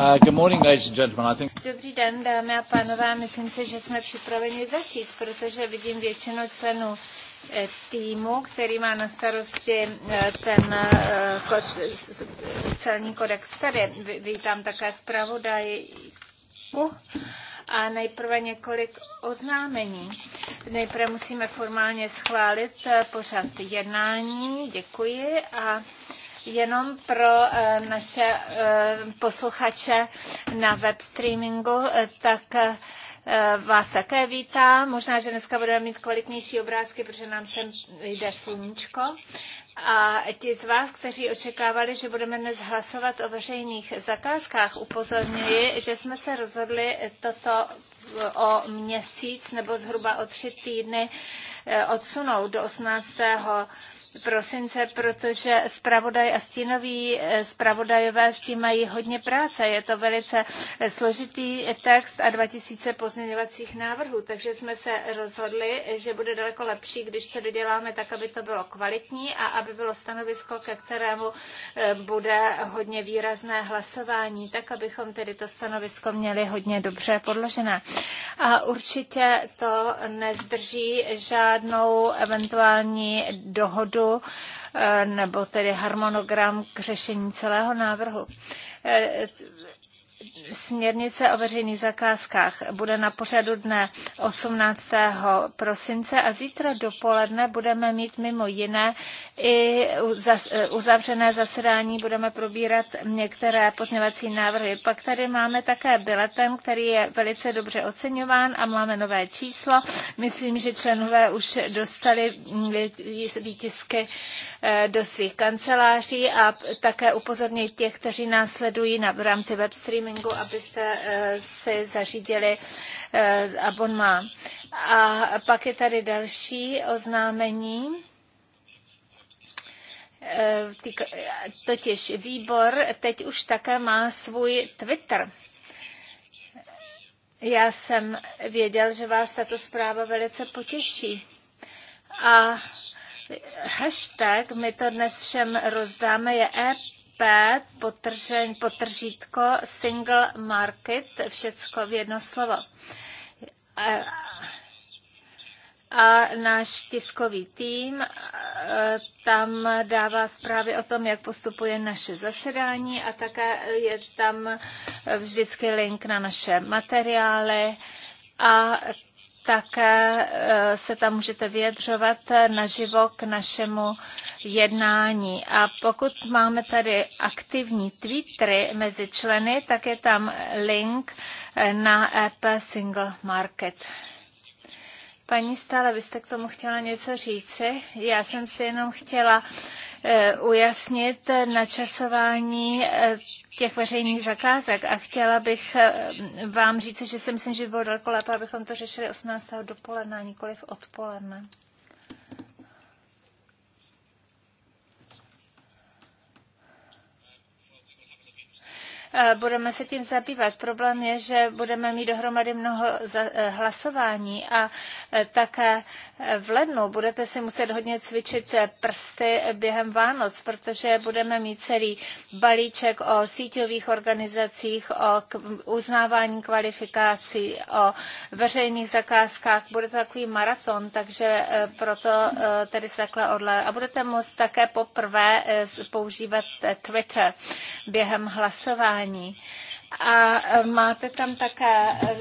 Uh, Dobrý den, dámy a pánové. Myslím si, že jsme připraveni začít, protože vidím většinu členů eh, týmu, který má na starosti eh, ten eh, celní kodex tady. Vítám také zpravodajku a nejprve několik oznámení. Nejprve musíme formálně schválit pořad jednání. Děkuji a jenom pro eh, naše eh, posluchače na web streamingu, eh, tak vás také vítám. Možná, že dneska budeme mít kvalitnější obrázky, protože nám sem jde sluníčko. A ti z vás, kteří očekávali, že budeme dnes hlasovat o veřejných zakázkách, upozorňuji, že jsme se rozhodli toto o měsíc nebo zhruba o tři týdny odsunout do 18 prosince, protože zpravodaj a stínoví eh, zpravodajové s tím mají hodně práce. Je to velice eh, složitý text a 2000 pozměňovacích návrhů, takže jsme se rozhodli, že bude daleko lepší, když to doděláme tak, aby to bylo kvalitní a aby bylo stanovisko, ke kterému eh, bude hodně výrazné hlasování, tak abychom tedy to stanovisko měli hodně dobře podložené. A určitě to nezdrží žádnou eventuální dohodu lhůtu eh, nebo tedy harmonogram k řešení celého návrhu. Eh, směrnice o veřejných zakázkách bude na pořadu dne 18. prosince a zítra dopoledne budeme mít mimo jiné i uzavřené zasedání, budeme probírat některé pozněvací návrhy. Pak tady máme také biletem, který je velice dobře oceňován a máme nové číslo. Myslím, že členové už dostali výtisky eh, do svých kanceláří a také upozornit těch, kteří nás sledují na, v rámci webstreamu roamingu, abyste eh, si zařídili eh, abonma. A pak je tady další oznámení. Eh, totiž výbor teď už také má svůj Twitter. Já jsem věděl, že vás tato zpráva velice potěší. A hashtag, my to dnes všem rozdáme, je EP P, potržen, potržítko, single market, všecko v jedno slovo. A, a náš tiskový tým tam dává zprávy o tom, jak postupuje naše zasedání a také je tam vždycky link na naše materiály a tak eh, se tam můžete vyjadřovat eh, naživo k našemu jednání. A pokud máme tady aktivní Twittery mezi členy, tak je tam link eh, na EP Single Market. Paní Stále, vy jste k tomu chtěla něco říci? Já jsem si jenom chtěla Eh, ujasnit načasování eh, těch veřejných zakázek a chtěla bych eh, vám říct, že si myslím, že by bylo daleko lépe, abychom to řešili 18. dopoledne, nikoli v odpoledne. Eh, budeme se tím zabývat. Problém je, že budeme mít dohromady mnoho eh, hlasování a eh, také v lednu budete si muset hodně cvičit prsty během Vánoc, protože budeme mít celý balíček o síťových organizacích, o uznávání kvalifikací, o veřejných zakázkách. Bude to takový maraton, takže proto tady se takhle odle. A budete moct také poprvé používat Twitter během hlasování vzdělání. A e, máte tam také e,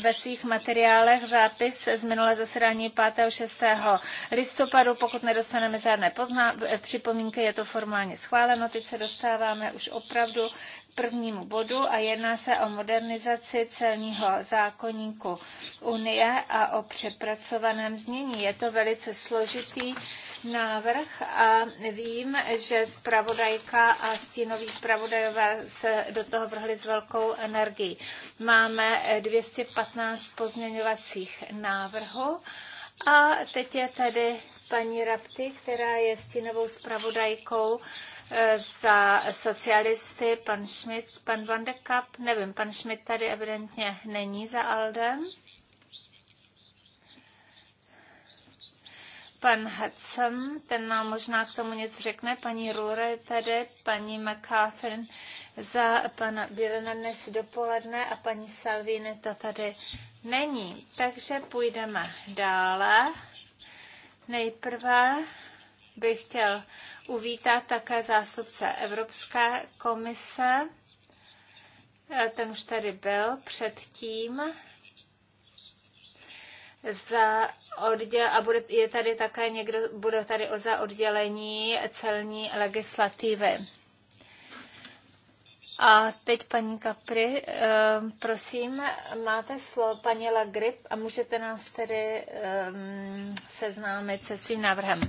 ve svých materiálech zápis z minulé zasedání 5. 6. listopadu. Pokud nedostaneme žádné pozná- e, připomínky, je to formálně schváleno. Teď se dostáváme už opravdu prvnímu bodu a jedná se o modernizaci celního zákoníku Unie a o přepracovaném znění. Je to velice složitý návrh a vím, že zpravodajka a stínoví zpravodajové se do toho vrhli s velkou energií. Máme 215 pozměňovacích návrhů a teď je tady paní Rapty, která je stínovou zpravodajkou Eh, za socialisty, pan Schmidt, pan Van de Kapp, nevím, pan Schmidt tady evidentně není za Aldem. Pan Hudson, ten nám možná k tomu nic řekne, paní Rure tady, paní McCatherine za pana Bělena dnes dopoledne a paní Salvini to tady není. Takže půjdeme dále. Nejprve bych chtěl uvítat také zástupce Evropské komise. Ten už tady byl předtím. Za odděl, a bude, je tady také někdo, bude tady za oddělení celní legislativy. A teď paní Kapry, ehm, prosím, máte slovo paní Lagrip a můžete nás tedy ehm, seznámit se svým návrhem.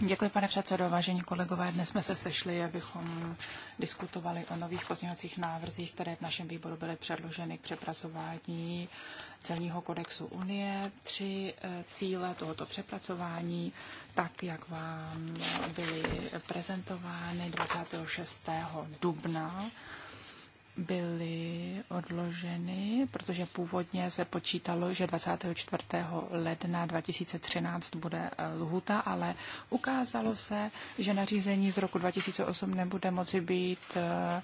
Děkuji, pane předsedo, vážení kolegové. Dnes jsme se sešli, abychom diskutovali o nových pozměňovacích návrzích, které v našem výboru byly předloženy k přepracování celního kodexu Unie, tři eh, cíle tohoto přepracování, tak jak vám byly prezentovány 26. dubna, byly odloženy, protože původně se počítalo, že 24. ledna 2013 bude eh, lhuta, ale ukázalo se, že nařízení z roku 2008 nebude moci být eh,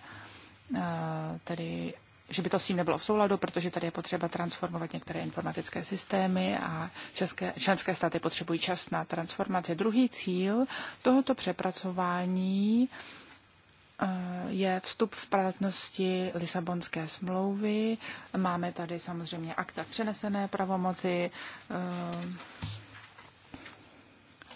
tedy že by to s tím nebylo v souladu, protože tady je potřeba transformovat některé informatické systémy a české, členské státy potřebují čas na transformaci. Druhý cíl tohoto přepracování eh, je vstup v platnosti Lisabonské smlouvy. Máme tady samozřejmě akta přenesené pravomoci, eh,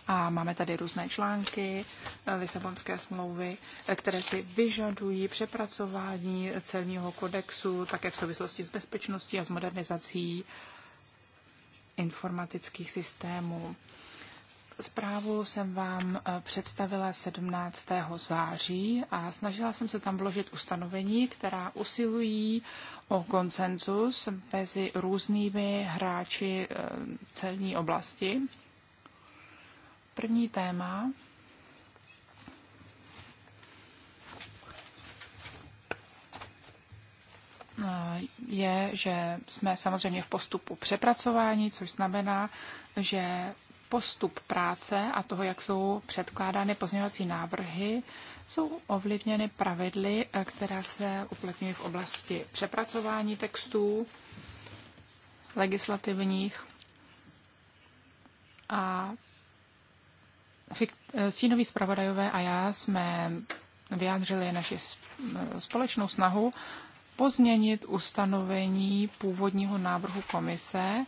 a máme tady různé články eh, Lisabonské smlouvy, eh, které si vyžadují přepracování celního kodexu, také v souvislosti s bezpečností a s modernizací informatických systémů. Zprávu jsem vám eh, představila 17. září a snažila jsem se tam vložit ustanovení, která usilují o koncenzus mezi různými hráči celní oblasti První téma je, že jsme samozřejmě v postupu přepracování, což znamená, že postup práce a toho, jak jsou předkládány pozměňovací návrhy, jsou ovlivněny pravidly, která se uplatňují v oblasti přepracování textů legislativních a Eh, stínoví zpravodajové a já jsme vyjádřili naši eh, společnou snahu pozměnit ustanovení původního návrhu komise,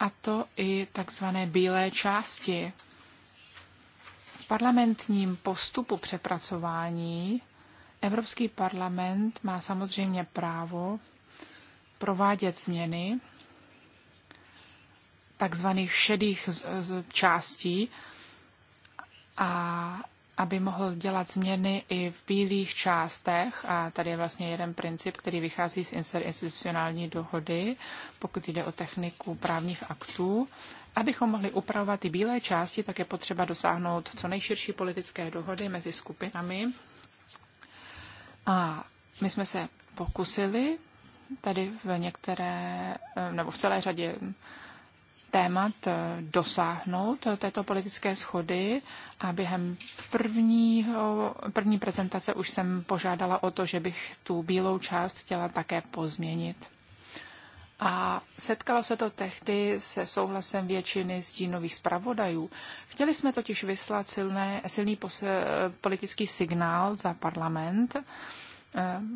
a to i takzvané bílé části. V parlamentním postupu přepracování Evropský parlament má samozřejmě právo provádět změny takzvaných šedých částí, a aby mohl dělat změny i v bílých částech. A tady je vlastně jeden princip, který vychází z institucionální dohody, pokud jde o techniku právních aktů. Abychom mohli upravovat i bílé části, tak je potřeba dosáhnout co nejširší politické dohody mezi skupinami. A my jsme se pokusili tady v některé, nebo v celé řadě témat eh, dosáhnout této politické schody a během prvního, první prezentace už jsem požádala o to, že bych tu bílou část chtěla také pozměnit. A setkalo se to tehdy se souhlasem většiny stínových zpravodajů. Chtěli jsme totiž vyslat silné, silný pose, politický signál za parlament eh,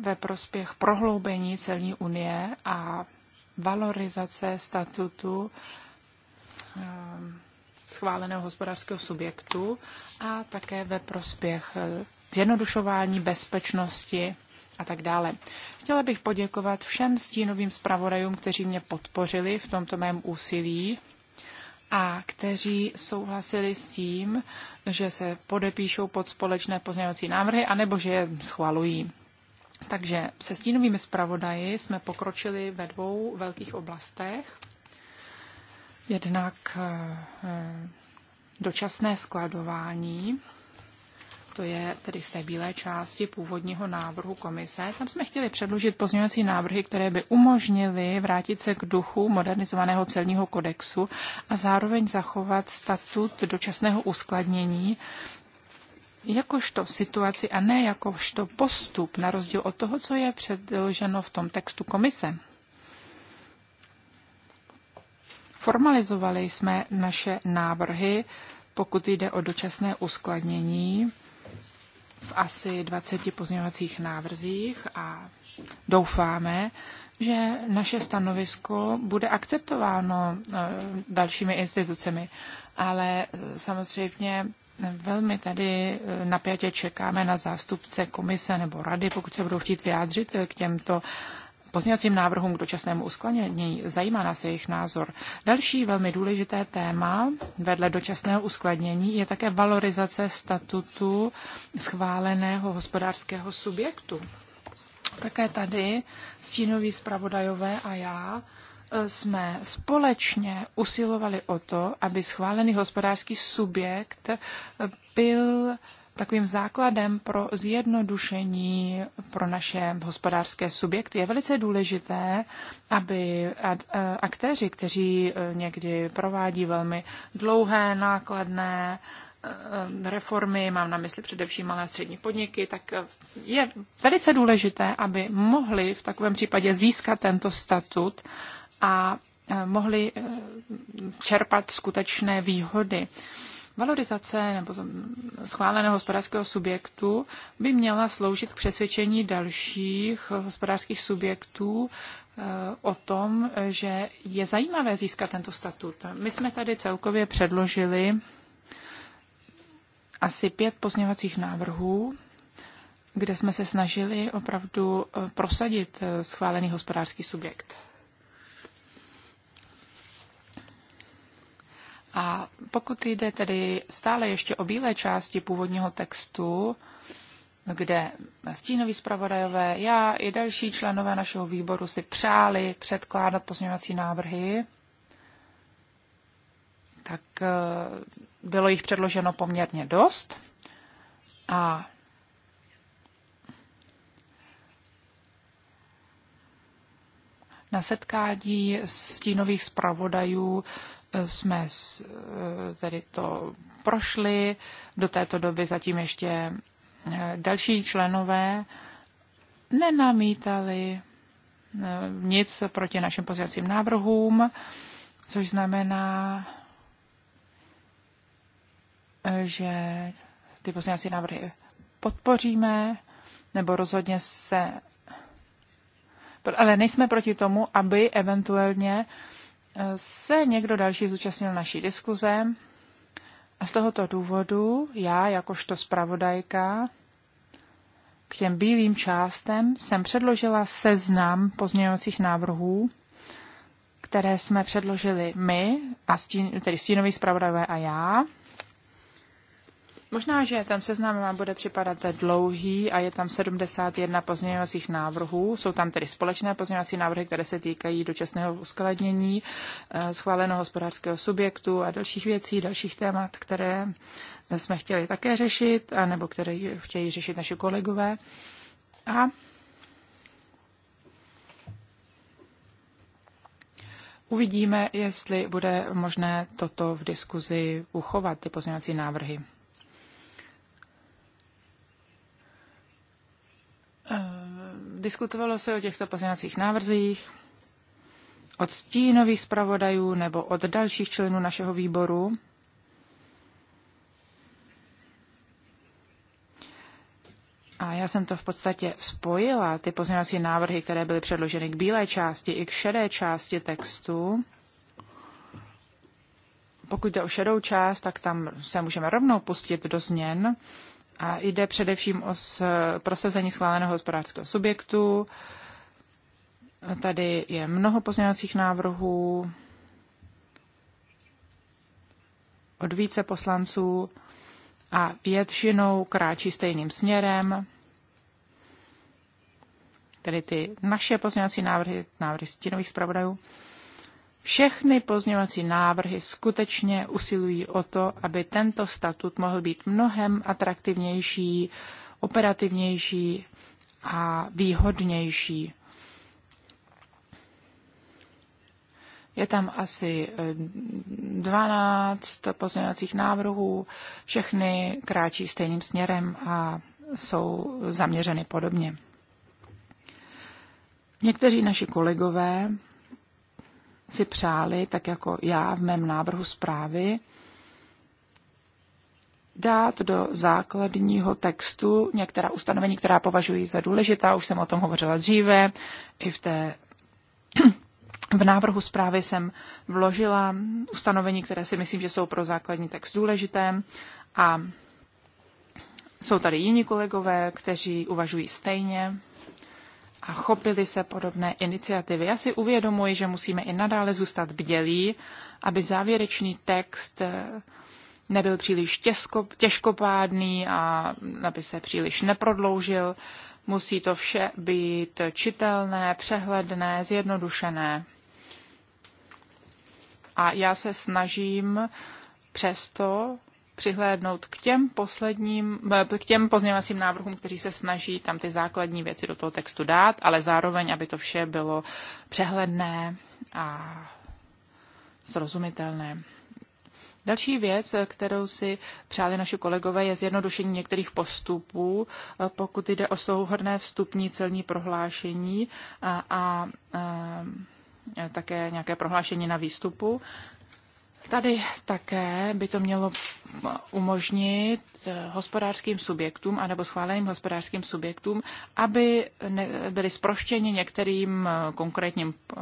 ve prospěch prohloubení celní unie a valorizace statutu Eh, schváleného hospodářského subjektu a také ve prospěch eh, zjednodušování bezpečnosti a tak dále. Chtěla bych poděkovat všem stínovým zpravodajům, kteří mě podpořili v tomto mém úsilí a kteří souhlasili s tím, že se podepíšou pod společné pozměňovací návrhy, anebo že je schvalují. Takže se stínovými zpravodaji jsme pokročili ve dvou velkých oblastech. Jednak eh, eh, dočasné skladování, to je tedy v té bílé části původního návrhu komise. Tam jsme chtěli předložit pozměňovací návrhy, které by umožnily vrátit se k duchu modernizovaného celního kodexu a zároveň zachovat statut dočasného uskladnění, jakožto situaci a ne jakožto postup, na rozdíl od toho, co je předloženo v tom textu komise. Formalizovali jsme naše návrhy, pokud jde o dočasné uskladnění v asi 20 pozměňovacích návrzích a doufáme, že naše stanovisko bude akceptováno eh, dalšími institucemi. Ale eh, samozřejmě velmi tady eh, napětě čekáme na zástupce komise nebo rady, pokud se budou chtít vyjádřit k těmto pozněvacím návrhům k dočasnému uskladnění. Zajímá nás jejich názor. Další velmi důležité téma vedle dočasného uskladnění je také valorizace statutu schváleného hospodářského subjektu. Také tady stínoví zpravodajové a já e, jsme společně usilovali o to, aby schválený hospodářský subjekt e, byl Takovým základem pro zjednodušení pro naše hospodářské subjekty je velice důležité, aby eh, aktéři, kteří eh, někdy provádí velmi dlouhé, nákladné eh, reformy, mám na mysli především malé a střední podniky, tak je velice důležité, aby mohli v takovém případě získat tento statut a mohli čerpat skutečné výhody. Valorizace nebo schváleného hospodářského subjektu by měla sloužit k přesvědčení dalších hospodářských subjektů eh, o tom, že je zajímavé získat tento statut. My jsme tady celkově předložili asi pět pozměňovacích návrhů, kde jsme se snažili opravdu eh, prosadit eh, schválený hospodářský subjekt. A pokud jde tedy stále ještě o bílé části původního textu, kde stínoví zpravodajové, já i další členové našeho výboru si přáli předkládat pozměňovací návrhy, tak eh, bylo jich předloženo poměrně dost. A na setkání stínových zpravodajů jsme eh, tedy to prošli. Do této doby zatím ještě eh, další členové nenamítali eh, nic proti našim pozdějacím návrhům, což znamená, že ty pozdějací návrhy podpoříme, nebo rozhodně se. Ale nejsme proti tomu, aby eventuálně uh, se někdo další zúčastnil naší diskuze a z tohoto důvodu já, jakožto zpravodajka, k těm bílým částem jsem předložila seznam pozměňovacích návrhů, které jsme předložili my, a stín, tedy stínový zpravodajové a já, Možná, že ten seznam vám bude připadat dlouhý a je tam 71 pozměňovacích návrhů. Jsou tam tedy společné pozměňovací návrhy, které se týkají dočasného uskladnění, eh, schváleného hospodářského subjektu a dalších věcí, dalších témat, které jsme chtěli také řešit, nebo které chtějí řešit naši kolegové. A Uvidíme, jestli bude možné toto v diskuzi uchovat, ty pozměňovací návrhy. Eh, diskutovalo se o těchto pozměňovacích návrzích od stínových zpravodajů nebo od dalších členů našeho výboru. A já jsem to v podstatě spojila, ty pozměňovací návrhy, které byly předloženy k bílé části i k šedé části textu. Pokud jde o šedou část, tak tam se můžeme rovnou pustit do změn, a jde především o prosazení schváleného hospodářského subjektu. Tady je mnoho pozměňovacích návrhů od více poslanců a většinou kráčí stejným směrem. Tedy ty naše pozměňovací návrhy, návrhy stínových zpravodajů. Všechny pozněvací návrhy skutečně usilují o to, aby tento statut mohl být mnohem atraktivnější, operativnější a výhodnější. Je tam asi 12 eh, pozměňovacích návrhů, všechny kráčí stejným směrem a jsou zaměřeny podobně. Někteří naši kolegové si přáli, tak jako já v mém návrhu zprávy, dát do základního textu některá ustanovení, která považuji za důležitá. Už jsem o tom hovořila dříve. I v té v návrhu zprávy jsem vložila ustanovení, které si myslím, že jsou pro základní text důležité. A jsou tady jiní kolegové, kteří uvažují stejně a chopili se podobné iniciativy. Já si uvědomuji, že musíme i nadále zůstat bdělí, aby závěrečný text eh, nebyl příliš těžko, těžkopádný a aby se příliš neprodloužil. Musí to vše být čitelné, přehledné, zjednodušené. A já se snažím přesto přihlédnout k těm posledním, eh, k těm pozměňovacím návrhům, kteří se snaží tam ty základní věci do toho textu dát, ale zároveň, aby to vše bylo přehledné a srozumitelné. Další věc, eh, kterou si přáli naši kolegové, je zjednodušení některých postupů, eh, pokud jde o souhodné vstupní celní prohlášení a, a, a ehm, také nějaké prohlášení na výstupu. Tady také by to mělo umožnit eh, hospodářským subjektům anebo schváleným hospodářským subjektům, aby byly sproštěni některým eh, konkrétním eh,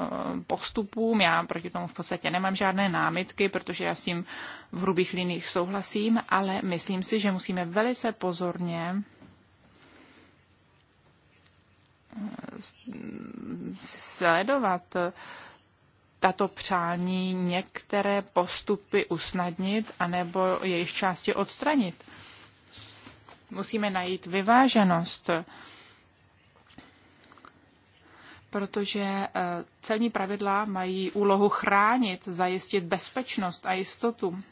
postupům. Já proti tomu v podstatě nemám žádné námitky, protože já s tím v hrubých liních souhlasím, ale myslím si, že musíme velice pozorně sledovat tato přání některé postupy usnadnit anebo jejich části odstranit. Musíme najít vyváženost, protože eh, celní pravidla mají úlohu chránit, zajistit bezpečnost a jistotu.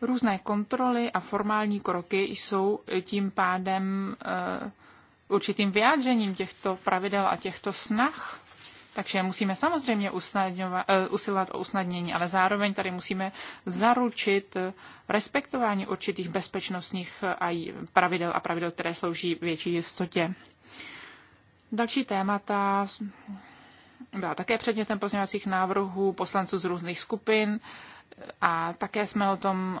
Různé kontroly a formální kroky jsou tím pádem eh, určitým vyjádřením těchto pravidel a těchto snah takže musíme samozřejmě eh, usilovat o usnadnění, ale zároveň tady musíme zaručit eh, respektování určitých bezpečnostních eh, pravidel a pravidel, které slouží větší jistotě. Další témata byla také předmětem pozměňovacích návrhů poslanců z různých skupin a také jsme o tom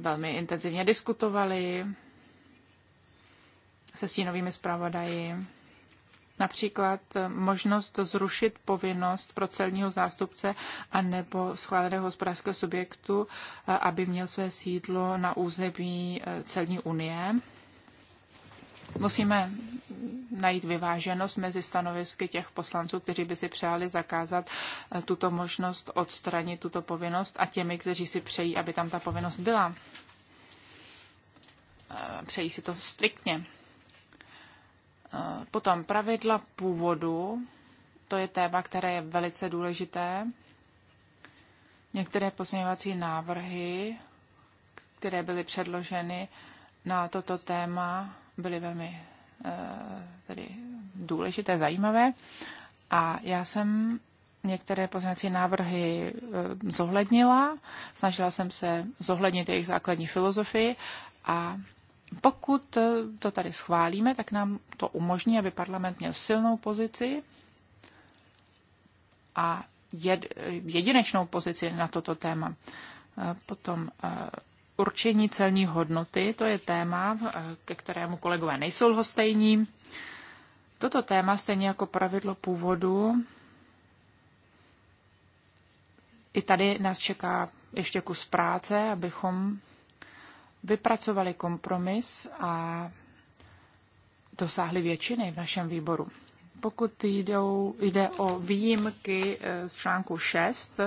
velmi intenzivně diskutovali se stínovými zpravodaji například eh, možnost zrušit povinnost pro celního zástupce a nebo schváleného hospodářského subjektu, eh, aby měl své sídlo na území eh, celní unie. Musíme najít vyváženost mezi stanovisky těch poslanců, kteří by si přáli zakázat tuto možnost odstranit tuto povinnost a těmi, kteří si přejí, aby tam ta povinnost byla. Přejí si to striktně. Eh, potom pravidla původu, to je téma, které je velice důležité. Některé pozměňovací návrhy, které byly předloženy na toto téma, byly velmi eh, tedy důležité, zajímavé. A já jsem některé pozměňovací návrhy eh, zohlednila, snažila jsem se zohlednit jejich základní filozofii a pokud eh, to tady schválíme, tak nám to umožní, aby parlament měl silnou pozici a jed, jedinečnou pozici na toto téma. Eh, potom eh, určení celní hodnoty, to je téma, ke kterému kolegové nejsou lhostejní. Toto téma, stejně jako pravidlo původu, i tady nás čeká ještě kus práce, abychom vypracovali kompromis a dosáhli většiny v našem výboru. Pokud jdou, jde o výjimky e, z článku 6,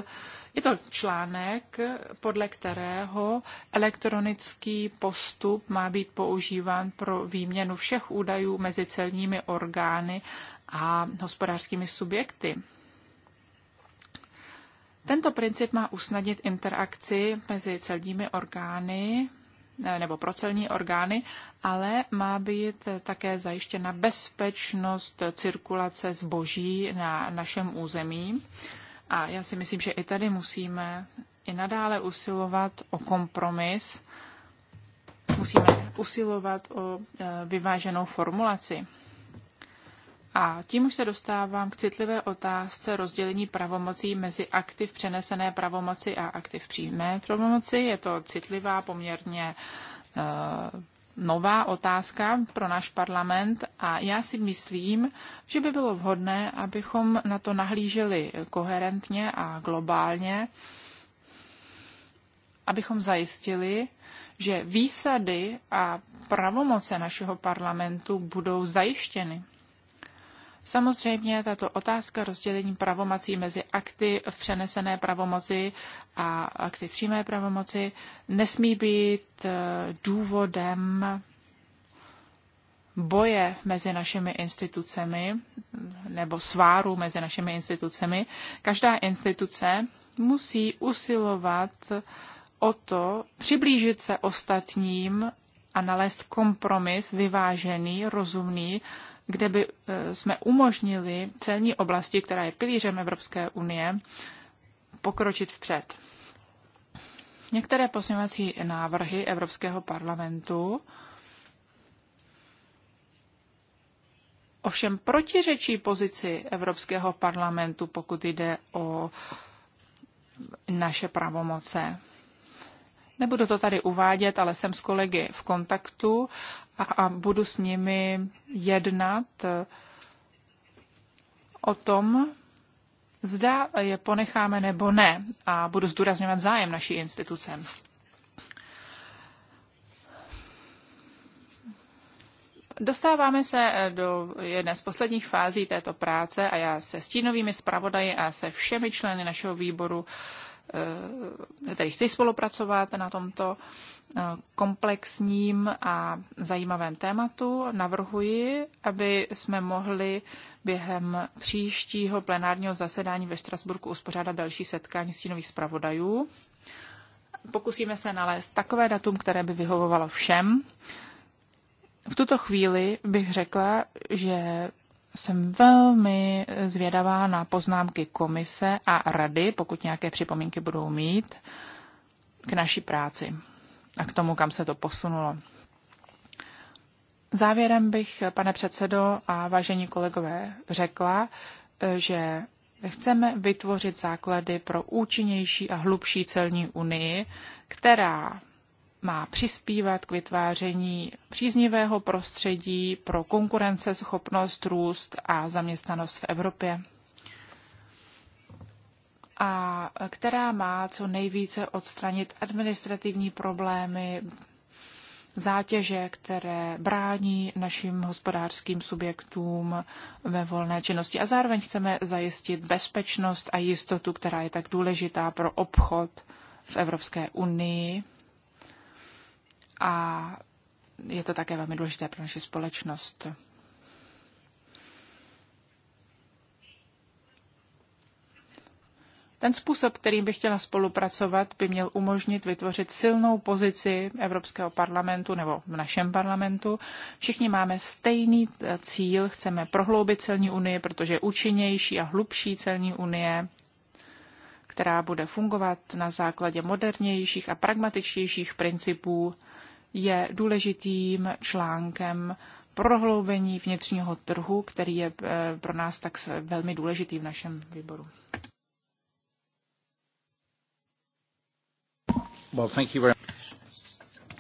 je to článek, podle kterého elektronický postup má být používán pro výměnu všech údajů mezi celními orgány a hospodářskými subjekty. Tento princip má usnadnit interakci mezi celními orgány, Eh, nebo pro celní orgány, ale má být také zajištěna bezpečnost cirkulace zboží na našem území. A já si myslím, že i tady musíme i nadále usilovat o kompromis, musíme usilovat o eh, vyváženou formulaci. A tím už se dostávám k citlivé otázce rozdělení pravomocí mezi aktiv přenesené pravomoci a aktiv přímé pravomoci. Je to citlivá poměrně uh, nová otázka pro náš parlament a já si myslím, že by bylo vhodné, abychom na to nahlíželi koherentně a globálně, abychom zajistili, že výsady a pravomoce našeho parlamentu budou zajištěny. Samozřejmě tato otázka rozdělení pravomocí mezi akty v přenesené pravomoci a akty v přímé pravomoci nesmí být eh, důvodem boje mezi našimi institucemi nebo sváru mezi našimi institucemi. Každá instituce musí usilovat o to přiblížit se ostatním a nalézt kompromis vyvážený, rozumný kde by eh, jsme umožnili celní oblasti, která je pilířem Evropské unie, pokročit vpřed. Některé posměvací návrhy Evropského parlamentu ovšem protiřečí pozici Evropského parlamentu, pokud jde o naše pravomoce. Nebudu to tady uvádět, ale jsem s kolegy v kontaktu a, a budu s nimi jednat eh, o tom, zda je ponecháme nebo ne a budu zdůrazňovat zájem naší instituce. Dostáváme se eh, do jedné z posledních fází této práce a já se stínovými zpravodaji a se všemi členy našeho výboru, eh, tedy chci spolupracovat na tomto Eh, komplexním a zajímavém tématu. Navrhuji, aby jsme mohli během příštího plenárního zasedání ve Štrasburku uspořádat další setkání stínových zpravodajů. Pokusíme se nalézt takové datum, které by vyhovovalo všem. V tuto chvíli bych řekla, že jsem velmi zvědavá na poznámky komise a rady, pokud nějaké připomínky budou mít, k naší práci a k tomu, kam se to posunulo. Závěrem bych, pane předsedo a vážení kolegové, řekla, že chceme vytvořit základy pro účinnější a hlubší celní unii, která má přispívat k vytváření příznivého prostředí pro konkurenceschopnost, růst a zaměstnanost v Evropě a která má co nejvíce odstranit administrativní problémy, zátěže, které brání našim hospodářským subjektům ve volné činnosti. A zároveň chceme zajistit bezpečnost a jistotu, která je tak důležitá pro obchod v Evropské unii. A je to také velmi důležité pro naši společnost. Ten způsob, kterým bych chtěla spolupracovat, by měl umožnit vytvořit silnou pozici Evropského parlamentu nebo v našem parlamentu. Všichni máme stejný eh, cíl, chceme prohloubit celní unii, protože je účinnější a hlubší celní unie která bude fungovat na základě modernějších a pragmatičtějších principů, je důležitým článkem prohloubení vnitřního trhu, který je eh, pro nás tak velmi důležitý v našem výboru.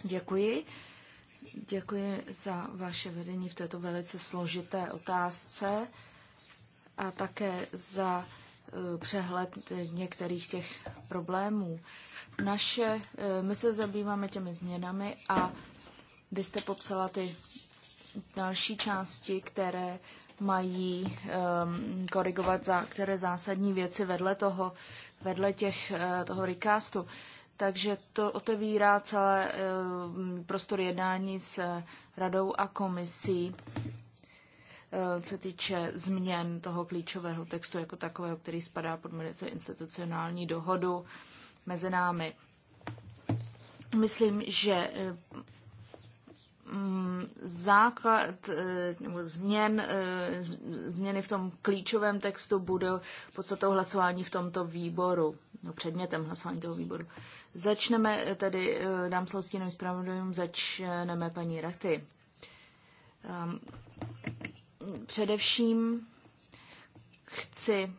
Děkuji. Děkuji za vaše vedení v této velice složité otázce a také za eh, přehled některých těch problémů. Naše, eh, my se zabýváme těmi změnami a vy jste popsala ty další části, které mají um, korigovat za které zásadní věci vedle toho, vedle těch, uh, toho recastu. Takže to otevírá celé eh, prostor jednání s radou a komisí, eh, co týče změn toho klíčového textu jako takového, který spadá pod institucionální dohodu mezi námi. Myslím, že eh, mm, základ nebo změn, změny v tom klíčovém textu budou podstatou hlasování v tomto výboru no, předmětem hlasování toho výboru. Začneme tedy, eh, dám slovo stínovým zpravodajům, začneme paní Raty. Um, především chci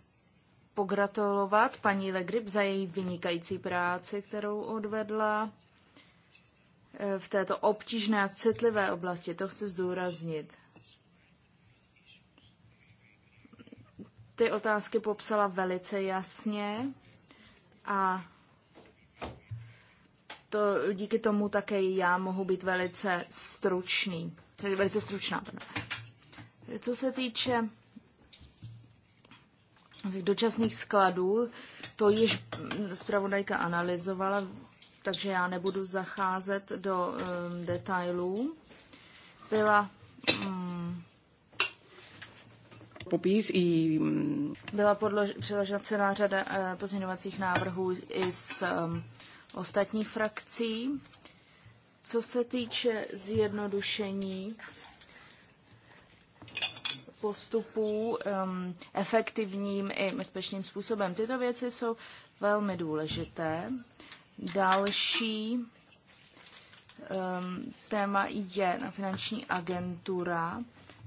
pogratulovat paní Legrip za její vynikající práci, kterou odvedla eh, v této obtížné a citlivé oblasti. To chci zdůraznit. Ty otázky popsala velice jasně a to, díky tomu také já mohu být velice stručný. Tedy velice stručná. Co se týče dočasných skladů, to již zpravodajka analyzovala, takže já nebudu zacházet do um, detailů. Byla um, Popis i... Mm, Byla podlož, přiložena celá řada uh, pozměňovacích návrhů i z um, ehm, ostatních frakcí. Co se týče zjednodušení postupů um, efektivním i bezpečným způsobem, tyto věci jsou velmi důležité. Další um, téma je na finanční agentura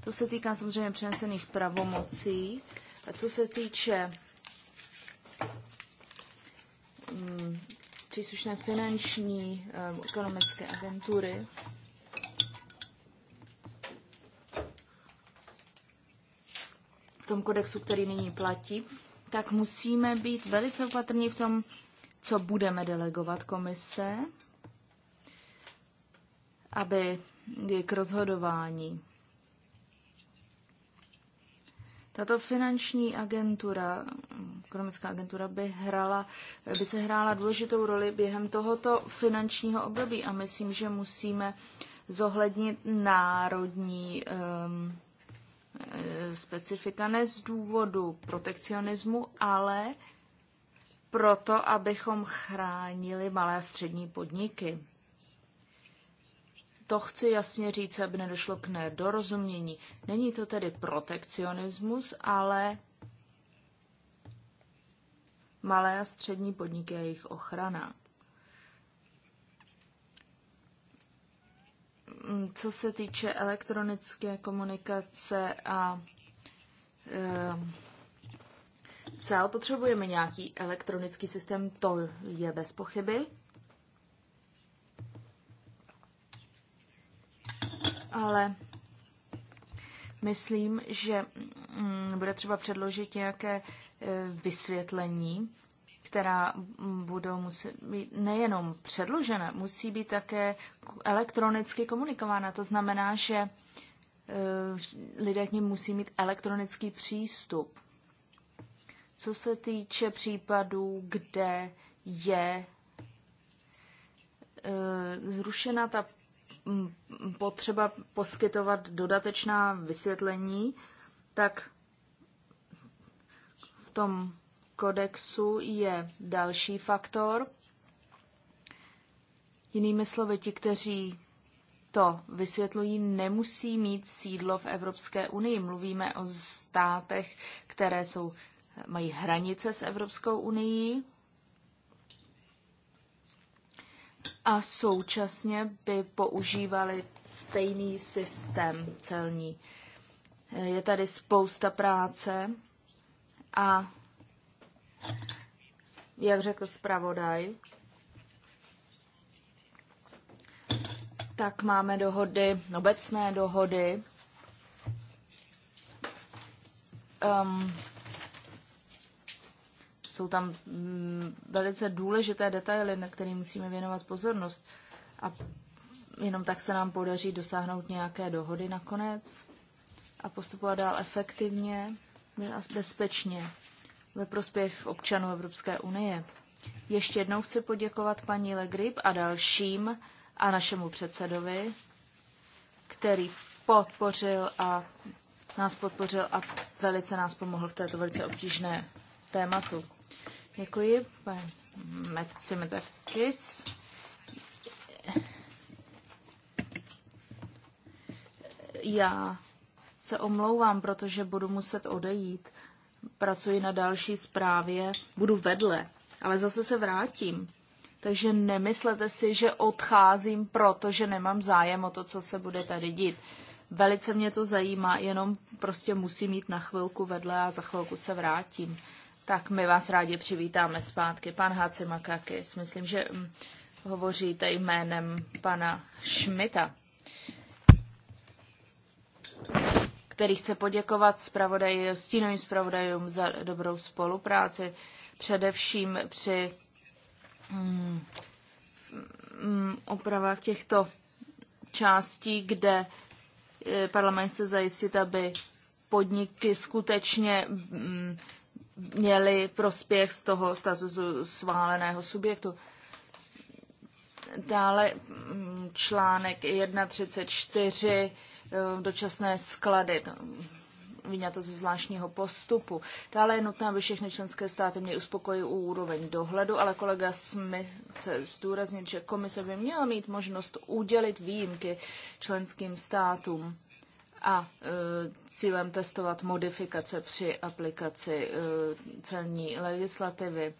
to se týká samozřejmě přenesených pravomocí. A co se týče um, příslušné finanční um, ekonomické agentury, v tom kodexu, který nyní platí, tak musíme být velice opatrní v tom, co budeme delegovat komise, aby k rozhodování tato finanční agentura, ekonomická agentura, by, hrala, by se hrála důležitou roli během tohoto finančního období a myslím, že musíme zohlednit národní um, specifika ne z důvodu protekcionismu, ale proto, abychom chránili malé a střední podniky to chci jasně říct, aby nedošlo k nedorozumění. Není to tedy protekcionismus, ale malé a střední podniky a jejich ochrana. Co se týče elektronické komunikace a e, cel, potřebujeme nějaký elektronický systém, to je bez pochyby. ale myslím, že mm, bude třeba předložit nějaké e, vysvětlení, která budou muset být nejenom předložena, musí být také elektronicky komunikována. To znamená, že e, lidé k ním musí mít elektronický přístup. Co se týče případů, kde je e, zrušena ta potřeba poskytovat dodatečná vysvětlení, tak v tom kodexu je další faktor. Jinými slovy, ti, kteří to vysvětlují, nemusí mít sídlo v Evropské unii. Mluvíme o státech, které jsou, mají hranice s Evropskou unii, a současně by používali stejný systém celní. Je tady spousta práce a, jak řekl zpravodaj, tak máme dohody, obecné dohody, um, jsou tam mm, velice důležité detaily, na které musíme věnovat pozornost. A jenom tak se nám podaří dosáhnout nějaké dohody nakonec a postupovat dál efektivně a bezpečně ve prospěch občanů Evropské unie. Ještě jednou chci poděkovat paní Legrip a dalším a našemu předsedovi, který podpořil a nás podpořil a velice nás pomohl v této velice obtížné tématu. Děkuji, pane Já se omlouvám, protože budu muset odejít. Pracuji na další zprávě, budu vedle, ale zase se vrátím. Takže nemyslete si, že odcházím, protože nemám zájem o to, co se bude tady dít. Velice mě to zajímá, jenom prostě musím jít na chvilku vedle a za chvilku se vrátím. Tak my vás rádi přivítáme zpátky. Pan Háci Makakis, myslím, že mm, hovoříte jménem pana Šmita, který chce poděkovat zpravodaji, stínovým zpravodajům za dobrou spolupráci, především při mm, mm opravách těchto částí, kde eh, parlament chce zajistit, aby podniky skutečně mm, měli prospěch z toho statusu sváleného subjektu. Dále mm, článek 1.34 eh, dočasné sklady mm, to ze zvláštního postupu. Dále je nutné, aby všechny členské státy měly uspokojivou úroveň dohledu, ale kolega Smith chce zdůraznit, že komise by měla mít možnost udělit výjimky členským státům a e, cílem testovat modifikace při aplikaci e, celní legislativy.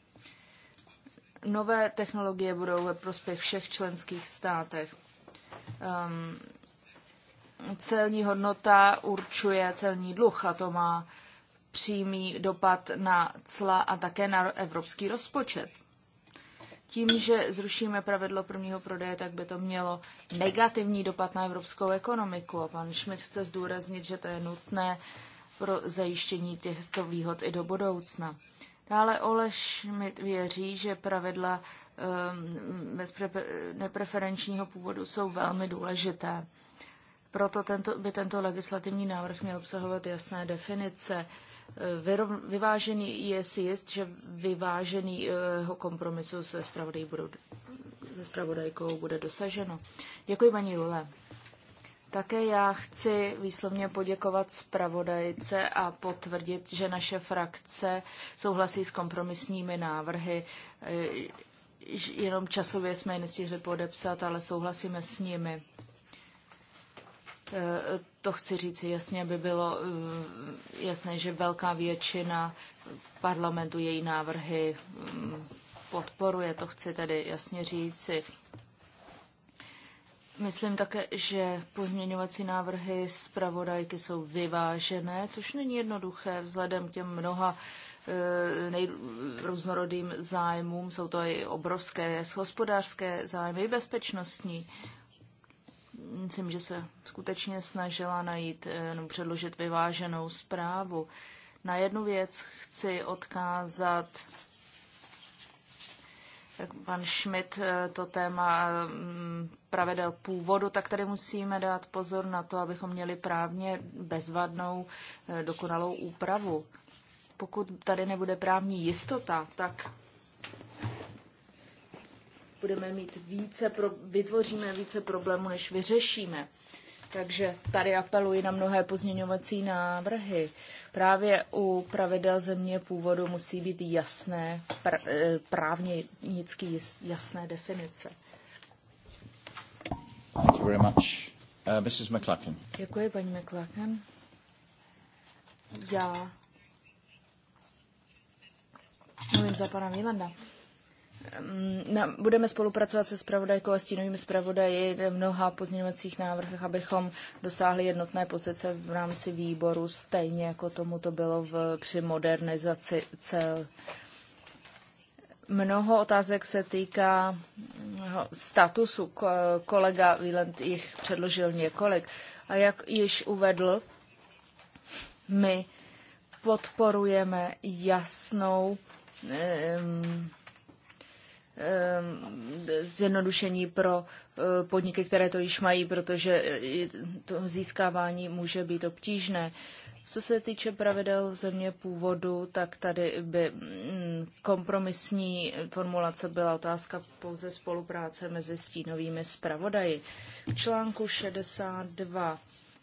Nové technologie budou ve prospěch všech členských státech. Ehm, celní hodnota určuje celní dluh a to má přímý dopad na cla a také na evropský rozpočet tím, že zrušíme pravidlo prvního prodeje, tak by to mělo negativní dopad na evropskou ekonomiku. A pan Schmidt chce zdůraznit, že to je nutné pro zajištění těchto výhod i do budoucna. Dále Oleš mi věří, že pravidla um, bez nepreferenčního původu jsou velmi důležité. Proto tento, by tento legislativní návrh měl obsahovat jasné definice. E, Vyrov, vyvážený je si jist, že vyváženýho e, kompromisu se, budou, se spravodajkou bude dosaženo. Děkuji, paní Lule. Také já chci výslovně poděkovat zpravodajce a potvrdit, že naše frakce souhlasí s kompromisními návrhy. E, jenom časově jsme je nestihli podepsat, ale souhlasíme s nimi to chci říct jasně, aby bylo eh, jasné, že velká většina parlamentu její návrhy mm, podporuje, to chci tedy jasně říci. Myslím také, že pozměňovací návrhy zpravodajky jsou vyvážené, což není jednoduché vzhledem k těm mnoha eh, nejrůznorodým zájmům. Jsou to i obrovské hospodářské zájmy, i bezpečnostní myslím, že se skutečně snažila najít eh, nebo předložit vyváženou zprávu. Na jednu věc chci odkázat, jak pan Schmidt eh, to téma mm, pravidel původu, tak tady musíme dát pozor na to, abychom měli právně bezvadnou, eh, dokonalou úpravu. Pokud tady nebude právní jistota, tak budeme mít více, pro, vytvoříme více problémů, než vyřešíme. Takže tady apeluji na mnohé pozměňovací návrhy. Právě u pravidel země původu musí být jasné, pr, eh, právně nicky jasné definice. Thank you very much. Uh, Mrs. McLaughlin. Děkuji, paní McLaughlin. Já mluvím za pana Výlanda. Ehm, budeme spolupracovat se spravodajkou a stínovými zpravodaji v mnoha pozměňovacích návrhech, abychom dosáhli jednotné pozice v rámci výboru, stejně jako tomu to bylo v, při modernizaci cel. Mnoho otázek se týká no, statusu. Kolega Wieland jich předložil několik. A jak již uvedl, my podporujeme jasnou um, Ehm, zjednodušení pro eh, podniky, které to již mají, protože eh, to získávání může být obtížné. Co se týče pravidel země původu, tak tady by mm, kompromisní formulace byla otázka pouze spolupráce mezi stínovými zpravodaji. V článku 62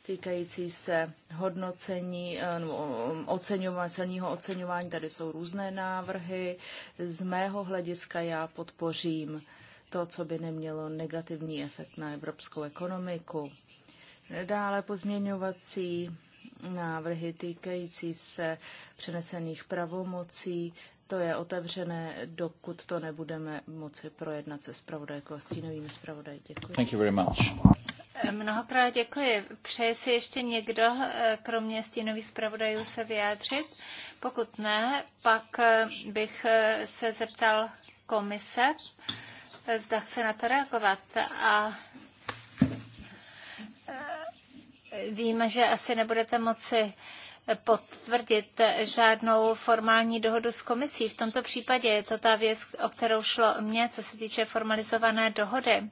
týkající se hodnocení, eh, mm, oceňování, celního oceňování. Tady jsou různé návrhy. Z mého hlediska já podpořím to, co by nemělo negativní efekt na evropskou ekonomiku. Dále pozměňovací návrhy týkající se přenesených pravomocí to je otevřené, dokud to nebudeme moci projednat se zpravodajkou a stínovými zpravodaji. Děkuji. Thank you very much. Mnohokrát děkuji. Přeje si ještě někdo, eh, kromě stínových zpravodajů, se vyjádřit? Pokud ne, pak eh, bych eh, se zeptal komise, zda chce na to reagovat. A víme, že asi nebudete moci potvrdit žádnou formální dohodu s komisí. V tomto případě je to ta věc, o kterou šlo mě, co se týče formalizované dohody.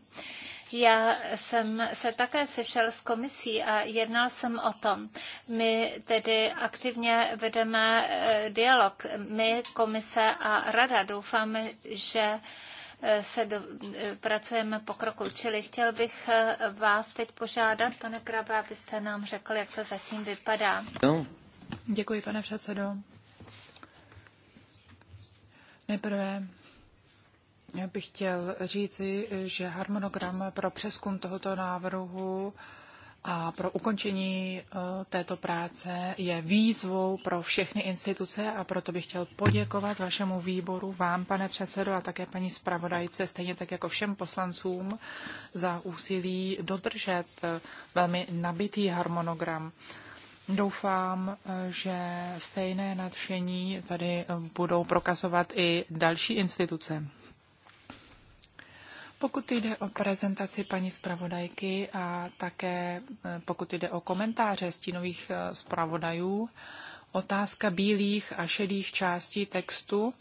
Já jsem se také sešel s komisí a jednal jsem o tom. My tedy aktivně vedeme eh, dialog, my, komise a rada. Doufáme, že eh, se do, eh, pracujeme kroku. Čili chtěl bych vás teď požádat, pane Krabe, abyste nám řekl, jak to zatím vypadá. No. Děkuji, pane předsedo. Nejprve bych chtěl říci, že harmonogram pro přeskum tohoto návrhu a pro ukončení eh, této práce je výzvou pro všechny instituce a proto bych chtěl poděkovat vašemu výboru, vám, pane předsedo, a také paní zpravodajce, stejně tak jako všem poslancům za úsilí dodržet eh, velmi nabitý harmonogram. Doufám, eh, že stejné nadšení tady eh, budou prokazovat i další instituce. Pokud jde o prezentaci paní zpravodajky a také eh, pokud jde o komentáře stínových zpravodajů, otázka bílých a šedých částí textu,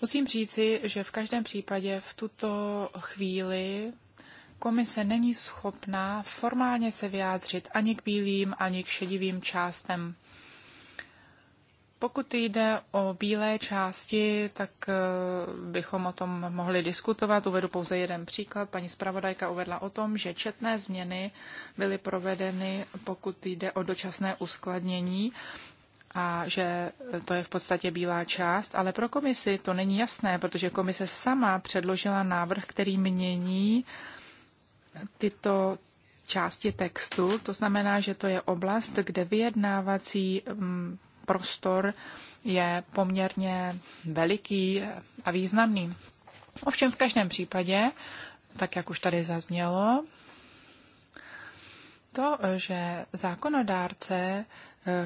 musím říci, že v každém případě v tuto chvíli komise není schopná formálně se vyjádřit ani k bílým, ani k šedivým částem. Pokud jde o bílé části, tak eh, bychom o tom mohli diskutovat. Uvedu pouze jeden příklad. Paní zpravodajka uvedla o tom, že četné změny byly provedeny, pokud jde o dočasné uskladnění a že to je v podstatě bílá část, ale pro komisi to není jasné, protože komise sama předložila návrh, který mění uh, tyto části textu. To znamená, že to je oblast, kde vyjednávací mm, prostor je poměrně veliký a významný. Ovšem v každém případě, tak jak už tady zaznělo, to, že zákonodárce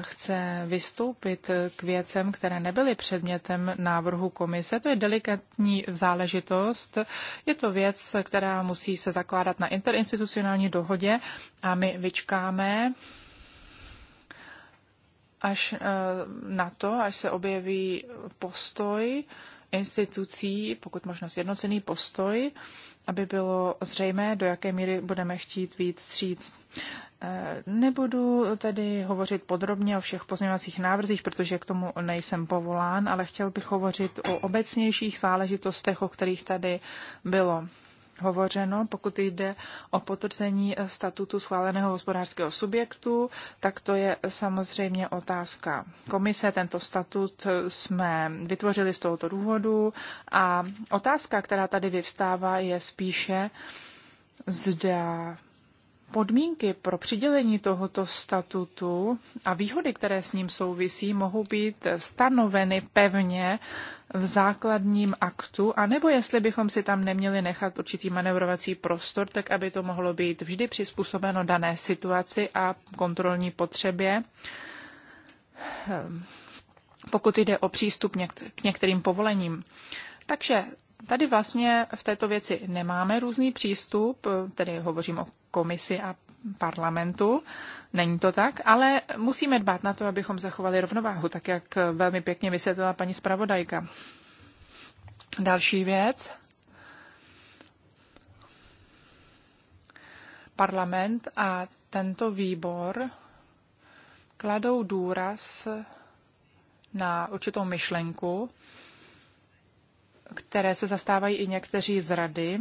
chce vystoupit k věcem, které nebyly předmětem návrhu komise. To je delikatní záležitost. Je to věc, která musí se zakládat na interinstitucionální dohodě a my vyčkáme až eh, na to, až se objeví postoj institucí, pokud možno sjednocený postoj, aby bylo zřejmé, do jaké míry budeme chtít víc stříct. Nebudu tady hovořit podrobně o všech pozměňovacích návrzích, protože k tomu nejsem povolán, ale chtěl bych hovořit o obecnějších záležitostech, o kterých tady bylo hovořeno. Pokud jde o potvrzení statutu schváleného hospodářského subjektu, tak to je samozřejmě otázka komise. Tento statut jsme vytvořili z tohoto důvodu a otázka, která tady vyvstává, je spíše, zda Podmínky pro přidělení tohoto statutu a výhody, které s ním souvisí, mohou být stanoveny pevně v základním aktu, anebo jestli bychom si tam neměli nechat určitý manevrovací prostor, tak aby to mohlo být vždy přizpůsobeno dané situaci a kontrolní potřebě. Ehm, pokud jde o přístup k některým povolením. Takže tady vlastně v této věci nemáme různý přístup, tedy hovořím o komisi a parlamentu. Není to tak, ale musíme dbát na to, abychom zachovali rovnováhu, tak jak velmi pěkně vysvětlila paní zpravodajka. Další věc. Parlament a tento výbor kladou důraz na určitou myšlenku, které se zastávají i někteří z rady,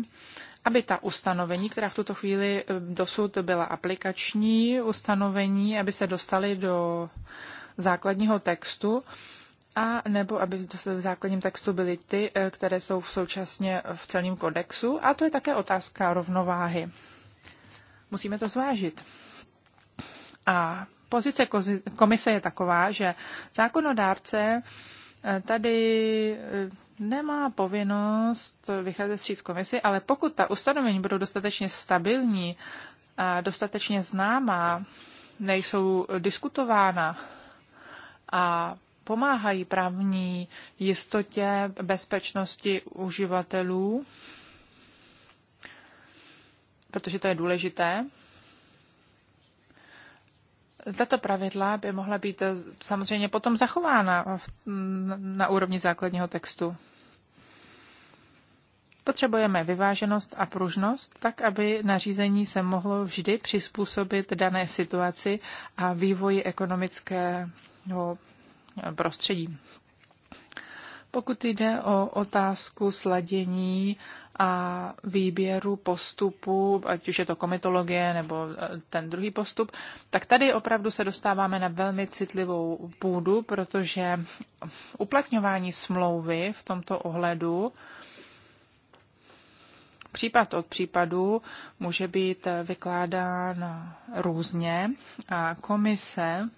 aby ta ustanovení, která v tuto chvíli eh, dosud byla aplikační ustanovení, aby se dostaly do základního textu, a nebo aby v základním textu byly ty, eh, které jsou v současně v celním kodexu. A to je také otázka rovnováhy. Musíme to zvážit. A pozice komise je taková, že zákonodárce eh, tady nemá povinnost vycházet vstříc komisi, ale pokud ta ustanovení budou dostatečně stabilní a dostatečně známá, nejsou diskutována a pomáhají právní jistotě, bezpečnosti uživatelů, protože to je důležité, tato pravidla by mohla být eh, samozřejmě potom zachována na úrovni základního textu. Potřebujeme vyváženost a pružnost, tak aby nařízení se mohlo vždy přizpůsobit dané situaci a vývoji ekonomického prostředí. Pokud jde o otázku sladění a výběru postupu, ať už je to komitologie nebo e, ten druhý postup, tak tady opravdu se dostáváme na velmi citlivou půdu, protože uplatňování smlouvy v tomto ohledu případ od případu může být vykládán různě a komise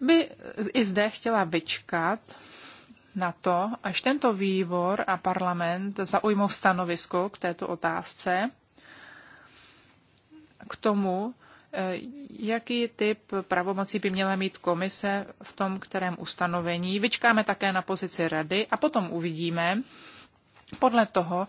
by i zde chtěla vyčkat na to, až tento výbor a parlament zaujmou stanovisko k této otázce, k tomu, eh, jaký typ pravomocí by měla mít komise v tom, kterém ustanovení. Vyčkáme také na pozici rady a potom uvidíme podle toho,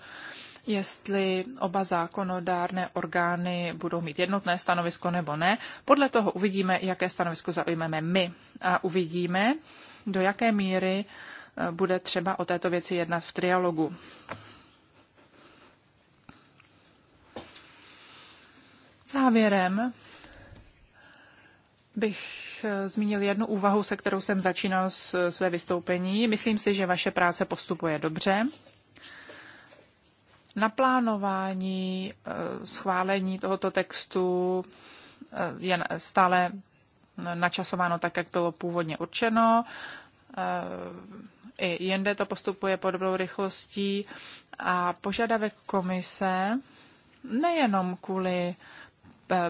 jestli oba zákonodárné orgány budou mít jednotné stanovisko nebo ne. Podle toho uvidíme, jaké stanovisko zaujmeme my a uvidíme, do jaké míry uh, bude třeba o této věci jednat v trialogu. Závěrem bych eh, zmínil jednu úvahu, se kterou jsem začínal eh, své vystoupení. Myslím si, že vaše práce postupuje dobře. Naplánování eh, schválení tohoto textu je stále načasováno tak, jak bylo původně určeno i jinde to postupuje podobnou rychlostí a požadavek komise nejenom kvůli e,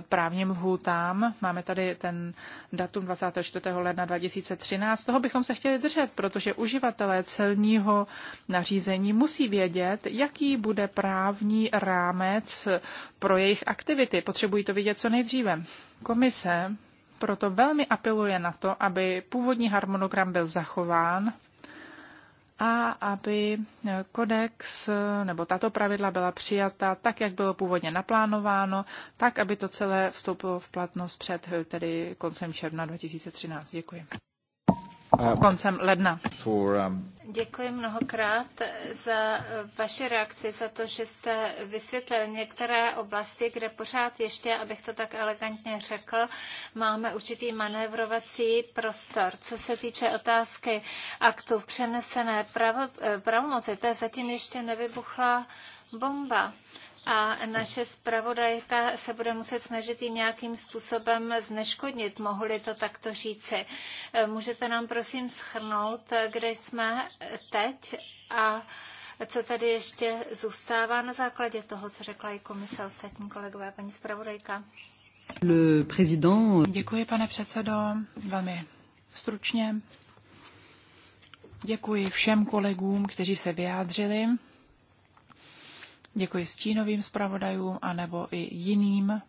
právním lhůtám. Máme tady ten datum 24. ledna 2013. Toho bychom se chtěli držet, protože uživatelé celního nařízení musí vědět, jaký bude právní rámec pro jejich aktivity. Potřebují to vědět co nejdříve. Komise proto velmi apeluje na to, aby původní harmonogram byl zachován a aby kodex nebo tato pravidla byla přijata tak, jak bylo původně naplánováno, tak, aby to celé vstoupilo v platnost před tedy koncem června 2013. Děkuji. Uh, koncem ledna. Um, Děkuji mnohokrát za vaši reakci, za to, že jste vysvětlil některé oblasti, kde pořád ještě, abych to tak elegantně řekl, máme určitý manévrovací prostor. Co se týče otázky aktu přenesené pravo, pravomoci, to je zatím ještě nevybuchla bomba a naše zpravodajka se bude muset snažit ji nějakým způsobem zneškodnit, mohli to takto říci. E, můžete nám prosím schrnout, kde jsme teď a co tady ještě zůstává na základě toho, co řekla i komise ostatní kolegové, paní zpravodajka? Děkuji, pane předsedo, velmi stručně. Děkuji všem kolegům, kteří se vyjádřili. Děkuji stínovým zpravodajům a nebo i jiným,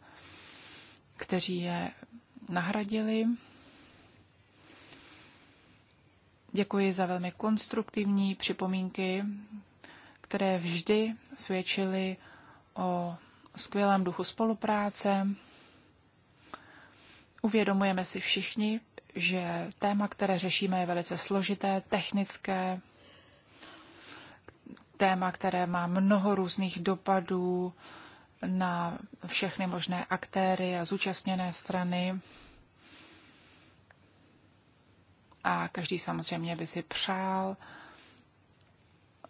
kteří je nahradili. Děkuji za velmi konstruktivní připomínky, které vždy svědčily o skvělém duchu spolupráce. Uvědomujeme si všichni, že téma, které řešíme, je velice složité, technické téma, které má mnoho různých dopadů na všechny možné aktéry a zúčastněné strany. A každý samozřejmě by si přál,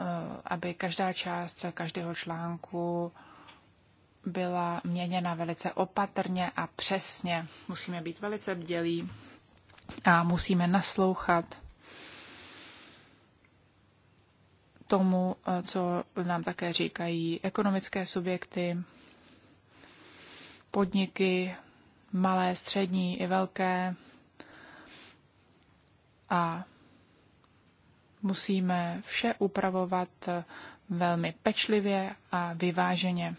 eh, aby každá část každého článku byla měněna velice opatrně a přesně. Musíme být velice bdělí a musíme naslouchat tomu, eh, co nám také říkají ekonomické subjekty, podniky, malé, střední i velké. A musíme vše upravovat eh, velmi pečlivě a vyváženě.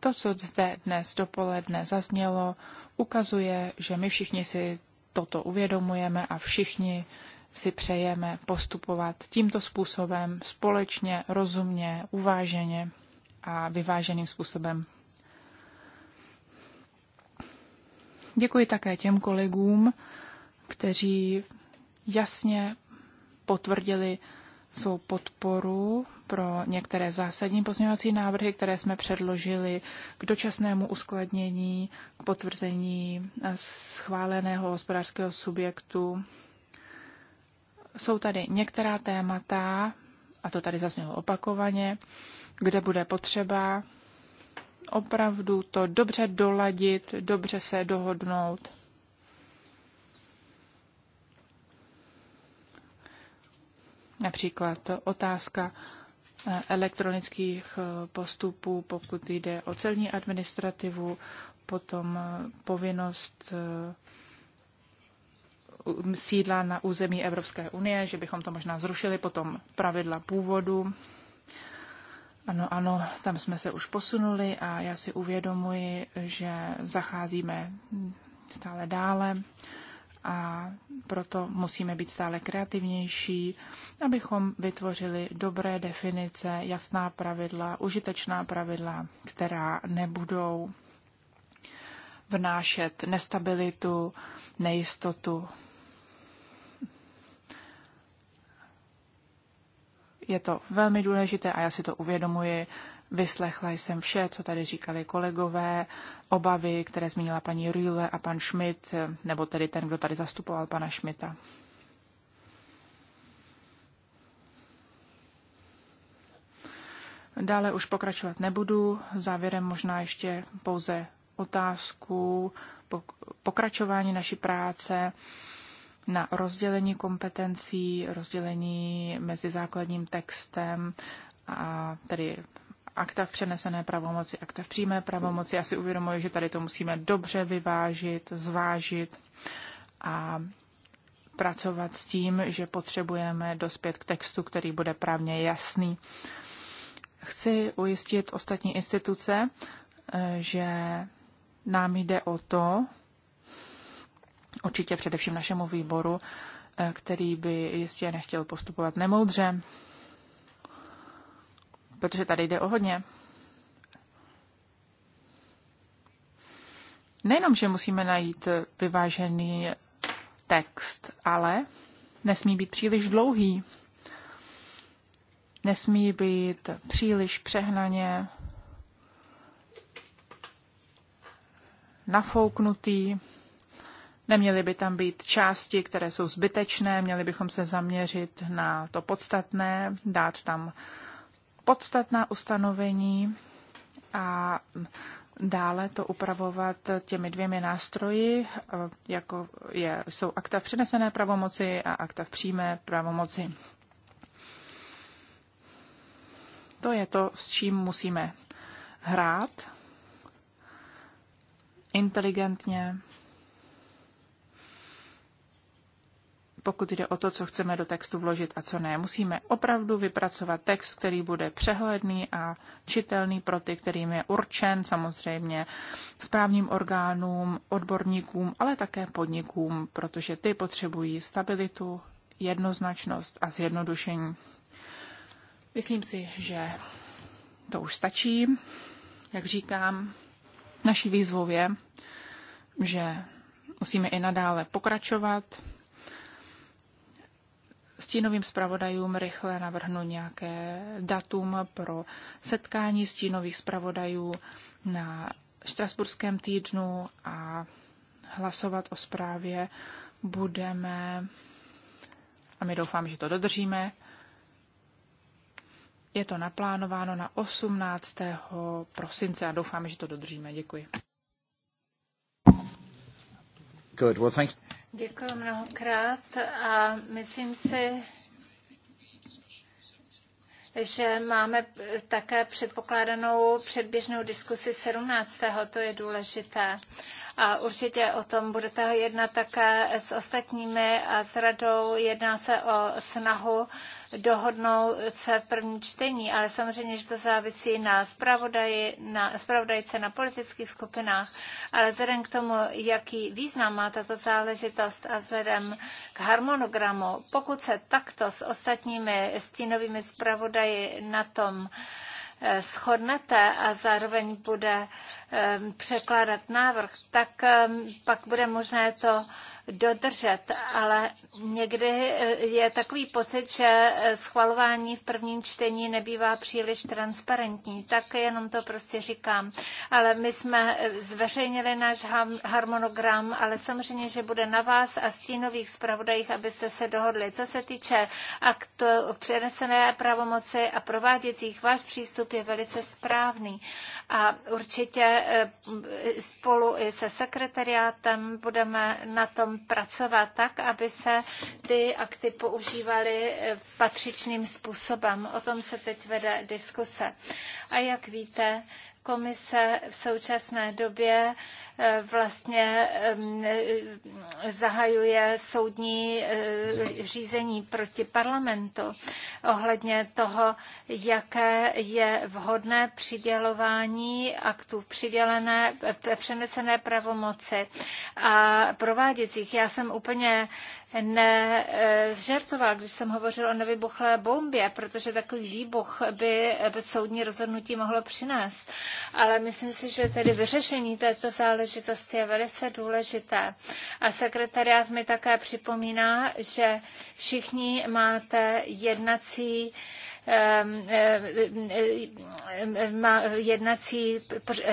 To, co zde dnes dopoledne zaznělo, ukazuje, že my všichni si toto uvědomujeme a všichni si přejeme postupovat tímto způsobem společně, rozumně, uváženě a vyváženým způsobem. Děkuji také těm kolegům, kteří jasně potvrdili svou podporu pro některé zásadní pozměňovací návrhy, které jsme předložili k dočasnému uskladnění, k potvrzení schváleného hospodářského subjektu jsou tady některá témata, a to tady zaznělo opakovaně, kde bude potřeba opravdu to dobře doladit, dobře se dohodnout. Například otázka eh, elektronických eh, postupů, pokud jde o celní administrativu, potom eh, povinnost sídla na území Evropské unie, že bychom to možná zrušili, potom pravidla původu. Ano, ano, tam jsme se už posunuli a já si uvědomuji, že zacházíme stále dále a proto musíme být stále kreativnější, abychom vytvořili dobré definice, jasná pravidla, užitečná pravidla, která nebudou vnášet nestabilitu, nejistotu Je to velmi důležité a já si to uvědomuji. Vyslechla jsem vše, co tady říkali kolegové, obavy, které zmínila paní Rühle a pan Schmidt, nebo tedy ten, kdo tady zastupoval pana Schmidta. Dále už pokračovat nebudu. Závěrem možná ještě pouze otázku pokračování naší práce na rozdělení kompetencí, rozdělení mezi základním textem a tedy akta v přenesené pravomoci, akta v přímé pravomoci. Já si uvědomuji, že tady to musíme dobře vyvážit, zvážit a pracovat s tím, že potřebujeme dospět k textu, který bude právně jasný. Chci ujistit ostatní instituce, eh, že nám jde o to, určitě především našemu výboru, eh, který by jistě nechtěl postupovat nemoudře, protože tady jde o hodně. Nejenom, že musíme najít vyvážený text, ale nesmí být příliš dlouhý. Nesmí být příliš přehnaně nafouknutý Neměly by tam být části, které jsou zbytečné, měli bychom se zaměřit na to podstatné, dát tam podstatná ustanovení a dále to upravovat těmi dvěmi nástroji, eh, jako je, jsou akta v přenesené pravomoci a akta v přímé pravomoci. To je to, s čím musíme hrát inteligentně pokud jde o to, co chceme do textu vložit a co ne. Musíme opravdu vypracovat text, který bude přehledný a čitelný pro ty, kterým je určen, samozřejmě správním orgánům, odborníkům, ale také podnikům, protože ty potřebují stabilitu, jednoznačnost a zjednodušení. Myslím si, že to už stačí. Jak říkám, naší výzvou je, že musíme i nadále pokračovat stínovým zpravodajům rychle navrhnu nějaké datum pro setkání stínových zpravodajů na Štrasburském týdnu a hlasovat o zprávě budeme, a my doufám, že to dodržíme, je to naplánováno na 18. prosince a doufám, že to dodržíme. Děkuji. Good. Well, thank you. Děkuji mnohokrát a myslím si, že máme také předpokládanou předběžnou diskusi 17. To je důležité a určitě o tom budete jednat také s ostatními a s radou. Jedná se o snahu dohodnout se v první čtení, ale samozřejmě, že to závisí na, zpravodaji, na zpravodajce, na politických skupinách, ale vzhledem k tomu, jaký význam má tato záležitost a vzhledem k harmonogramu, pokud se takto s ostatními stínovými zpravodaji na tom eh, shodnete a zároveň bude Ehm, překládat návrh, tak ehm, pak bude možné to dodržet, ale někdy eh, je takový pocit, že eh, schvalování v prvním čtení nebývá příliš transparentní, tak jenom to prostě říkám. Ale my jsme eh, zveřejnili náš harmonogram, ale samozřejmě, že bude na vás a stínových zpravodajích, abyste se dohodli. Co se týče aktu přenesené pravomoci a prováděcích, váš přístup je velice správný a určitě Eh, spolu i se sekretariátem budeme na tom pracovat tak, aby se ty akty používaly eh, patřičným způsobem. O tom se teď vede diskuse. A jak víte, Komise v současné době eh, vlastně zahajuje soudní eh, řízení proti parlamentu ohledně toho, jaké je vhodné přidělování aktů přidělené, přenesené pravomoci a prováděcích. Já jsem úplně nežertoval, když jsem hovořil o nevybuchlé bombě, protože takový výbuch by soudní rozhodnutí mohlo přinést. Ale myslím si, že tedy vyřešení této záležitosti je velice důležité. A sekretariát mi také připomíná, že všichni máte jednací Ehm, ehm, ehm, jednací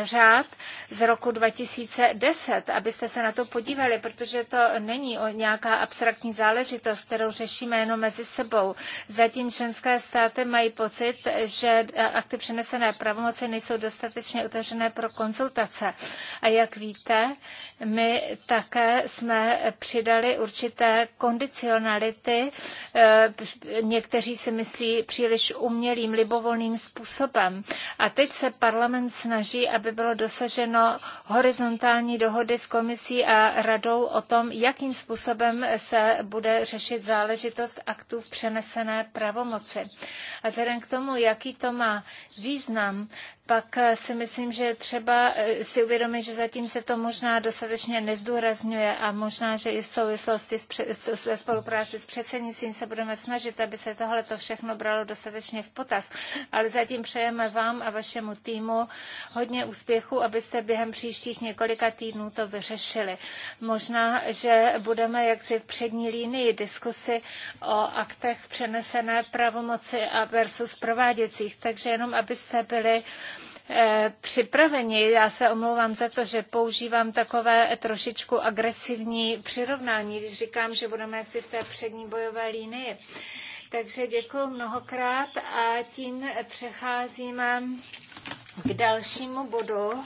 řád z roku 2010, abyste se na to podívali, protože to není nějaká abstraktní záležitost, kterou řešíme jenom mezi sebou. Zatím členské státy mají pocit, že akty přenesené pravomoci nejsou dostatečně otevřené pro konzultace. A jak víte, my také jsme přidali určité kondicionality. Někteří si myslí příliš příliš umělým, libovolným způsobem. A teď se parlament snaží, aby bylo dosaženo horizontální dohody s komisí a radou o tom, jakým způsobem se bude řešit záležitost aktů v přenesené pravomoci. A vzhledem k tomu, jaký to má význam, pak eh, si myslím, že třeba eh, si uvědomit, že zatím se to možná dostatečně nezdůrazňuje a možná, že i v souvislosti s, ve spolupráci s předsednictvím se budeme snažit, aby se tohle to všechno bralo dostatečně v potaz. Ale zatím přejeme vám a vašemu týmu hodně úspěchu, abyste během příštích několika týdnů to vyřešili. Možná, že budeme jaksi v přední línii diskusy o aktech přenesené pravomoci a versus prováděcích, takže jenom abyste byli Eh, připraveni. Já se omlouvám za to, že používám takové trošičku agresivní přirovnání, když říkám, že budeme jaksi v té přední bojové línii. Takže děkuji mnohokrát a tím přecházíme k dalšímu bodu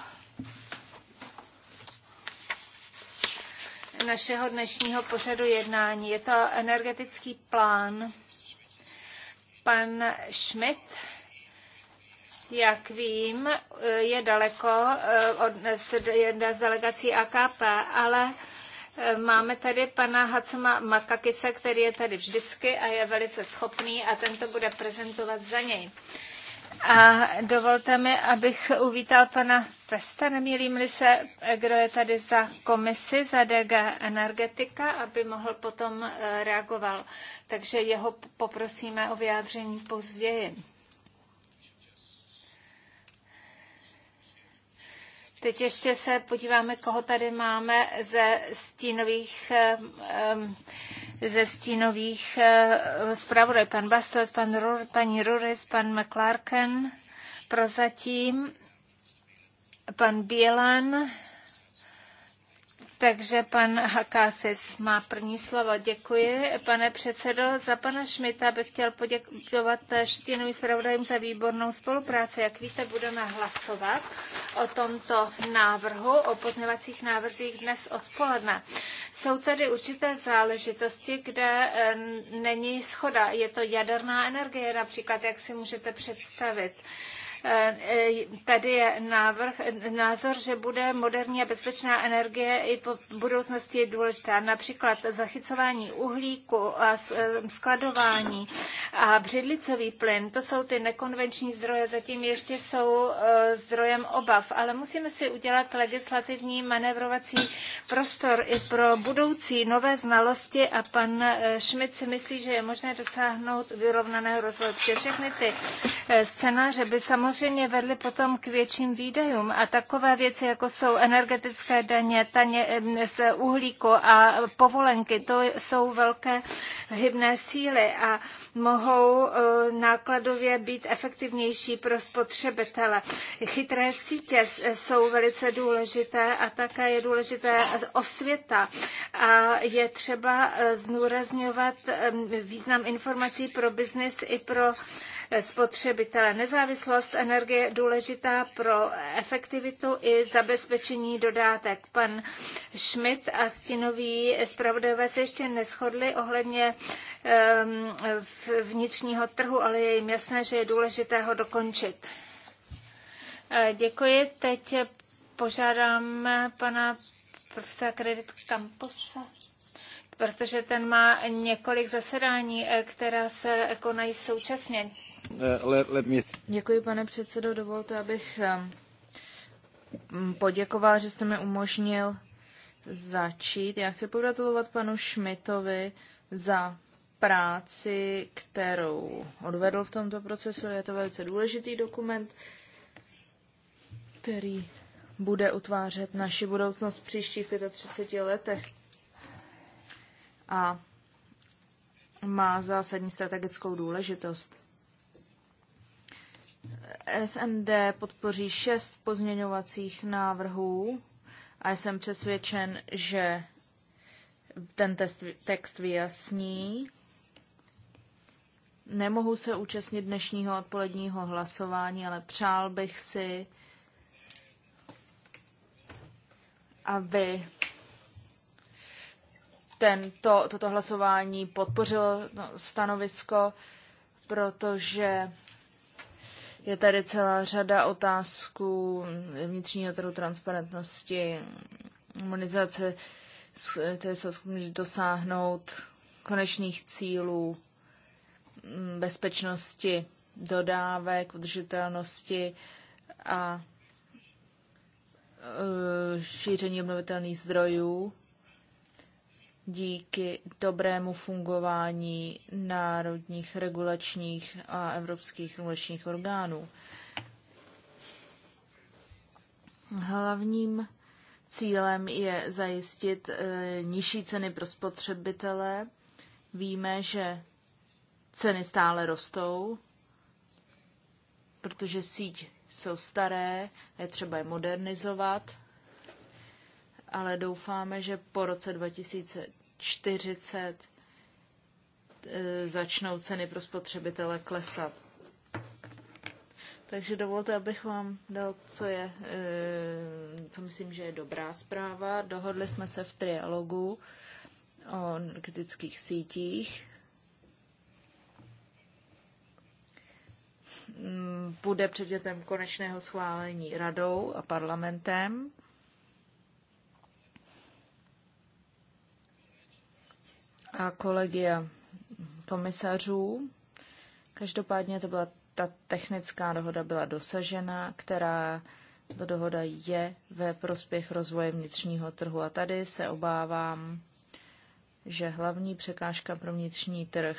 našeho dnešního pořadu jednání. Je to energetický plán. Pan Schmidt jak vím, je daleko eh, od jedné z delegací AKP, ale eh, Máme tady pana Hacema Makakise, který je tady vždycky a je velice schopný a tento bude prezentovat za něj. A dovolte mi, abych uvítal pana Pesta, nemýlím se, eh, kdo je tady za komisi, za DG Energetika, aby mohl potom reagoval. Takže jeho poprosíme o vyjádření později. Teď ještě se podíváme, koho tady máme ze stínových ze stínových zpravodaj. Pan Bastos, pan Rur, paní Ruris, pan McClarken, prozatím pan Bielan, takže pan Hakásis má první slovo. Děkuji, pane předsedo. Za pana Šmita bych chtěl poděkovat štínovým zpravodajům za výbornou spolupráci. Jak víte, budeme hlasovat o tomto návrhu, o pozněvacích návrzích dnes odpoledne. Jsou tady určité záležitosti, kde eh, není schoda. Je to jaderná energie například, jak si můžete představit. Eh, eh, tady je návrh, názor, že bude moderní a bezpečná energie i po budoucnosti důležitá. Například zachycování uhlíku a eh, skladování a břidlicový plyn, to jsou ty nekonvenční zdroje, zatím ještě jsou zdrojem obav, ale musíme si udělat legislativní manevrovací prostor i pro budoucí nové znalosti a pan Šmit si myslí, že je možné dosáhnout vyrovnaného rozvoje, všechny ty scénáře by samozřejmě samozřejmě vedly potom k větším výdajům a takové věci, jako jsou energetické daně, daně z uhlíku a povolenky, to jsou velké hybné síly a mohou e, nákladově být efektivnější pro spotřebitele. Chytré sítě jsou velice důležité a také je důležité osvěta a je třeba e, znůrazňovat význam informací pro biznis i pro spotřebitele. Nezávislost energie je důležitá pro efektivitu i zabezpečení dodátek. Pan Schmidt a stínoví zpravodajové se ještě neschodli ohledně ehm, vnitřního trhu, ale je jim jasné, že je důležité ho dokončit. Eh, děkuji. Teď požádám pana profesora Kredit Camposa, protože ten má několik zasedání, eh, která se konají současně. Eh, Děkuji, pane předsedo. Dovolte, abych poděkoval, že jste mi umožnil začít. Já chci pogratulovat panu Šmitovi za práci, kterou odvedl v tomto procesu. Je to velice důležitý dokument, který bude utvářet naši budoucnost v příštích 35 letech. A má zásadní strategickou důležitost. SND podpoří šest pozměňovacích návrhů a jsem přesvědčen, že ten test, text vyjasní. Nemohu se účastnit dnešního odpoledního hlasování, ale přál bych si, aby tento, toto hlasování podpořilo stanovisko, protože je tady celá řada otázků vnitřního trhu transparentnosti, monizace, které jsou schopni dosáhnout konečných cílů mm, bezpečnosti dodávek, udržitelnosti a e, šíření obnovitelných zdrojů díky dobrému fungování národních regulačních a evropských regulačních orgánů. Hlavním cílem je zajistit eh, nižší ceny pro spotřebitele. Víme, že ceny stále rostou, protože síť jsou staré, je třeba je modernizovat, ale doufáme, že po roce 2000 40 eh, začnou ceny pro spotřebitele klesat. Takže dovolte, abych vám dal, co je, eh, co myslím, že je dobrá zpráva. Dohodli jsme se v trialogu o kritických sítích. Mm, bude předmětem konečného schválení radou a parlamentem. a kolegia komisařů. Každopádně to byla ta technická dohoda byla dosažena, která ta dohoda je ve prospěch rozvoje vnitřního trhu. A tady se obávám, že hlavní překážka pro vnitřní trh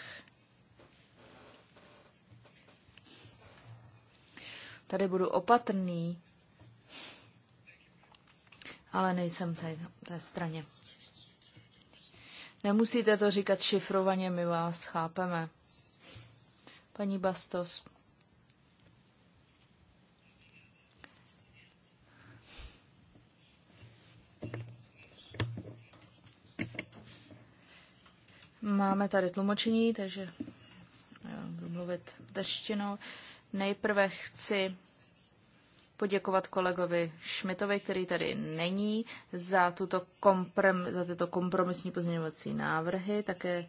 tady budu opatrný, ale nejsem tady na té straně. Nemusíte to říkat šifrovaně, my vás chápeme. Paní Bastos. Máme tady tlumočení, takže budu eh, mluvit deštinou. Nejprve chci poděkovat kolegovi Šmitovi, který tady není, za, tuto komprom, za tyto kompromisní pozměňovací návrhy. Také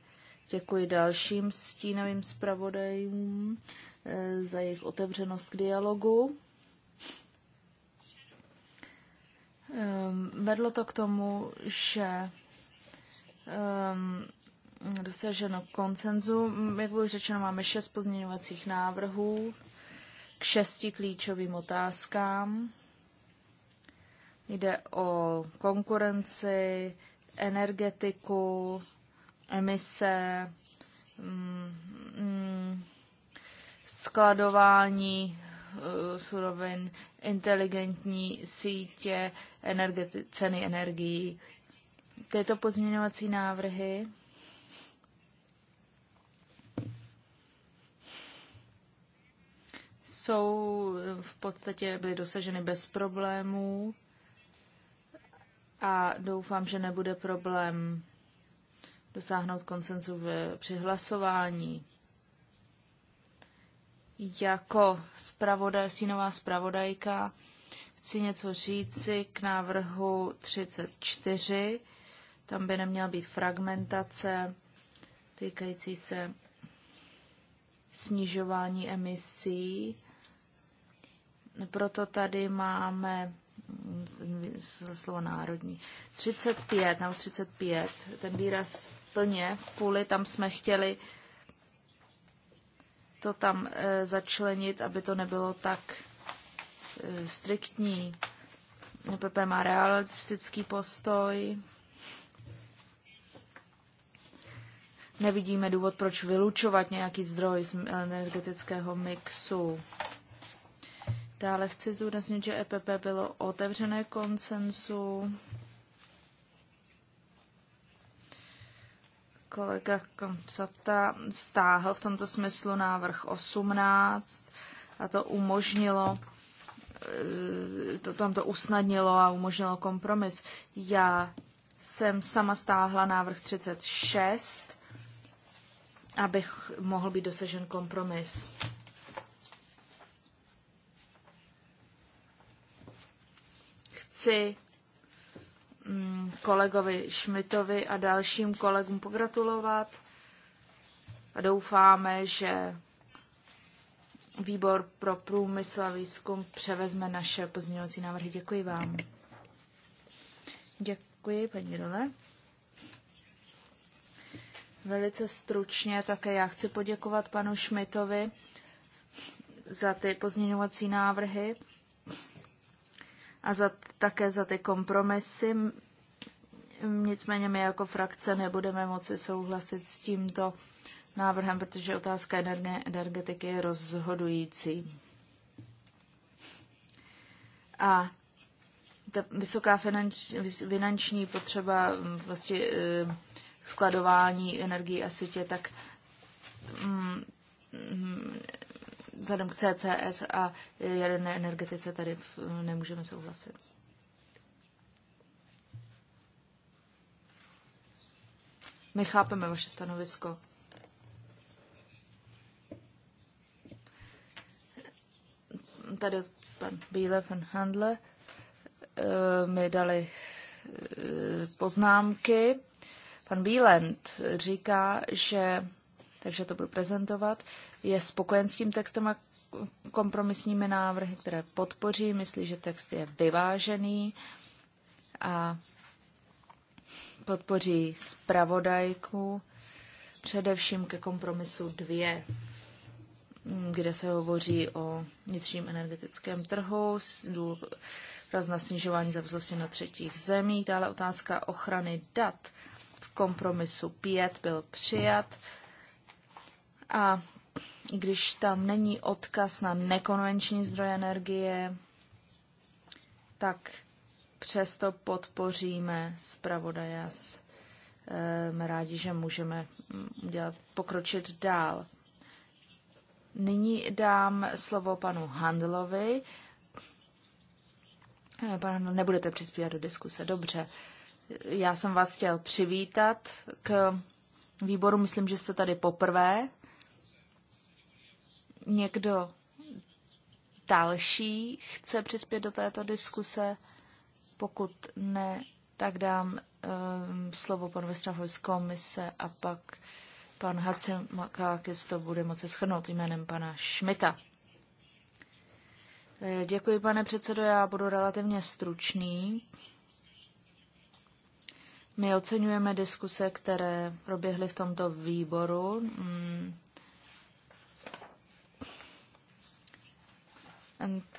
děkuji dalším stínovým zpravodajům eh, za jejich otevřenost k dialogu. Ehm, vedlo to k tomu, že ehm, dosaženo koncenzu. Jak bylo řečeno, máme šest pozměňovacích návrhů k šesti klíčovým otázkám. Jde o konkurenci, energetiku, emise, mm, mm, skladování eh, surovin, inteligentní sítě, energeti- ceny energií. Tyto pozměňovací návrhy jsou v podstatě byly dosaženy bez problémů a doufám, že nebude problém dosáhnout konsenzu v přihlasování. Jako spravodaj, sínová spravodajka chci něco říci k návrhu 34. Tam by neměla být fragmentace týkající se snižování emisí proto tady máme mm, slovo národní. 35, nebo 35, ten výraz plně, fully, tam jsme chtěli to tam e, začlenit, aby to nebylo tak e, striktní. PP má realistický postoj. Nevidíme důvod, proč vylučovat nějaký zdroj z energetického mixu. Dále chci zdůraznit, že EPP bylo otevřené konsenzu. Kolega Kamsata stáhl v tomto smyslu návrh 18 a to umožnilo eh, to tam to usnadnilo a umožnilo kompromis. Já jsem sama stáhla návrh 36, abych mohl být dosažen kompromis. chci mm, kolegovi Šmitovi a dalším kolegům pogratulovat a doufáme, že výbor pro průmysl a výzkum převezme naše pozměňovací návrhy. Děkuji vám. Děkuji, paní Role. Velice stručně také já chci poděkovat panu Šmitovi za ty pozměňovací návrhy a za, také za ty kompromisy. Nicméně my jako frakce nebudeme moci souhlasit s tímto návrhem, protože otázka energetiky je rozhodující. A ta vysoká finanč, finanční potřeba vlastně e, skladování energie a světě, tak vzhledem k CCS a jaderné energetice tady nemůžeme souhlasit. My chápeme vaše stanovisko. Tady pan Bíle, pan Handle eh, mi dali eh, poznámky. Pan Bílend říká, že, takže to budu prezentovat, je spokojen s tím textem a kompromisními návrhy, které podpoří, myslí, že text je vyvážený a podpoří zpravodajku především ke kompromisu dvě kde se hovoří o vnitřním energetickém trhu, raz na snižování závislosti na třetích zemích, dále otázka ochrany dat v kompromisu 5 byl přijat a když tam není odkaz na nekonvenční zdroje energie, tak přesto podpoříme zpravodaje. Jsme rádi, že můžeme mm, dělat, pokročit dál. Nyní dám slovo panu Handlovi. Eh, Pan, nebudete přispívat do diskuse, dobře. Já jsem vás chtěl přivítat k výboru, myslím, že jste tady poprvé někdo další chce přispět do této diskuse? Pokud ne, tak dám um, slovo panu Vestrahovi z komise a pak pan Hacimakakis to bude moci schrnout jménem pana Šmita. Eh, děkuji, pane předsedo, já budu relativně stručný. My oceňujeme diskuse, které proběhly v tomto výboru. Mm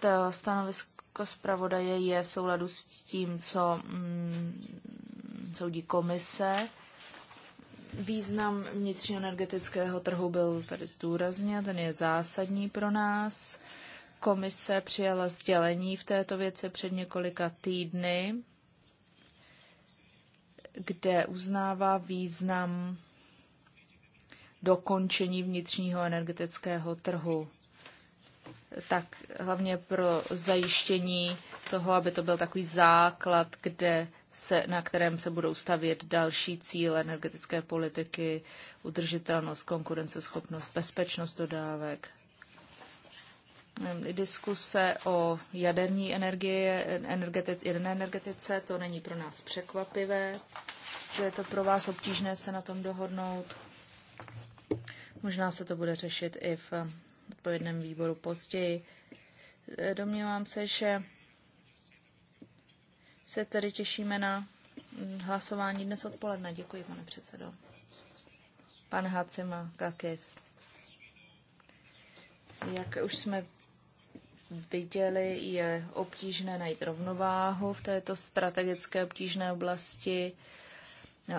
To stanovisko zpravodaje je v souladu s tím, co mm, soudí komise. Význam vnitřního energetického trhu byl tady zdůrazněn, ten je zásadní pro nás. Komise přijala sdělení v této věci před několika týdny, kde uznává význam dokončení vnitřního energetického trhu tak hlavně pro zajištění toho, aby to byl takový základ, kde se, na kterém se budou stavět další cíle energetické politiky, udržitelnost, konkurenceschopnost, bezpečnost dodávek. Diskuse o jaderní energie, energetice, jedné energetice, to není pro nás překvapivé, že je to pro vás obtížné se na tom dohodnout. Možná se to bude řešit i v odpovědném výboru později. E, domnívám se, že se tedy těšíme na mm, hlasování dnes odpoledne. Děkuji, pane předsedo. Pan Hacima Kakis. Jak už jsme viděli, je obtížné najít rovnováhu v této strategické obtížné oblasti.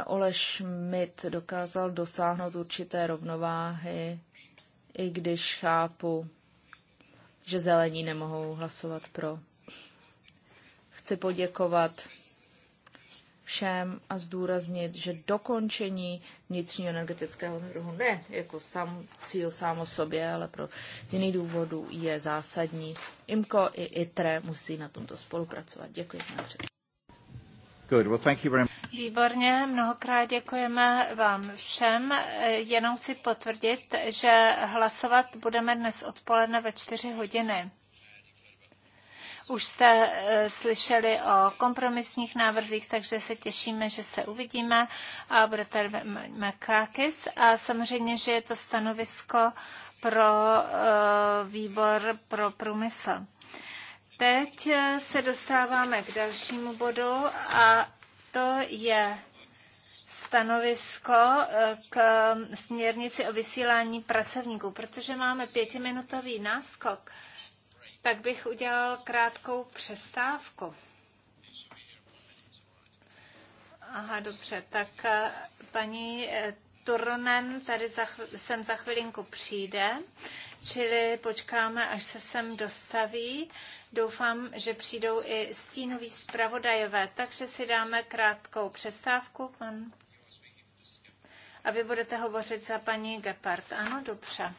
Oleš Mit dokázal dosáhnout určité rovnováhy i když chápu, že zelení nemohou hlasovat pro. Chci poděkovat všem a zdůraznit, že dokončení vnitřního energetického trhu ne jako sam, cíl sám o sobě, ale pro z jiných důvodů je zásadní. IMCO i ITRE musí na tomto spolupracovat. Děkuji, pane Good. Well, thank you very much. Výborně, mnohokrát děkujeme vám všem. Jenom chci potvrdit, že hlasovat budeme dnes odpoledne ve čtyři hodiny. Už jste eh, slyšeli o kompromisních návrzích, takže se těšíme, že se uvidíme a bude tady Makakis. A samozřejmě, že je to stanovisko pro eh, výbor pro průmysl. Teď eh, se dostáváme k dalšímu bodu a to je stanovisko eh, k mm, směrnici o vysílání pracovníků. Protože máme pětiminutový náskok, tak bych udělal krátkou přestávku. Aha, dobře, tak eh, paní Turunen tady za, sem za chvilinku přijde, čili počkáme, až se sem dostaví. Doufám, že přijdou i stínoví zpravodajové, takže si dáme krátkou přestávku. Pan... A vy budete hovořit za paní Gepard. Ano, dobře.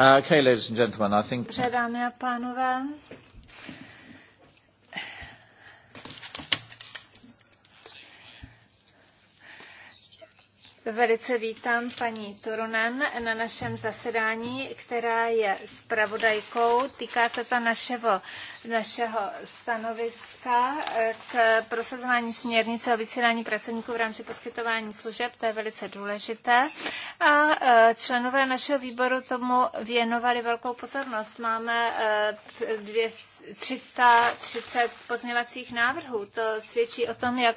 Uh, okay, ladies and gentlemen, I think... a pánové, Velice vítám paní Turunen na našem zasedání, která je zpravodajkou. Týká se to našeho, našeho stanoviska eh, k prosazování směrnice o vysílání pracovníků v rámci poskytování služeb. To je velice důležité. A eh, členové našeho výboru tomu věnovali velkou pozornost. Máme 330 eh, pozměvacích návrhů. To svědčí o tom, jak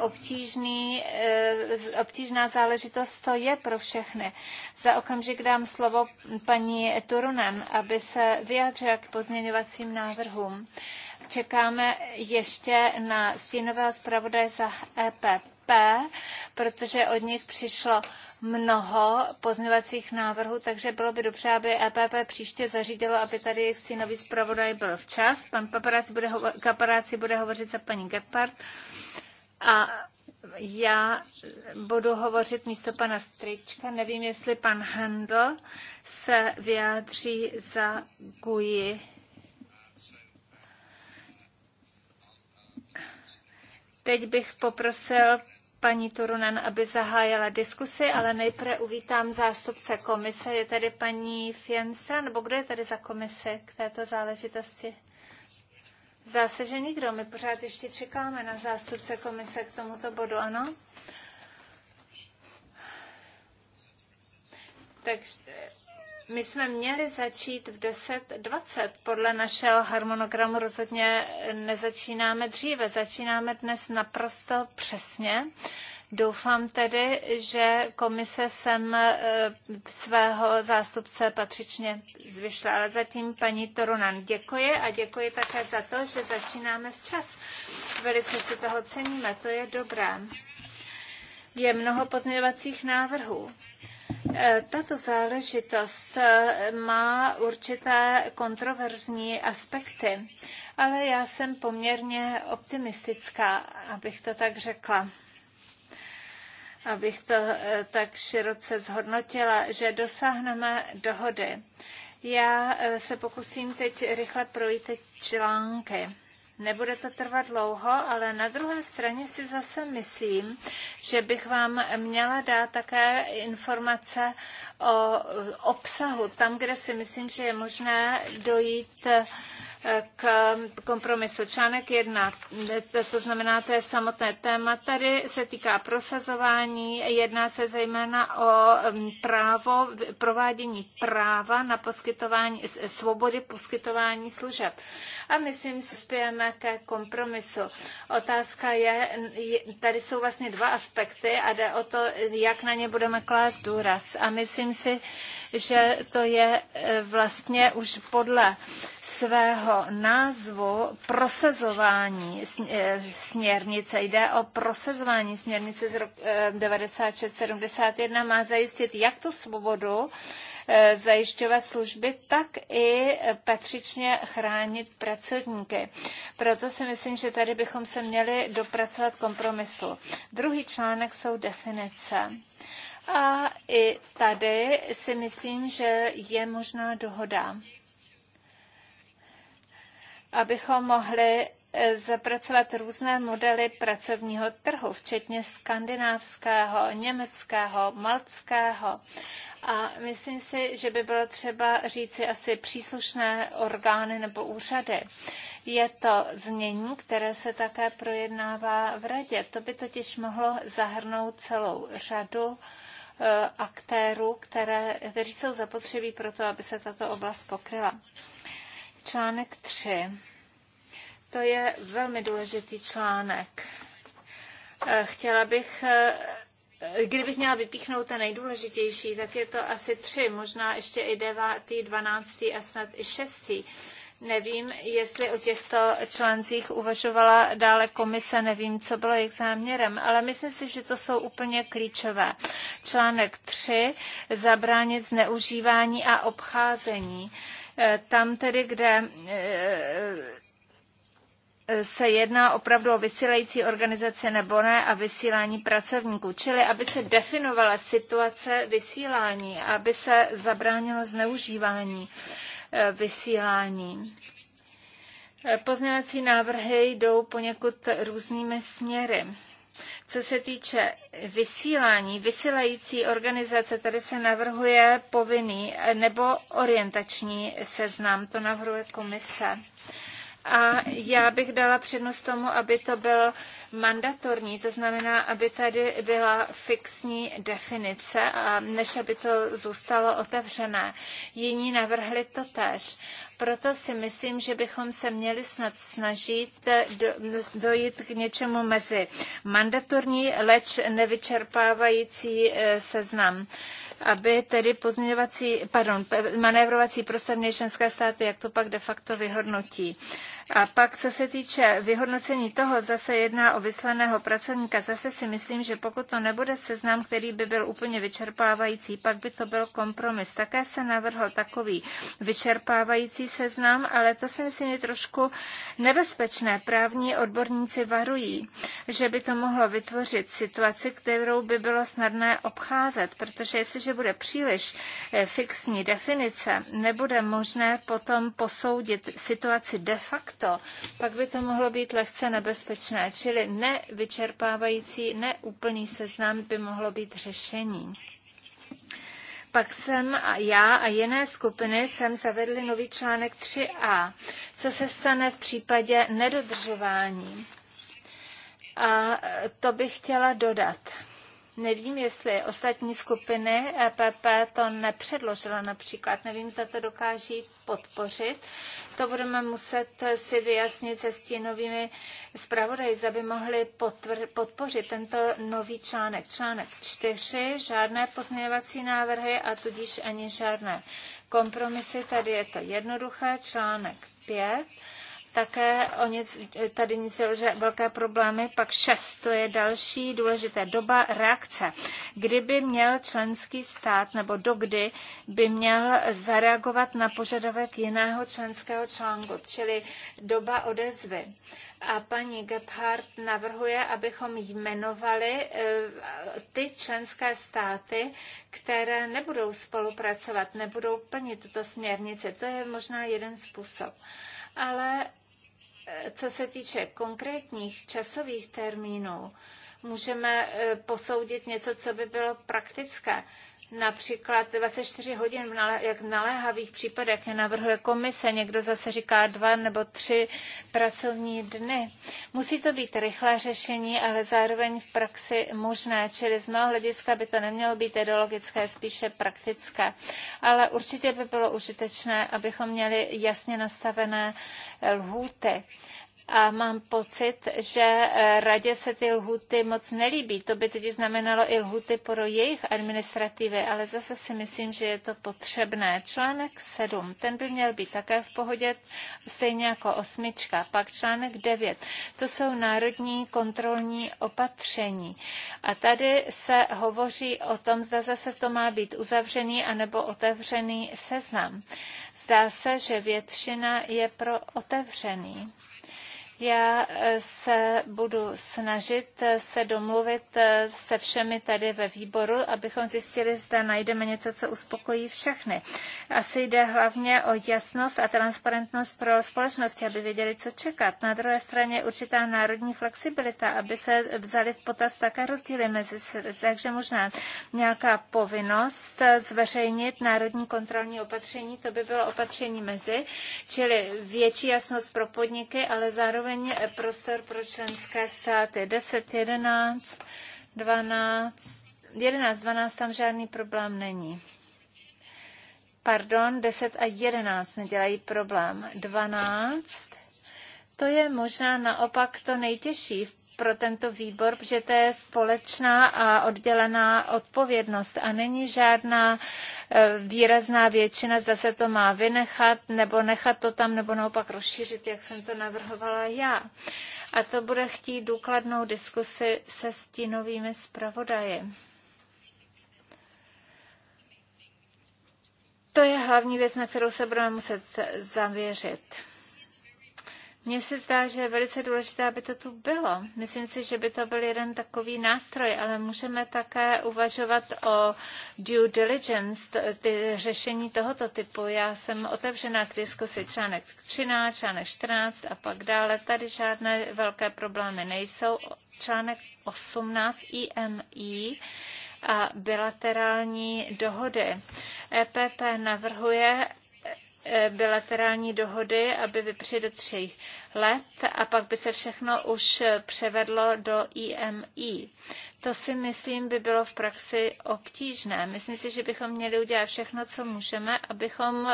obtížný, obtížný obtížná záležitost to je pro všechny. Za okamžik dám slovo paní Turunen, aby se vyjádřila k pozměňovacím návrhům. Čekáme ještě na stínového zpravodaje za EPP protože od nich přišlo mnoho pozměvacích návrhů, takže bylo by dobře, aby EPP příště zařídilo, aby tady jejich synový zpravodaj byl včas. Pan paparáci bude, hovo- bude hovořit za paní Gepard. A já budu hovořit místo pana Strička. Nevím, jestli pan Handel se vyjádří za GUI. Teď bych poprosil paní Turunen, aby zahájila diskusi, ale nejprve uvítám zástupce komise. Je tady paní Fienstra, nebo kdo je tady za komise k této záležitosti? Zdá se, že nikdo. My pořád ještě čekáme na zástupce komise k tomuto bodu, ano? Takže my jsme měli začít v 10.20. Podle našeho harmonogramu rozhodně nezačínáme dříve. Začínáme dnes naprosto přesně. Uh, Doufám tedy, že komise sem e, svého zástupce patřičně zvyšla. Ale zatím paní Torunan děkuji a děkuji také za to, že začínáme včas. Velice si toho ceníme, to je dobré. Je mnoho pozměňovacích návrhů. E, tato záležitost e, má určité kontroverzní aspekty, ale já jsem poměrně optimistická, abych to tak řekla abych to eh, tak široce zhodnotila, že dosáhneme dohody. Já eh, se pokusím teď rychle projít články. Nebude to trvat dlouho, ale na druhé straně si zase myslím, že bych vám měla dát také informace o eh, obsahu, tam, kde si myslím, že je možné dojít k kompromisu. Článek 1, to znamená, to je samotné téma. Tady se týká prosazování, jedná se zejména o mm, právo, provádění práva na poskytování, svobody poskytování služeb. A myslím, že spějeme ke kompromisu. Otázka je, tady jsou vlastně dva aspekty a jde o to, jak na ně budeme klást důraz. A myslím si, že to je e, vlastně už podle svého názvu prosazování eh, směrnice. Jde o prosazování směrnice z roku 96-71. Eh, Má zajistit jak tu svobodu eh, zajišťovat služby, tak i patřičně chránit pracovníky. Proto si myslím, že tady bychom se měli dopracovat kompromisu. Druhý článek jsou definice. A i tady si myslím, že je možná dohoda abychom mohli eh, zapracovat různé modely pracovního trhu, včetně skandinávského, německého, maltského. A myslím si, že by bylo třeba říci asi příslušné orgány nebo úřady. Je to znění, které se také projednává v radě. To by totiž mohlo zahrnout celou řadu eh, aktérů, které, kteří jsou zapotřebí pro to, aby se tato oblast pokryla. Článek 3. To je velmi důležitý článek. Eh, chtěla bych eh, Kdybych měla vypíchnout ten nejdůležitější, tak je to asi tři, možná ještě i devátý, dvanáctý a snad i šestý. Nevím, jestli o těchto článcích uvažovala dále komise, nevím, co bylo jejich záměrem, ale myslím si, že to jsou úplně klíčové. Článek 3. Zabránit zneužívání a obcházení. Eh, tam tedy, kde eh, eh, se jedná opravdu o vysílající organizace nebo ne a vysílání pracovníků, čili aby se definovala situace vysílání, aby se zabránilo zneužívání vysílání. Pozměňovací návrhy jdou poněkud různými směry. Co se týče vysílání, vysílající organizace, tady se navrhuje povinný nebo orientační seznam, to navrhuje komise. A já bych dala přednost tomu, aby to byl mandatorní, to znamená, aby tady byla fixní definice, a než aby to zůstalo otevřené. Jiní navrhli to tež. Proto si myslím, že bychom se měli snad snažit eh, dojít k něčemu mezi mandatorní, leč nevyčerpávající eh, seznam aby tedy pozměňovací, pardon, manévrovací prostor měly členské státy, jak to pak de facto vyhodnotí. A pak, co se týče vyhodnocení toho, zda se jedná o vyslaného pracovníka, zase si myslím, že pokud to nebude seznam, který by byl úplně vyčerpávající, pak by to byl kompromis. Také se navrhl takový vyčerpávající seznam, ale to si myslím je trošku nebezpečné. Právní odborníci varují, že by to mohlo vytvořit situaci, kterou by bylo snadné obcházet, protože jestliže bude příliš eh, fixní definice, nebude možné potom posoudit situaci de facto, to, pak by to mohlo být lehce nebezpečné, čili nevyčerpávající, neúplný seznam by mohlo být řešení. Pak jsem a já a jiné skupiny jsem zavedli nový článek 3a, co se stane v případě nedodržování. A to bych chtěla dodat. Nevím, jestli ostatní skupiny EPP to nepředložila například. Nevím, zda to dokáží podpořit. To budeme muset si vyjasnit se stínovými zpravodaji, aby by mohli podpořit tento nový článek. Článek 4, žádné pozměňovací návrhy a tudíž ani žádné kompromisy. Tady je to jednoduché. Článek 5 také o nic, tady nic velké problémy. Pak šest, to je další důležité doba reakce. Kdyby měl členský stát nebo dokdy by měl zareagovat na požadavek jiného členského článku, čili doba odezvy. A paní Gebhardt navrhuje, abychom jmenovali eh, ty členské státy, které nebudou spolupracovat, nebudou plnit tuto směrnici. To je možná jeden způsob ale eh, co se týče konkrétních časových termínů, můžeme eh, posoudit něco, co by bylo praktické například 24 hodin, jak v naléhavých případech navrhuje komise, někdo zase říká dva nebo tři pracovní dny. Musí to být rychlé řešení, ale zároveň v praxi možné, čili z mého hlediska by to nemělo být ideologické, spíše praktické. Ale určitě by bylo užitečné, abychom měli jasně nastavené lhůty a mám pocit, že eh, radě se ty lhuty moc nelíbí. To by tedy znamenalo i lhuty pro jejich administrativy, ale zase si myslím, že je to potřebné. Článek 7, ten by měl být také v pohodě, stejně jako osmička. Pak článek 9, to jsou národní kontrolní opatření. A tady se hovoří o tom, zda zase to má být uzavřený anebo otevřený seznam. Zdá se, že většina je pro otevřený. Já eh, se budu snažit eh, se domluvit eh, se všemi tady ve výboru, abychom zjistili, zda najdeme něco, co uspokojí všechny. Asi jde hlavně o jasnost a transparentnost pro společnosti, aby věděli, co čekat. Na druhé straně určitá národní flexibilita, aby se vzali v potaz také rozdíly mezi takže možná nějaká povinnost zveřejnit národní kontrolní opatření, to by bylo opatření mezi, čili větší jasnost pro podniky, ale zároveň zároveň prostor pro členské státy. 10, 11, 12, 11, 12 tam žádný problém není. Pardon, 10 a 11 nedělají problém. 12, to je možná naopak to nejtěžší v pro tento výbor, protože to je společná a oddělená odpovědnost a není žádná eh, výrazná většina, zda se to má vynechat nebo nechat to tam nebo naopak rozšířit, jak jsem to navrhovala já. A to bude chtít důkladnou diskusi se stínovými zpravodaji. To je hlavní věc, na kterou se budeme muset zaměřit. Mně se zdá, že je velice důležité, aby to tu bylo. Myslím si, že by to byl jeden takový nástroj, ale můžeme také uvažovat o due diligence, ty řešení tohoto typu. Já jsem otevřená k diskusi článek 13, článek 14 a pak dále. Tady žádné velké problémy nejsou. Článek 18 IMI a bilaterální dohody. EPP navrhuje, Eh, bilaterální dohody, aby vypři do tří let a pak by se všechno už eh, převedlo do IMI. To si myslím by bylo v praxi obtížné. Myslím si, že bychom měli udělat všechno, co můžeme, abychom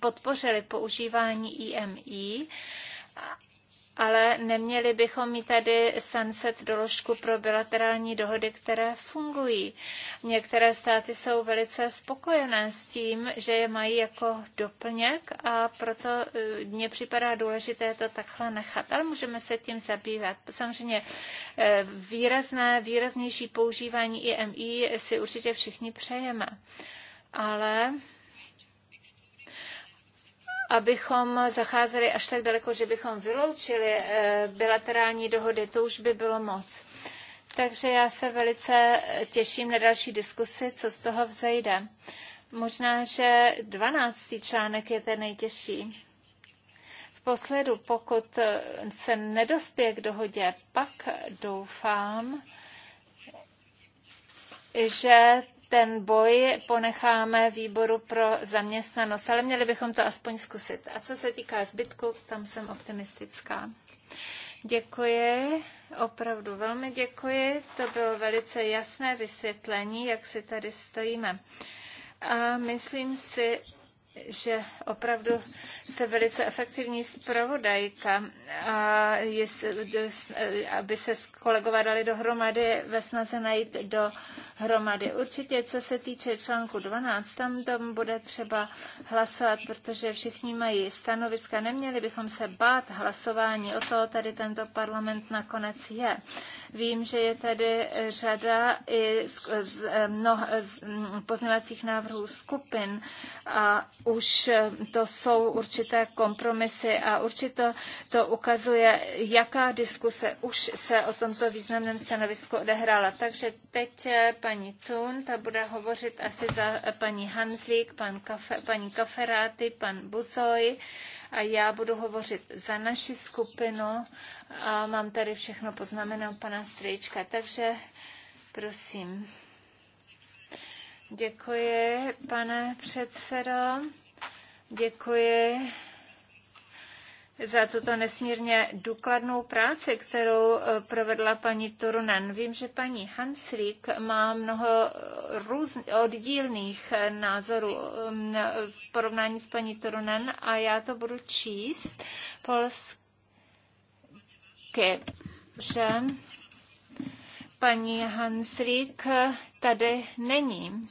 podpořili používání IMI ale neměli bychom mít tady sunset doložku pro bilaterální dohody, které fungují. Některé státy jsou velice spokojené s tím, že je mají jako doplněk a proto eh, mně připadá důležité to takhle nechat, ale můžeme se tím zabývat. Samozřejmě eh, výrazné, výraznější používání IMI si určitě všichni přejeme. Ale abychom zacházeli až tak daleko, že bychom vyloučili eh, bilaterální dohody, to už by bylo moc. Takže já se velice těším na další diskusy, co z toho vzejde. Možná, že 12. článek je ten nejtěžší. V posledu, pokud se nedospěje k dohodě, pak doufám, že ten boj ponecháme výboru pro zaměstnanost, ale měli bychom to aspoň zkusit. A co se týká zbytku, tam jsem optimistická. Děkuji, opravdu velmi děkuji. To bylo velice jasné vysvětlení, jak si tady stojíme. A myslím si, že opravdu se velice efektivní zpravodajka, a aby se kolegové dali dohromady ve snaze najít dohromady. Určitě, co se týče článku 12, tam tam bude třeba hlasovat, protože všichni mají stanoviska. Neměli bychom se bát hlasování, o to tady tento parlament nakonec je. Vím, že je tady řada i z, z, mnoho, z, pozměvacích návrhů skupin a už eh, to jsou určité kompromisy a určitě to ukazuje, jaká diskuse už se o tomto významném stanovisku odehrála. Takže teď eh, paní Thun, ta bude hovořit asi za eh, paní Hanslík, pan Kafe, paní Kaferáty, pan Buzoj a já budu hovořit za naši skupinu a mám tady všechno poznamená pana Strejčka. Takže prosím. Děkuji, pane předsedo. Děkuji za tuto nesmírně důkladnou práci, kterou eh, provedla paní Turunen. Vím, že paní Hanslík má mnoho růz... oddílných eh, názorů mm, v porovnání s paní Turunen a já to budu číst polsky. Že paní Hanslík tady není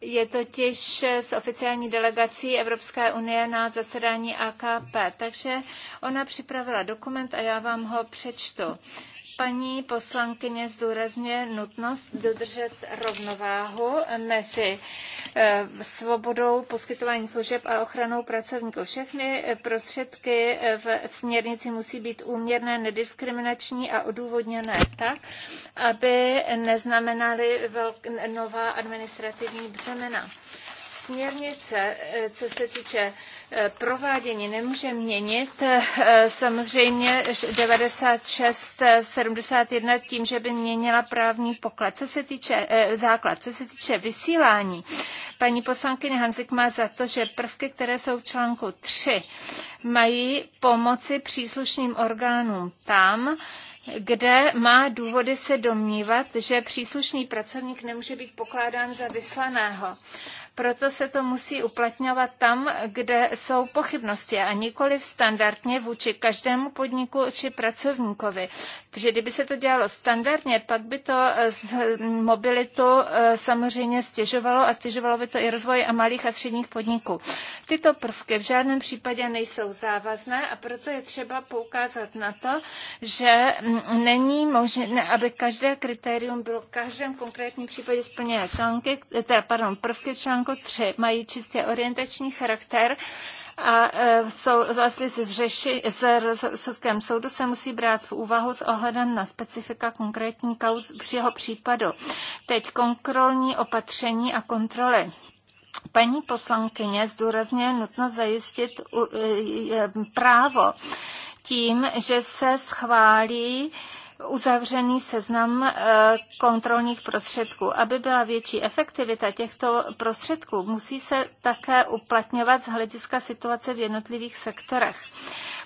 je totiž s oficiální delegací Evropské unie na zasedání AKP. Takže ona připravila dokument a já vám ho přečtu. Paní poslankyně zdůrazňuje nutnost dodržet rovnováhu mezi eh, svobodou poskytování služeb a ochranou pracovníků. Všechny eh, prostředky eh, v směrnici musí být úměrné, nediskriminační a odůvodněné tak, aby neznamenaly nová administrativní břemena směrnice, eh, co se týče eh, provádění, nemůže měnit eh, samozřejmě 96, 71 tím, že by měnila právní poklad. Co se týče základ, co se týče vysílání, paní poslankyně Hanzik má za to, že prvky, které jsou v článku 3, mají pomoci příslušným orgánům tam, kde má důvody se domnívat, že příslušný pracovník nemůže být pokládán za vyslaného. Proto se to musí uplatňovat tam, kde jsou pochybnosti a nikoli standardně vůči každému podniku či pracovníkovi. Takže kdyby se to dělalo standardně, pak by to mobilitu e, samozřejmě stěžovalo a stěžovalo by to i rozvoj a malých a středních podniků. Tyto prvky v žádném případě nejsou závazné a proto je třeba poukázat na to, že není možné, aby každé kritérium bylo v každém konkrétním případě splněné články, e, teda, pardon, prvky článku článku 3. Mají čistě orientační charakter a e, sou, vlastně se, řeši, s rozsudkem soudu se musí brát v úvahu s ohledem na specifika konkrétní kauz jeho případu. Teď kontrolní opatření a kontroly. Paní poslankyně zdůrazně nutno zajistit e, e, právo tím, že se schválí uzavřený seznam eh, kontrolních prostředků. Aby byla větší efektivita těchto prostředků, musí se také uplatňovat z hlediska situace v jednotlivých sektorech.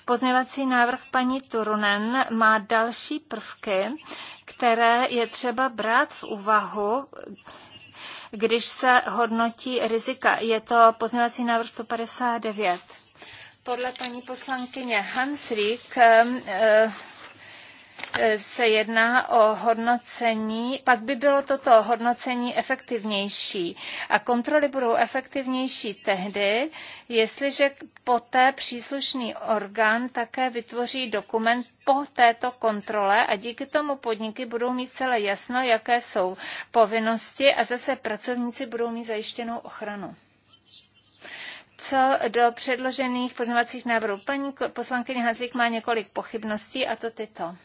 Pozněvací návrh paní Turunen má další prvky, které je třeba brát v úvahu, když se hodnotí rizika. Je to pozměvací návrh 159. Podle paní poslankyně Hansrík eh, eh, E, se jedná o hodnocení, pak by bylo toto hodnocení efektivnější. A kontroly budou efektivnější tehdy, jestliže poté příslušný orgán také vytvoří dokument po této kontrole a díky tomu podniky budou mít celé jasno, jaké jsou povinnosti a zase pracovníci budou mít zajištěnou ochranu co do předložených pozměňovacích návrhů. Paní poslankyně Hanzlík má několik pochybností a to tyto.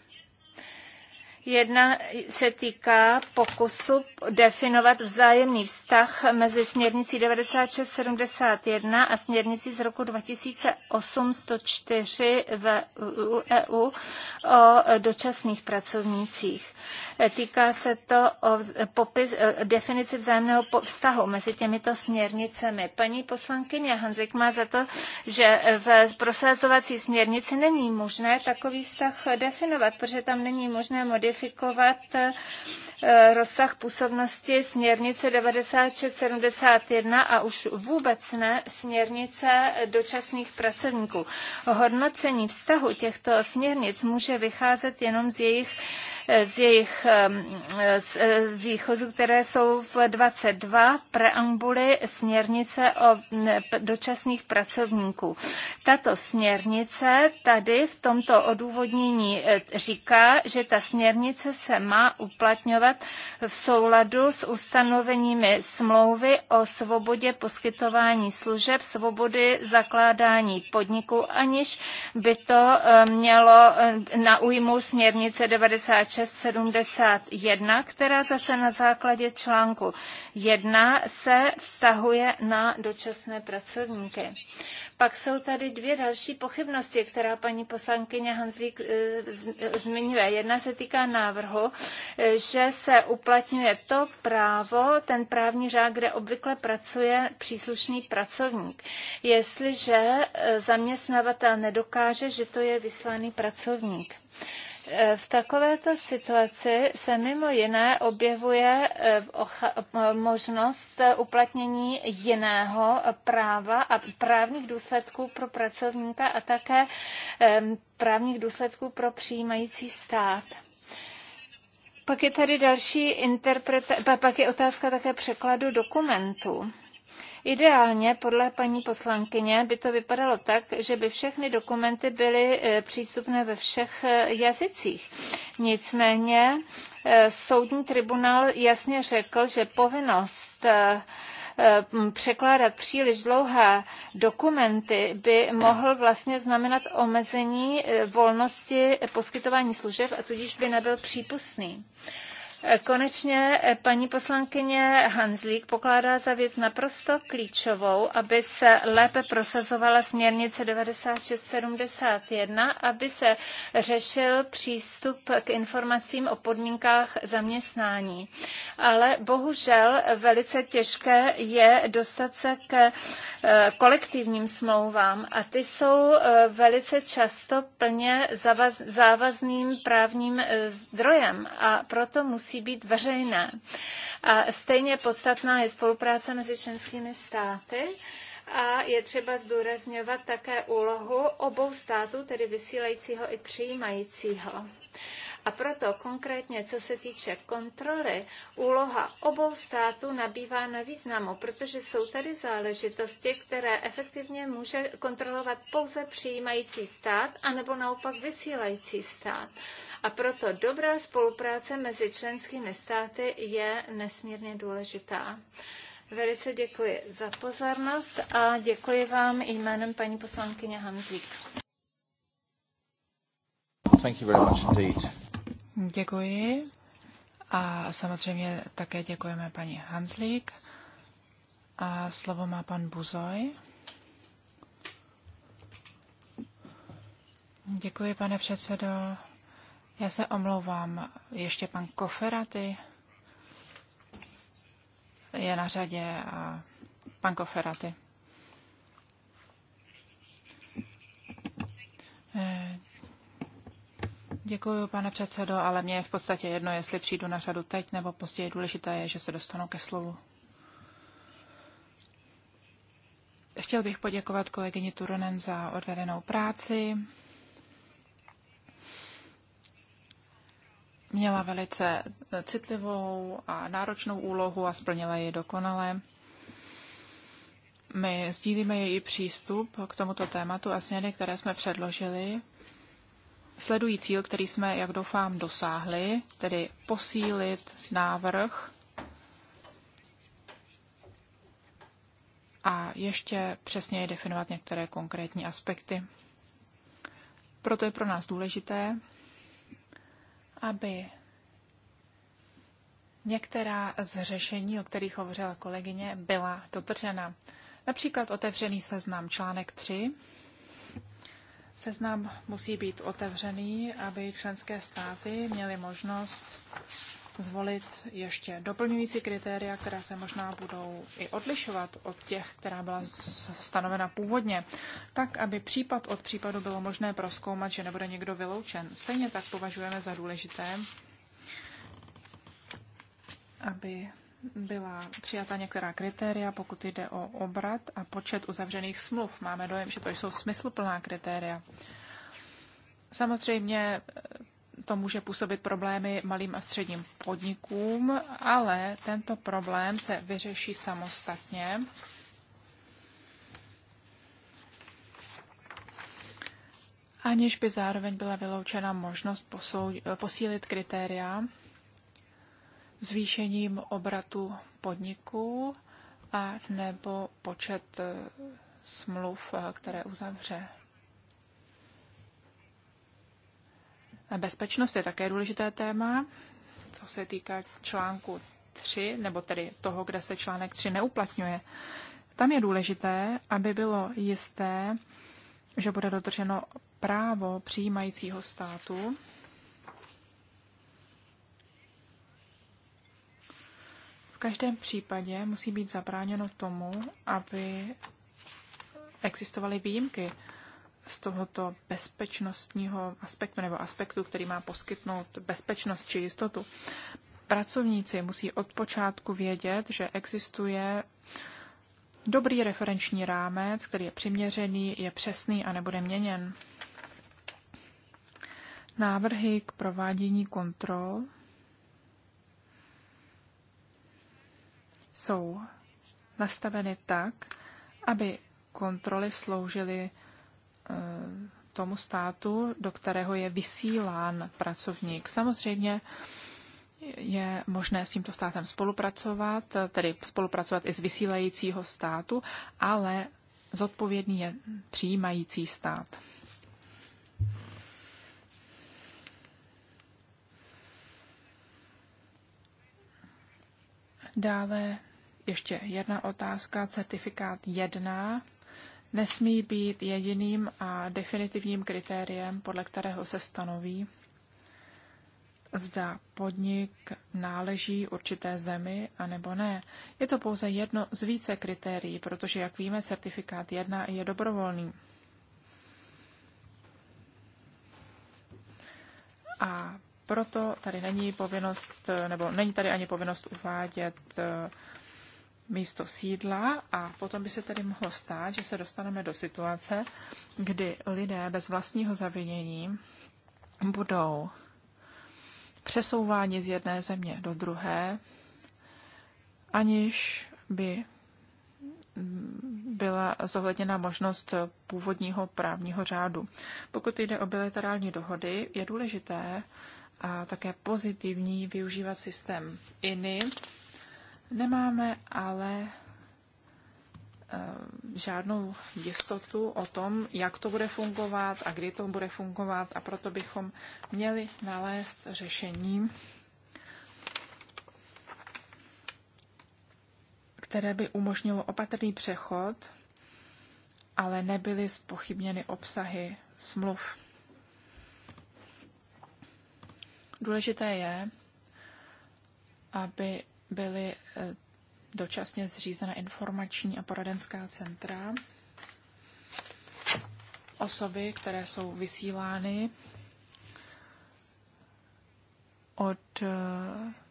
Jedna se týká pokusu definovat vzájemný vztah mezi směrnicí 9671 a směrnicí z roku 2804 v EU e o dočasných pracovnících. Týká se to o popis, e, definici vzájemného vztahu mezi těmito směrnicemi. Paní poslankyně Hanzik má za to, že v prosazovací směrnici není možné takový vztah definovat, protože tam není možné modifikovat specifikovat eh, rozsah působnosti směrnice 9671 a už vůbec ne směrnice dočasných pracovníků. Hodnocení vztahu těchto směrnic může vycházet jenom z jejich z jejich z e, výchozů, které jsou v 22 preambuly směrnice o dočasných pracovníků. Tato směrnice tady v tomto odůvodnění e, říká, že ta směrnice se má uplatňovat v souladu s ustanoveními smlouvy o svobodě poskytování služeb, svobody zakládání podniků, aniž by to mělo na újmu směrnice 96 671, která zase na základě článku 1 se vztahuje na dočasné pracovníky. Pak jsou tady dvě další pochybnosti, která paní poslankyně Hanzlík eh, eh, zmiňuje. Jedna se týká návrhu, eh, že se uplatňuje to právo, ten právní řád, kde obvykle pracuje příslušný pracovník. Jestliže zaměstnavatel nedokáže, že to je vyslaný pracovník. Eh, v takovéto situaci se mimo jiné objevuje eh, eh, možnost uplatnění jiného práva a právních důsledků pro pracovníka a také ehm, právních důsledků pro přijímající stát. Pak je tady další interpreta- pak je otázka také překladu dokumentů. Ideálně, podle paní poslankyně, by to vypadalo tak, že by všechny dokumenty byly e, přístupné ve všech e, jazycích. Nicméně e, soudní tribunál jasně řekl, že povinnost překládat příliš dlouhé dokumenty by mohl vlastně znamenat omezení volnosti poskytování služeb a tudíž by nebyl přípustný. Konečně eh, paní poslankyně Hanzlík pokládá za věc naprosto klíčovou, aby se lépe prosazovala směrnice 9671, aby se řešil přístup k informacím o podmínkách zaměstnání. Ale bohužel velice těžké je dostat se k eh, kolektivním smlouvám a ty jsou eh, velice často plně závazným právním zdrojem a proto musí musí být veřejné. A stejně podstatná je spolupráce mezi členskými státy a je třeba zdůrazňovat také úlohu obou států, tedy vysílajícího i přijímajícího. A proto konkrétně, co se týče kontroly, úloha obou států nabývá na významu, protože jsou tady záležitosti, které efektivně může kontrolovat pouze přijímající stát, anebo naopak vysílající stát. A proto dobrá spolupráce mezi členskými státy je nesmírně důležitá. Velice děkuji za pozornost a děkuji vám jménem paní poslankyně Hamzlík. Thank you very much indeed. Děkuji. A samozřejmě také děkujeme paní Hanslík. A slovo má pan Buzoj. Děkuji, pane předsedo. Já se omlouvám. Ještě pan Koferaty je na řadě. A pan Koferaty. Eh, Děkuji, pane předsedo, ale mě je v podstatě jedno, jestli přijdu na řadu teď nebo později. Důležité je, že se dostanu ke slovu. Chtěl bych poděkovat kolegyni Turunen za odvedenou práci. Měla velice citlivou a náročnou úlohu a splnila ji dokonale. My sdílíme její přístup k tomuto tématu a směry, které jsme předložili, sledují cíl, který jsme, jak doufám, dosáhli, tedy posílit návrh a ještě přesněji definovat některé konkrétní aspekty. Proto je pro nás důležité, aby některá z řešení, o kterých hovořila kolegyně, byla dotržena. Například otevřený seznam článek 3 Seznam musí být otevřený, aby členské státy měly možnost zvolit ještě doplňující kritéria, která se možná budou i odlišovat od těch, která byla stanovena původně, tak, aby případ od případu bylo možné proskoumat, že nebude někdo vyloučen. Stejně tak považujeme za důležité, aby byla přijata některá kritéria, pokud jde o obrat a počet uzavřených smluv. Máme dojem, že to jsou smysluplná kritéria. Samozřejmě eh, to může působit problémy malým a středním podnikům, ale tento problém se vyřeší samostatně. Aniž by zároveň byla vyloučena možnost posílit kritéria zvýšením obratu podniků a nebo počet e, smluv, e, které uzavře. Bezpečnost je také důležité téma. To se týká článku 3, nebo tedy toho, kde se článek 3 neuplatňuje. Tam je důležité, aby bylo jisté, že bude dodrženo právo přijímajícího státu každém případě musí být zabráněno tomu, aby existovaly výjimky z tohoto bezpečnostního aspektu nebo aspektu, který má poskytnout bezpečnost či jistotu. Pracovníci musí od počátku vědět, že existuje dobrý referenční rámec, který je přiměřený, je přesný a nebude měněn. Návrhy k provádění kontrol jsou nastaveny tak, aby kontroly sloužily eh, tomu státu, do kterého je vysílán pracovník. Samozřejmě je možné s tímto státem spolupracovat, eh, tedy spolupracovat i z vysílajícího státu, ale zodpovědný je přijímající stát. Dále ještě jedna otázka, certifikát 1 nesmí být jediným a definitivním kritériem, podle kterého se stanoví, zda podnik náleží určité zemi a nebo ne. Je to pouze jedno z více kritérií, protože, jak víme, certifikát 1 je dobrovolný. A proto tady není povinnost, nebo není tady ani povinnost uvádět eh, místo sídla a potom by se tedy mohlo stát, že se dostaneme do situace, kdy lidé bez vlastního zavinění budou přesouváni z jedné země do druhé, aniž by mm, byla zohledněna možnost původního právního řádu. Pokud jde o bilaterální dohody, je důležité, a také pozitivní využívat systém INI. Nemáme ale eh, žádnou jistotu o tom, jak to bude fungovat a kdy to bude fungovat a proto bychom měli nalézt řešení, které by umožnilo opatrný přechod, ale nebyly spochybněny obsahy smluv. Důležité je, aby byly eh, dočasně zřízena informační a poradenská centra. Osoby, které jsou vysílány od eh,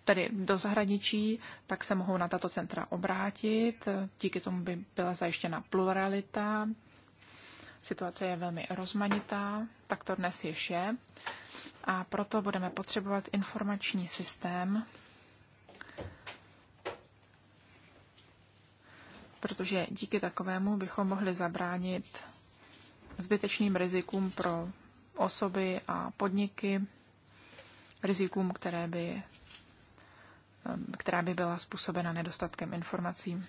tedy do zahraničí, tak se mohou na tato centra obrátit. Díky tomu by byla zajištěna pluralita. Situace je velmi rozmanitá, tak to dnes již je a proto budeme potřebovat informační systém, protože díky takovému bychom mohli zabránit zbytečným rizikům pro osoby a podniky, rizikům, které by, která by byla způsobena nedostatkem informací.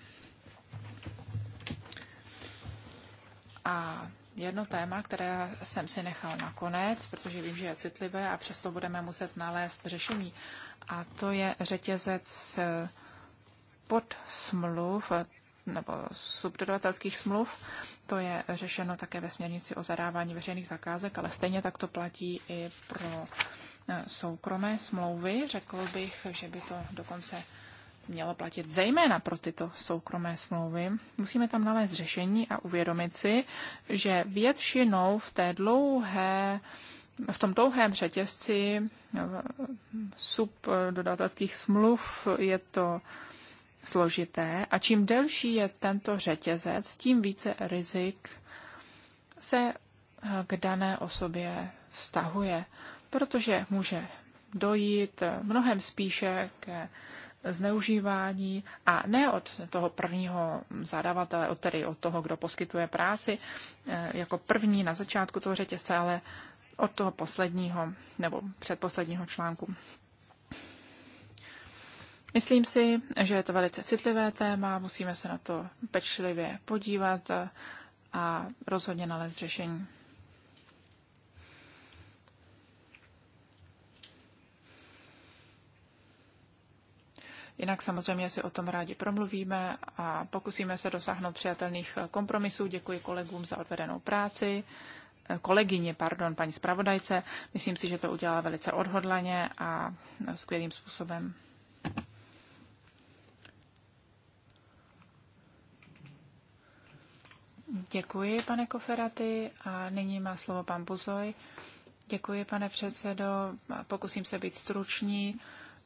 A jedno téma, které jsem si nechal na konec, protože vím, že je citlivé a přesto budeme muset nalézt řešení. A to je řetězec eh, pod smluv nebo subdodavatelských smluv. To je řešeno také ve směrnici o zadávání veřejných zakázek, ale stejně tak to platí i pro eh, soukromé smlouvy. Řekl bych, že by to dokonce mělo platit zejména pro tyto soukromé smlouvy, musíme tam nalézt řešení a uvědomit si, že většinou v té dlouhé v tom dlouhém řetězci subdodatelských smluv je to složité a čím delší je tento řetězec, tím více rizik se k dané osobě vztahuje, protože může dojít mnohem spíše ke zneužívání a ne od toho prvního zadavatele, od tedy od toho, kdo poskytuje práci, eh, jako první na začátku toho řetězce, ale od toho posledního nebo předposledního článku. Myslím si, že je to velice citlivé téma, musíme se na to pečlivě podívat a rozhodně nalézt řešení. Jinak samozřejmě si o tom rádi promluvíme a pokusíme se dosáhnout přijatelných kompromisů. Děkuji kolegům za odvedenou práci kolegyně, pardon, paní zpravodajce. Myslím si, že to udělala velice odhodlaně a skvělým způsobem. Děkuji, pane Koferaty. A nyní má slovo pan Buzoj. Děkuji, pane předsedo. Pokusím se být stručný.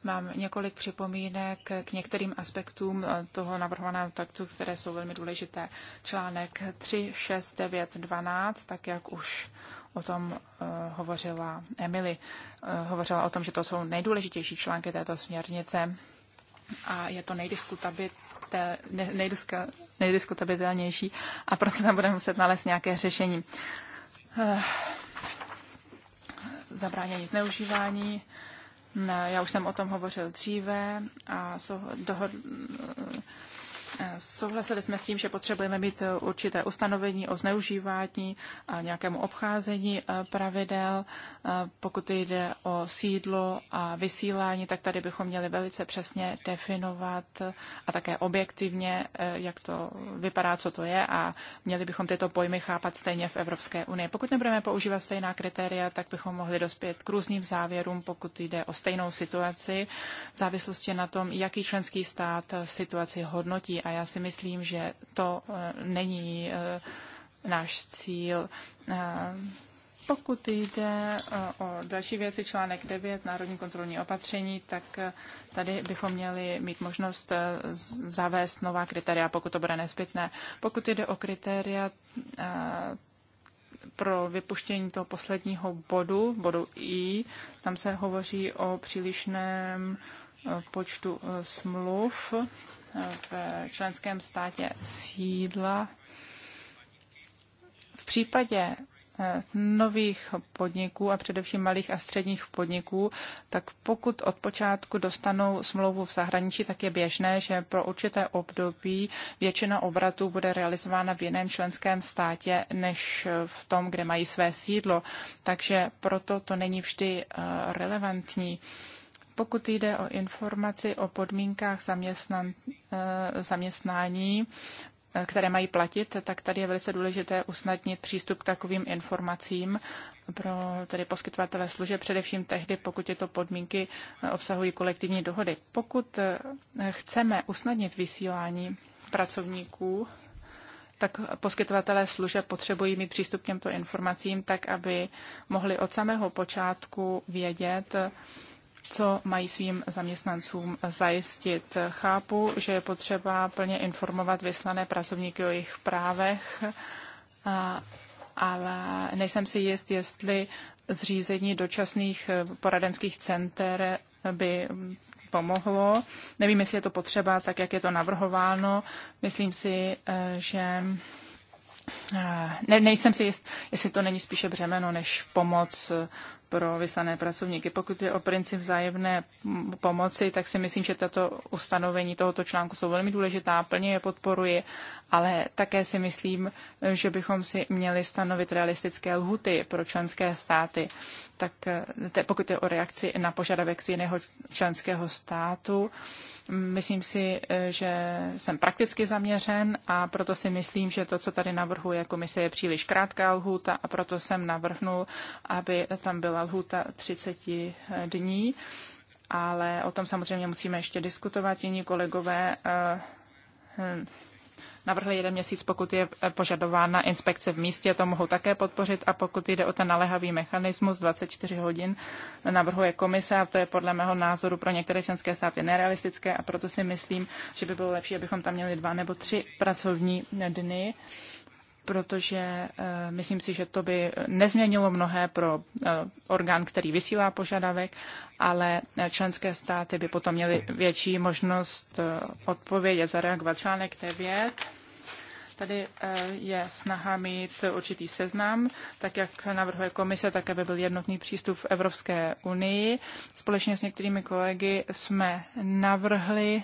Mám několik připomínek k některým aspektům eh, toho navrhovaného taktu, které jsou velmi důležité. Článek 3, 6, 9, 12, tak jak už o tom uh, hovořila Emily. Uh, hovořila o tom, že to jsou nejdůležitější články této směrnice a je to nejdiskutabilnější a proto tam budeme muset nalézt nějaké řešení. Uh, zabránění zneužívání, uh, já už jsem o tom hovořil dříve a dohod, Souhlasili jsme s tím, že potřebujeme mít eh, určité ustanovení o zneužívání a nějakému obcházení eh, pravidel. Eh, pokud jde o sídlo a vysílání, tak tady bychom měli velice přesně definovat a také objektivně, jak to vypadá, co to je a měli bychom tyto pojmy chápat stejně v Evropské unii. Pokud nebudeme používat stejná kritéria, tak bychom mohli dospět k různým závěrům, pokud jde o stejnou situaci, v závislosti na tom, jaký členský stát situaci hodnotí a já si myslím, že to eh, není eh, náš cíl. Eh, pokud jde o další věci, článek 9, národní kontrolní opatření, tak tady bychom měli mít možnost zavést nová kritéria, pokud to bude nezbytné. Pokud jde o kritéria pro vypuštění toho posledního bodu, bodu I, tam se hovoří o přílišném počtu smluv v členském státě sídla. V případě eh, nových podniků a především malých a středních podniků, tak pokud od počátku dostanou smlouvu v zahraničí, tak je běžné, že pro určité období většina obratů bude realizována v jiném členském státě než v tom, kde mají své sídlo. Takže proto to není vždy eh, relevantní. Pokud jde o informaci o podmínkách zaměstnan, eh, zaměstnání, eh, které mají platit, tak tady je velice důležité usnadnit přístup k takovým informacím pro tedy poskytovatele služeb, především tehdy, pokud tyto podmínky eh, obsahují kolektivní dohody. Pokud chceme usnadnit vysílání pracovníků, tak poskytovatelé služeb potřebují mít přístup k těmto informacím, tak aby mohli od samého počátku vědět, co mají svým zaměstnancům zajistit. Chápu, že je potřeba plně informovat vyslané pracovníky o jejich právech, ale nejsem si jist, jestli zřízení dočasných eh, poradenských center by pomohlo. Nevím, jestli je to potřeba, tak jak je to navrhováno. Myslím si, eh, že eh, ne, nejsem si jist, jestli to není spíše břemeno než pomoc pro vyslané pracovníky. Pokud je o princip vzájemné pomoci, tak si myslím, že tato ustanovení tohoto článku jsou velmi důležitá, plně je podporuji, ale také si myslím, že bychom si měli stanovit realistické lhuty pro členské státy. Tak te, pokud je o reakci na požadavek z jiného členského státu, myslím si, že jsem prakticky zaměřen a proto si myslím, že to, co tady navrhuje komise, je příliš krátká lhůta a proto jsem navrhnul, aby tam byla byla lhůta 30 eh, dní, ale o tom samozřejmě musíme ještě diskutovat. Jiní kolegové eh, hm, navrhli jeden měsíc, pokud je eh, požadována inspekce v místě, to mohou také podpořit a pokud jde o ten naléhavý mechanismus 24 hodin, navrhuje komise a to je podle mého názoru pro některé členské státy nerealistické a proto si myslím, že by bylo lepší, abychom tam měli dva nebo tři pracovní dny. Uh, protože eh, myslím si, že to by nezměnilo mnohé pro eh, orgán, který vysílá požadavek, ale eh, členské státy by potom měly větší možnost odpovědět, zareagovat. Článek 9. Tady je snaha mít určitý seznam, tak jak navrhuje komise, tak aby byl jednotný přístup v Evropské unii. Společně s některými kolegy jsme navrhli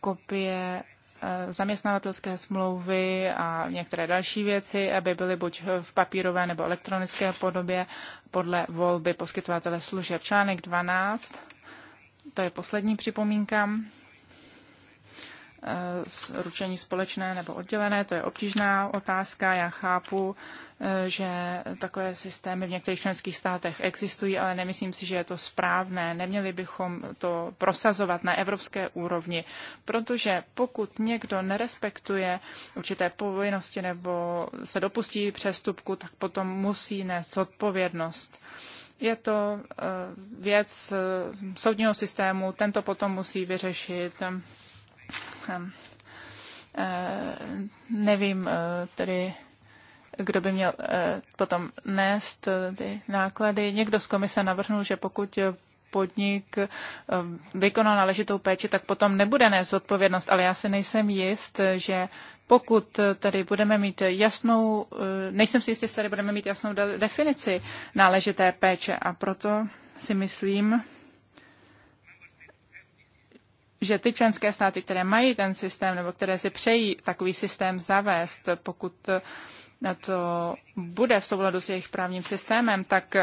kopie Eh, zaměstnavatelské smlouvy a některé další věci, aby byly buď v papírové nebo elektronické podobě podle volby poskytovatele služeb. Článek 12, to je poslední připomínka, eh, ručení společné nebo oddělené, to je obtížná otázka, já chápu, Eh, že takové systémy v některých členských státech existují, ale nemyslím si, že je to správné. Neměli bychom to prosazovat na evropské úrovni, protože pokud někdo nerespektuje určité povinnosti nebo se dopustí přestupku, tak potom musí nést odpovědnost. Je to eh, věc eh, soudního systému, tento potom musí vyřešit ehm, ehm, nevím tedy, kdo by měl eh, potom nést eh, ty náklady. Někdo z komise navrhnul, že pokud podnik eh, vykonal náležitou péči, tak potom nebude nést odpovědnost, ale já si nejsem jist, že pokud tady budeme mít jasnou, nejsem si jist, jestli tady budeme mít jasnou definici náležité péče a proto si myslím, že ty členské státy, které mají ten systém nebo které si přejí takový systém zavést, pokud to bude v souladu s jejich právním systémem, tak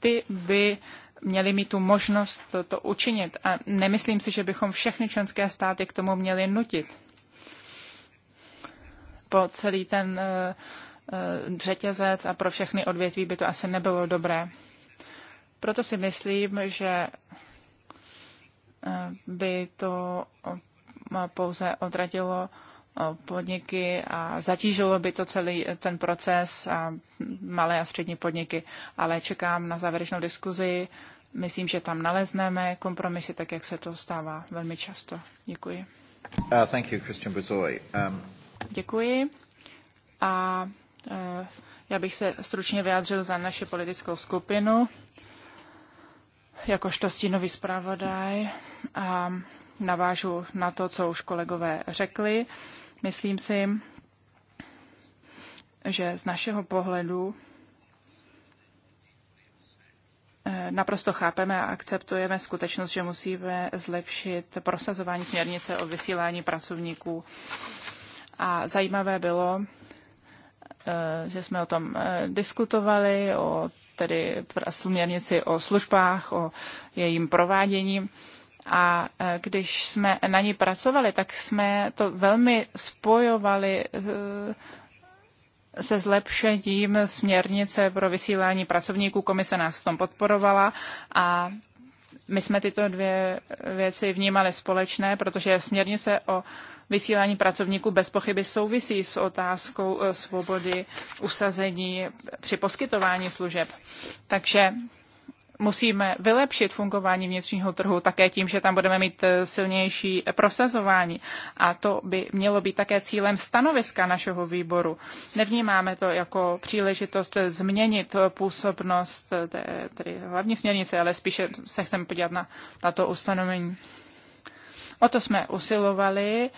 ty by měli mít tu možnost to, to učinit. A nemyslím si, že bychom všechny členské státy k tomu měli nutit. Po celý ten uh, řetězec a pro všechny odvětví by to asi nebylo dobré. Proto si myslím, že eh, by to pouze odradilo podniky a zatížilo by to celý ten proces a malé a střední podniky. Ale čekám na závěrečnou diskuzi. Myslím, že tam nalezneme kompromisy, tak jak se to stává velmi často. Děkuji. Uh, thank you, Christian Buzoi. Um... Děkuji. A uh, já bych se stručně vyjádřil za naši politickou skupinu jakožto stínový zpravodaj a navážu na to, co už kolegové řekli. Uh, Myslím si, že z našeho pohledu eh, naprosto chápeme a akceptujeme skutečnost, že musíme zlepšit prosazování směrnice o vysílání pracovníků. A zajímavé bylo, eh, že jsme o tom eh, diskutovali, o tedy směrnici o službách, o jejím provádění. A e, když jsme na ní pracovali, tak jsme to velmi spojovali e, se zlepšením směrnice pro vysílání pracovníků. Komise nás v tom podporovala a my jsme tyto dvě věci vnímali společné, protože směrnice o vysílání pracovníků bez pochyby souvisí s otázkou e, svobody usazení při poskytování služeb. Takže musíme vylepšit fungování vnitřního trhu také tím, že tam budeme mít eh, silnější eh, prosazování. A to by mělo být také cílem stanoviska našeho výboru. Nevnímáme to jako příležitost eh, změnit působnost té, tedy hlavní směrnice, ale spíše se chceme podívat na tato ustanovení. O to jsme usilovali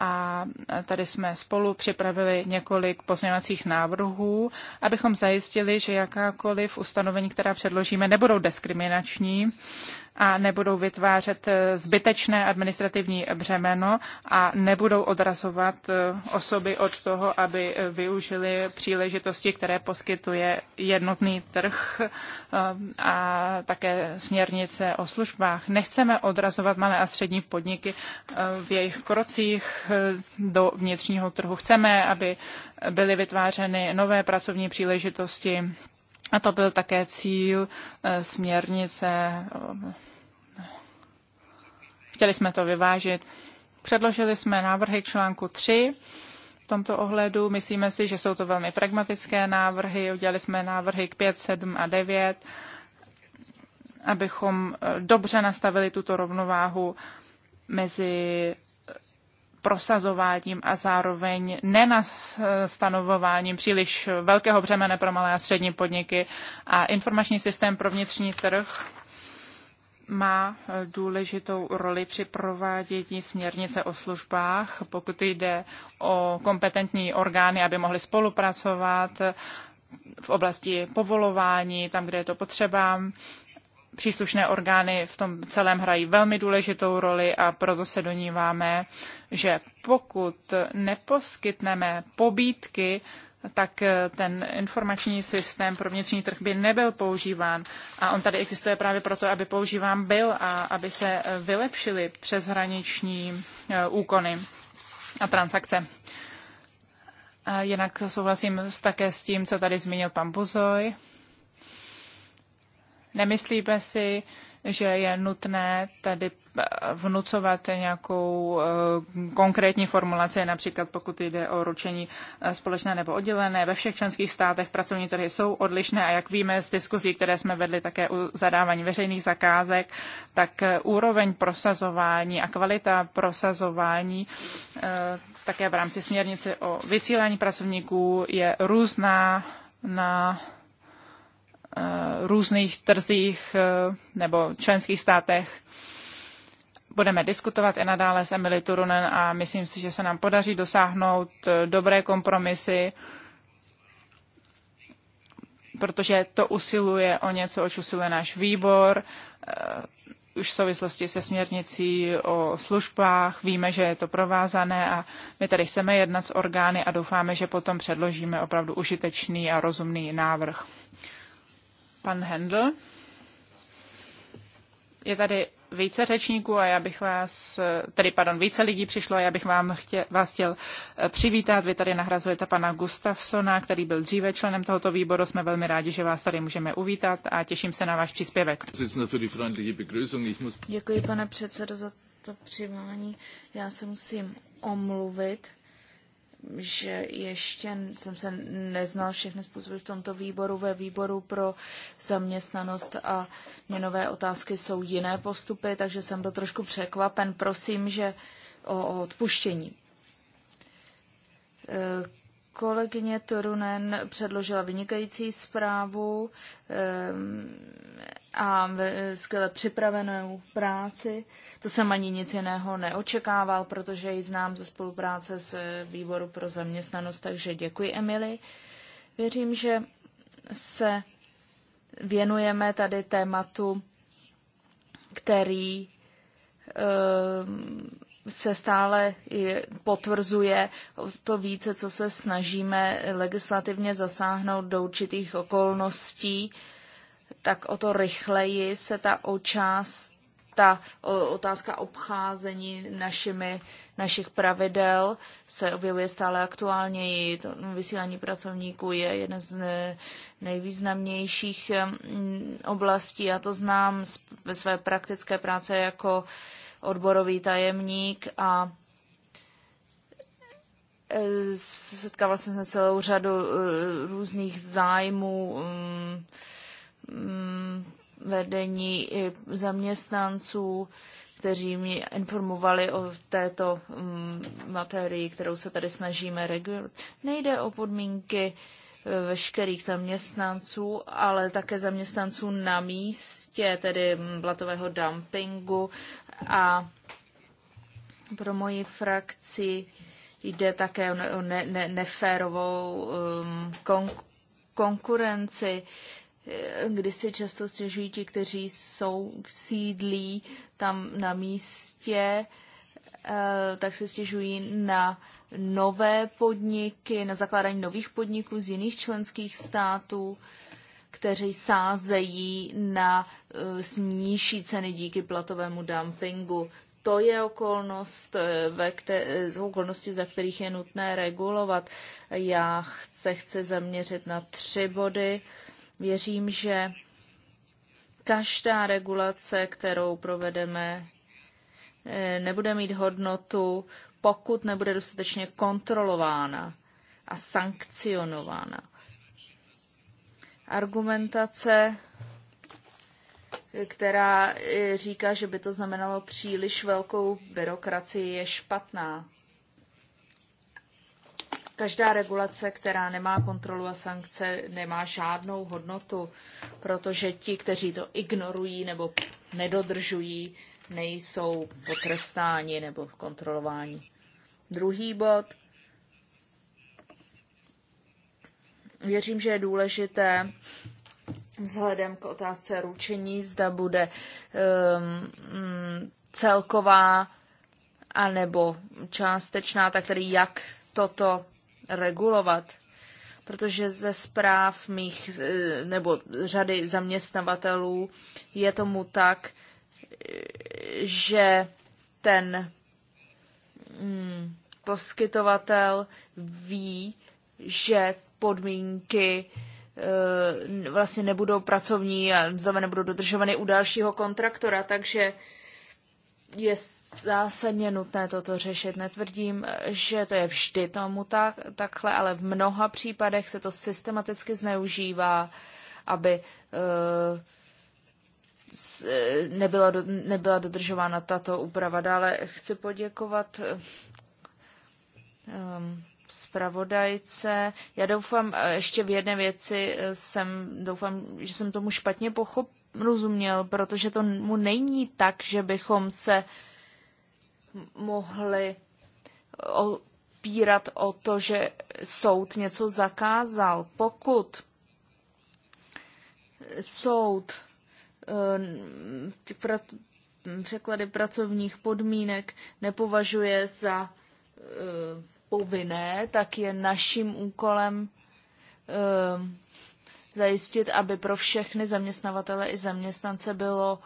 a tady jsme spolu připravili několik pozměňovacích návrhů, abychom zajistili, že jakákoliv ustanovení, která předložíme, nebudou diskriminační a nebudou vytvářet eh, zbytečné administrativní břemeno a nebudou odrazovat eh, osoby od toho, aby eh, využili příležitosti, které poskytuje jednotný trh a také směrnice o službách. Nechceme odrazovat malé a střední podniky v jejich krocích do vnitřního trhu. Chceme, aby byly vytvářeny nové pracovní příležitosti a to byl také cíl eh, směrnice. Eh, chtěli jsme to vyvážit. Předložili jsme návrhy k článku 3 v tomto ohledu. Myslíme si, že jsou to velmi pragmatické návrhy. Udělali jsme návrhy k 5, 7 a 9, abychom eh, dobře nastavili tuto rovnováhu mezi prosazováním a zároveň nenastanovováním příliš velkého břemene pro malé a střední podniky. A informační systém pro vnitřní trh má eh, důležitou roli při provádění směrnice o službách, pokud jde o kompetentní orgány, aby mohly spolupracovat v oblasti povolování, tam, kde je to potřeba, příslušné orgány v tom celém hrají velmi důležitou roli a proto se doníváme, že pokud neposkytneme pobídky, tak ten informační systém pro vnitřní trh by nebyl používán. A on tady existuje právě proto, aby používán byl a aby se vylepšily přeshraniční eh, úkony a transakce. A jinak souhlasím také s tím, co tady zmínil pan Buzoj. Nemyslíme si, že je nutné tady eh, vnucovat nějakou eh, konkrétní formulaci, například pokud jde o ručení eh, společné nebo oddělené. Ve všech členských státech pracovní trhy jsou odlišné a jak víme z diskuzí, které jsme vedli také u zadávání veřejných zakázek, tak úroveň prosazování a kvalita prosazování také v rámci směrnice o vysílání pracovníků je různá na Eh, různých trzích eh, nebo členských státech. Budeme diskutovat i nadále s Emily Turunen a myslím si, že se nám podaří dosáhnout eh, dobré kompromisy, protože to usiluje o něco, oč usiluje náš výbor už v souvislosti se směrnicí o službách. Víme, že je to provázané a my tady chceme jednat s orgány a doufáme, že potom předložíme opravdu užitečný a rozumný návrh pan Hendl. Je tady více řečníků a já bych vás, tedy pardon, více lidí přišlo a já bych vám chtě, vás chtěl eh, přivítat. Vy tady nahrazujete pana Gustafsona, který byl dříve členem tohoto výboru. Jsme velmi rádi, že vás tady můžeme uvítat a těším se na váš příspěvek. Děkuji, pane předsedo, za to přivání. Já se musím omluvit že ještě jsem se neznal všechny způsoby v tomto výboru. Ve výboru pro zaměstnanost a měnové otázky jsou jiné postupy, takže jsem byl trošku překvapen. Prosím, že o, odpuštění. E Kolegyně Torunen předložila vynikající zprávu ehm, a skvěle připravenou práci. To jsem ani nic jiného neočekával, protože ji znám ze spolupráce s eh, Výboru pro zaměstnanost, takže děkuji, Emily. Věřím, že se věnujeme tady tématu, který ehm, se stále potvrzuje to více, co se snažíme legislativně zasáhnout do určitých okolností, tak o to rychleji se ta očást, ta otázka obcházení našimi, našich pravidel se objevuje stále aktuálněji. To vysílání pracovníků je jeden z nejvýznamnějších mm, oblastí. Já to znám ve své praktické práce jako odborový tajemník a e, setkávala jsem se celou řadu e, různých zájmů mm, mm, vedení i zaměstnanců, kteří mě informovali o této mm, materii, kterou se tady snažíme regulovat. Nejde o podmínky veškerých zaměstnanců, ale také zaměstnanců na místě, tedy platového dumpingu. A pro moji frakci jde také o ne- ne- neférovou um, kon- konkurenci, kdy si často stěžují ti, kteří jsou sídlí tam na místě, eh, tak se stěžují na nové podniky, na zakládání nových podniků z jiných členských států, kteří sázejí na eh, nižší ceny díky platovému dumpingu. To je okolnost, eh, ve které, eh, okolnosti, za kterých je nutné regulovat. Já se chci zaměřit na tři body. Věřím, že každá regulace, kterou provedeme, nebude mít hodnotu pokud nebude dostatečně kontrolována a sankcionována. Argumentace, která eh, říká, že by to znamenalo příliš velkou byrokracii, je špatná. Každá regulace, která nemá kontrolu a sankce, nemá žádnou hodnotu, protože ti, kteří to ignorují nebo nedodržují, nejsou potrestáni nebo kontrolováni. Druhý bod. Věřím, že je důležité vzhledem k otázce ručení, zda bude um, mm, celková anebo částečná, tak tedy jak toto regulovat. Protože ze zpráv mých eh, nebo řady zaměstnavatelů je tomu tak, eh, že ten Mm, poskytovatel ví, že podmínky eh, vlastně nebudou pracovní a znamená nebudou dodržovány u dalšího kontraktora, takže je zásadně nutné toto řešit. Netvrdím, že to je vždy tomu tak, takhle, ale v mnoha případech se to systematicky zneužívá, aby e, Eh, nebyla, nebyla dodržována tato úprava. Dále chci poděkovat eh, um, zpravodajce. Já doufám, eh, ještě v jedné věci jsem, doufám, že jsem tomu špatně pochop, rozuměl, protože to mu není tak, že bychom se mohli opírat o to, že soud něco zakázal. Pokud soud Eh, ty pra, překlady pracovních podmínek nepovažuje za eh, povinné, tak je naším úkolem eh, zajistit, aby pro všechny zaměstnavatele i zaměstnance bylo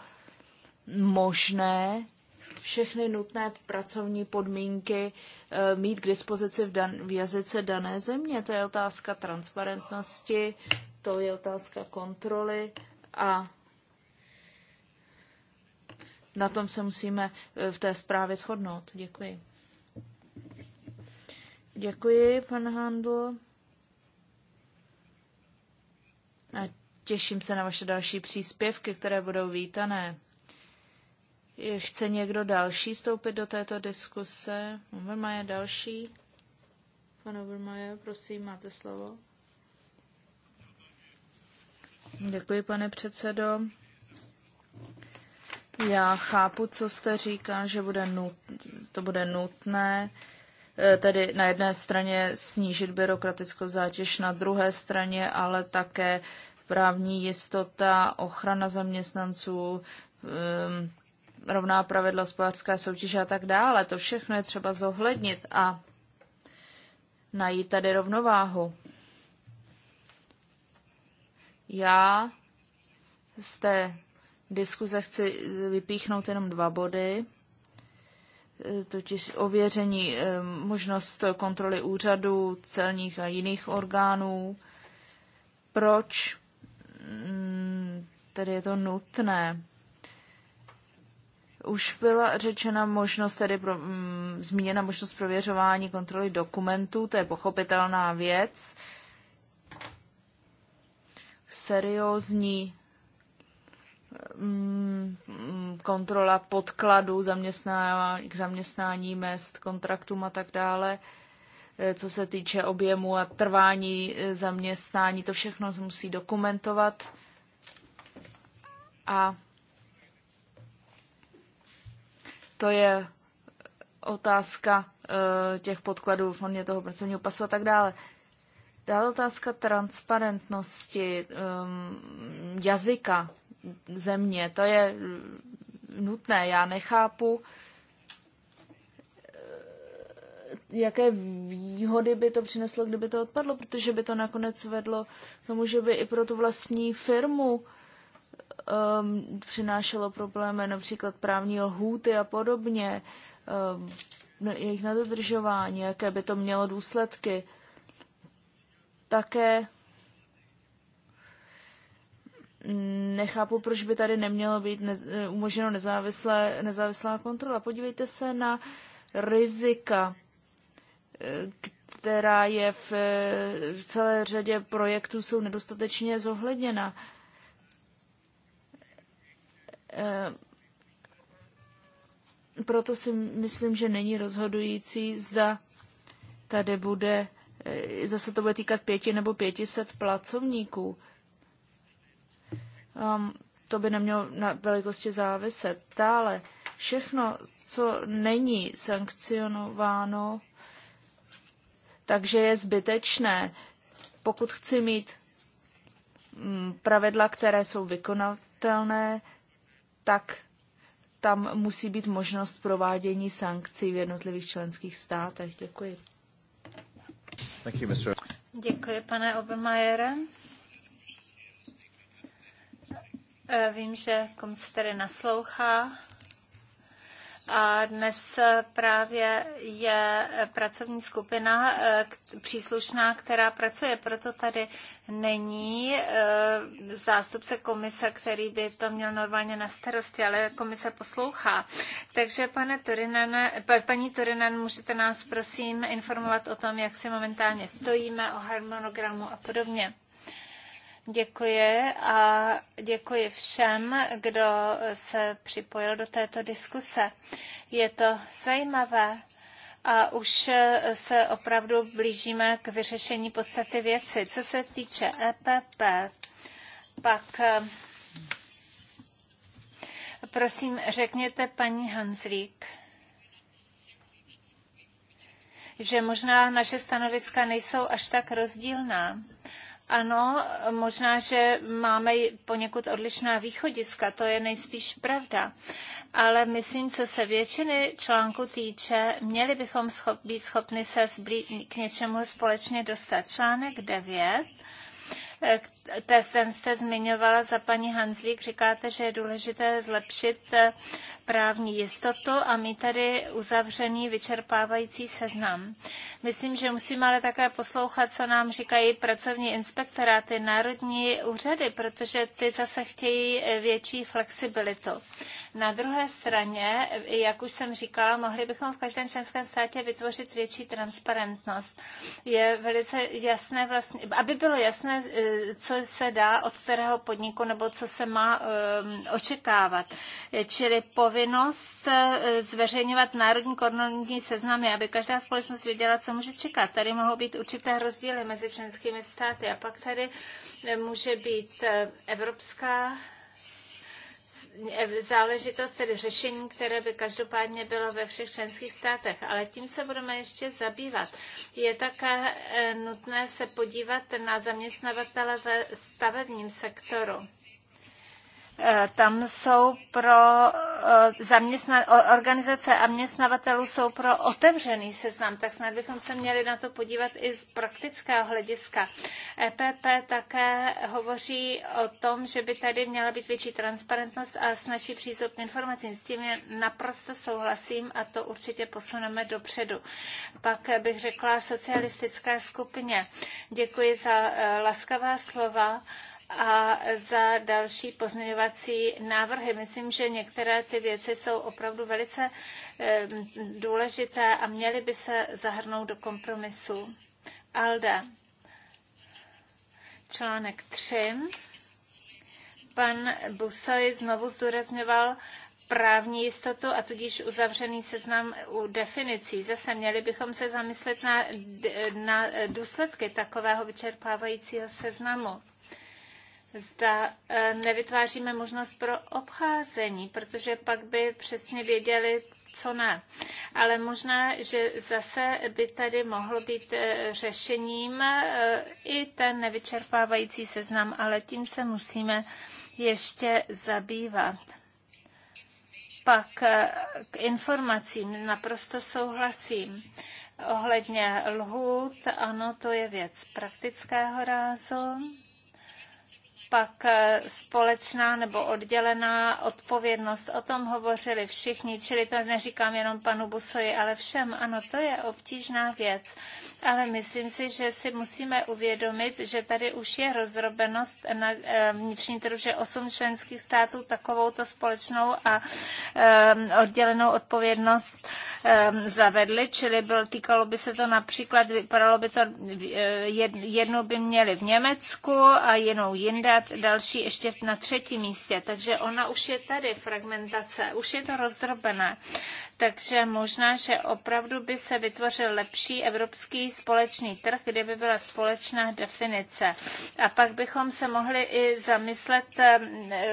možné všechny nutné pracovní podmínky mít k dispozici v, dan- v jazyce dané země. To je otázka transparentnosti, to je otázka kontroly a na tom se musíme e, v té zprávě shodnout. Děkuji. Děkuji, pan Handl. A těším se na vaše další příspěvky, které budou vítané. Chce někdo další vstoupit do této diskuse? Overmaje další. Pan Overmaje, prosím, máte slovo. Děkuji, pane předsedo. Já chápu, co jste říkal, že bude nut, to bude nutné, eh, tedy na jedné straně snížit byrokratickou zátěž, na druhé straně ale také právní jistota, ochrana zaměstnanců, ehm, rovná pravidla hospodářské soutěže a tak dále. To všechno je třeba zohlednit a najít tady rovnováhu. Já z té diskuze chci vypíchnout jenom dva body, e, totiž ověření e, možnost kontroly úřadů, celních a jiných orgánů. Proč mm, tedy je to nutné? Už byla řečena možnost, tedy pro, mm, zmíněna možnost prověřování kontroly dokumentů, to je pochopitelná věc. Seriózní Mm, kontrola podkladů zaměstnání, k zaměstnání mest, kontraktům a tak dále, eh, co se týče objemu a trvání eh, zaměstnání, to všechno se musí dokumentovat. A to je otázka eh, těch podkladů, hodně toho pracovního pasu a tak dále. Dále otázka transparentnosti ehm, jazyka země. To je mm, nutné. Já nechápu, eh, jaké výhody by to přineslo, kdyby to odpadlo, protože by to nakonec vedlo k tomu, že by i pro tu vlastní firmu um, přinášelo problémy, například právní lhůty a podobně, um, jejich nedodržování, jaké by to mělo důsledky. Také nechápu, proč by tady nemělo být nez, eh, umožněno nezávislé, nezávislá kontrola. Podívejte se na rizika, eh, která je v, eh, v celé řadě projektů jsou nedostatečně zohledněna. Proto si myslím, že není rozhodující, zda tady bude, zase to bude týkat pěti nebo pětiset pracovníků um, to by nemělo na velikosti záviset. Dále, všechno, co není sankcionováno, takže je zbytečné. Pokud chci mít mm, pravidla, které jsou vykonatelné, tak tam musí být možnost provádění sankcí v jednotlivých členských státech. Děkuji. Děkuji, pane Obermajere. Eh, vím, že komise tady naslouchá. A dnes právě je pracovní skupina eh, příslušná, která pracuje, proto tady není eh, zástupce komise, který by to měl normálně na starosti, ale komise poslouchá. Takže pane Turinane, paní Turinan, můžete nás prosím informovat o tom, jak se momentálně stojíme, o harmonogramu a podobně. Děkuji a děkuji všem, kdo se připojil do této diskuse. Je to zajímavé a už se opravdu blížíme k vyřešení podstaty věci. Co se týče EPP, pak prosím řekněte paní Hanzlík že možná naše stanoviska nejsou až tak rozdílná, ano, možná, že máme poněkud odlišná východiska, to je nejspíš pravda. Ale myslím, co se většiny článku týče, měli bychom schop, být schopni se zblí- k něčemu společně dostat. Článek 9 eh, ten jste zmiňovala za paní Hanzlík, říkáte, že je důležité zlepšit eh, právní jistotu a mít tady uzavřený vyčerpávající seznam. Myslím, že musíme ale také poslouchat, co nám říkají pracovní inspektoráty, národní úřady, protože ty zase chtějí větší flexibilitu. Na druhé straně, jak už jsem říkala, mohli bychom v každém členském státě vytvořit větší transparentnost. Je velice jasné vlastně, aby bylo jasné, eh, co se dá od kterého podniku nebo co se má um, očekávat. Čili povinnost povinnost eh, zveřejňovat národní koordinační seznamy, aby každá společnost věděla, co může čekat. Tady mohou být určité rozdíly mezi členskými státy a pak tady eh, může být eh, evropská záležitost, tedy řešení, které by každopádně bylo ve všech členských státech, ale tím se budeme ještě zabývat. Je také nutné se podívat na zaměstnavatele ve stavebním sektoru. Eh, tam jsou pro eh, zaměstna- organizace a městnavatelů jsou pro otevřený seznam, tak snad bychom se měli na to podívat i z praktického hlediska. EPP také hovoří o tom, že by tady měla být větší transparentnost a snažší přístup k informacím. S tím je naprosto souhlasím a to určitě posuneme dopředu. Pak bych řekla socialistické skupině. Děkuji za eh, laskavá slova a za další pozměňovací návrhy. Myslím, že některé ty věci jsou opravdu velice eh, důležité a měly by se zahrnout do kompromisu. Alda, článek 3. Pan Busoj znovu zdůrazňoval právní jistotu a tudíž uzavřený seznam u definicí. Zase měli bychom se zamyslet na, na důsledky takového vyčerpávajícího seznamu zda e, nevytváříme možnost pro obcházení, protože pak by přesně věděli, co ne. Ale možná, že zase by tady mohlo být e, řešením e, i ten nevyčerpávající seznam, ale tím se musíme ještě zabývat. Pak k informacím naprosto souhlasím. Ohledně lhůt, ano, to je věc praktického rázu pak eh, společná nebo oddělená odpovědnost. O tom hovořili všichni, čili to neříkám jenom panu Busoji, ale všem. Ano, to je obtížná věc ale myslím si, že si musíme uvědomit, že tady už je rozrobenost na eh, vnitřní trhu, že osm členských států takovouto společnou a eh, oddělenou odpovědnost eh, zavedly, čili byl, týkalo by se to například, vypadalo by to, jednu by měli v Německu a jinou jinde, další ještě na třetím místě, takže ona už je tady fragmentace, už je to rozdrobené. Takže možná, že opravdu by se vytvořil lepší evropský společný trh, kde by byla společná definice. A pak bychom se mohli i zamyslet eh,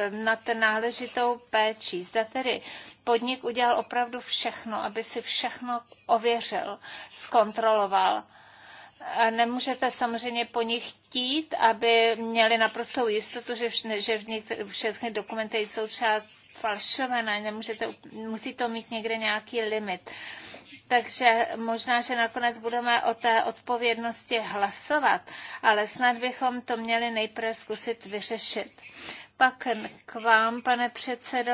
nad náležitou péčí. Zda tedy podnik udělal opravdu všechno, aby si všechno ověřil, zkontroloval nemůžete samozřejmě po nich chtít, aby měli naprostou jistotu, že, vš- že v nich všechny dokumenty jsou třeba falšované, nemůžete, musí to mít někde nějaký limit. Takže možná, že nakonec budeme o té odpovědnosti hlasovat, ale snad bychom to měli nejprve zkusit vyřešit. Pak k vám, pane předsedo.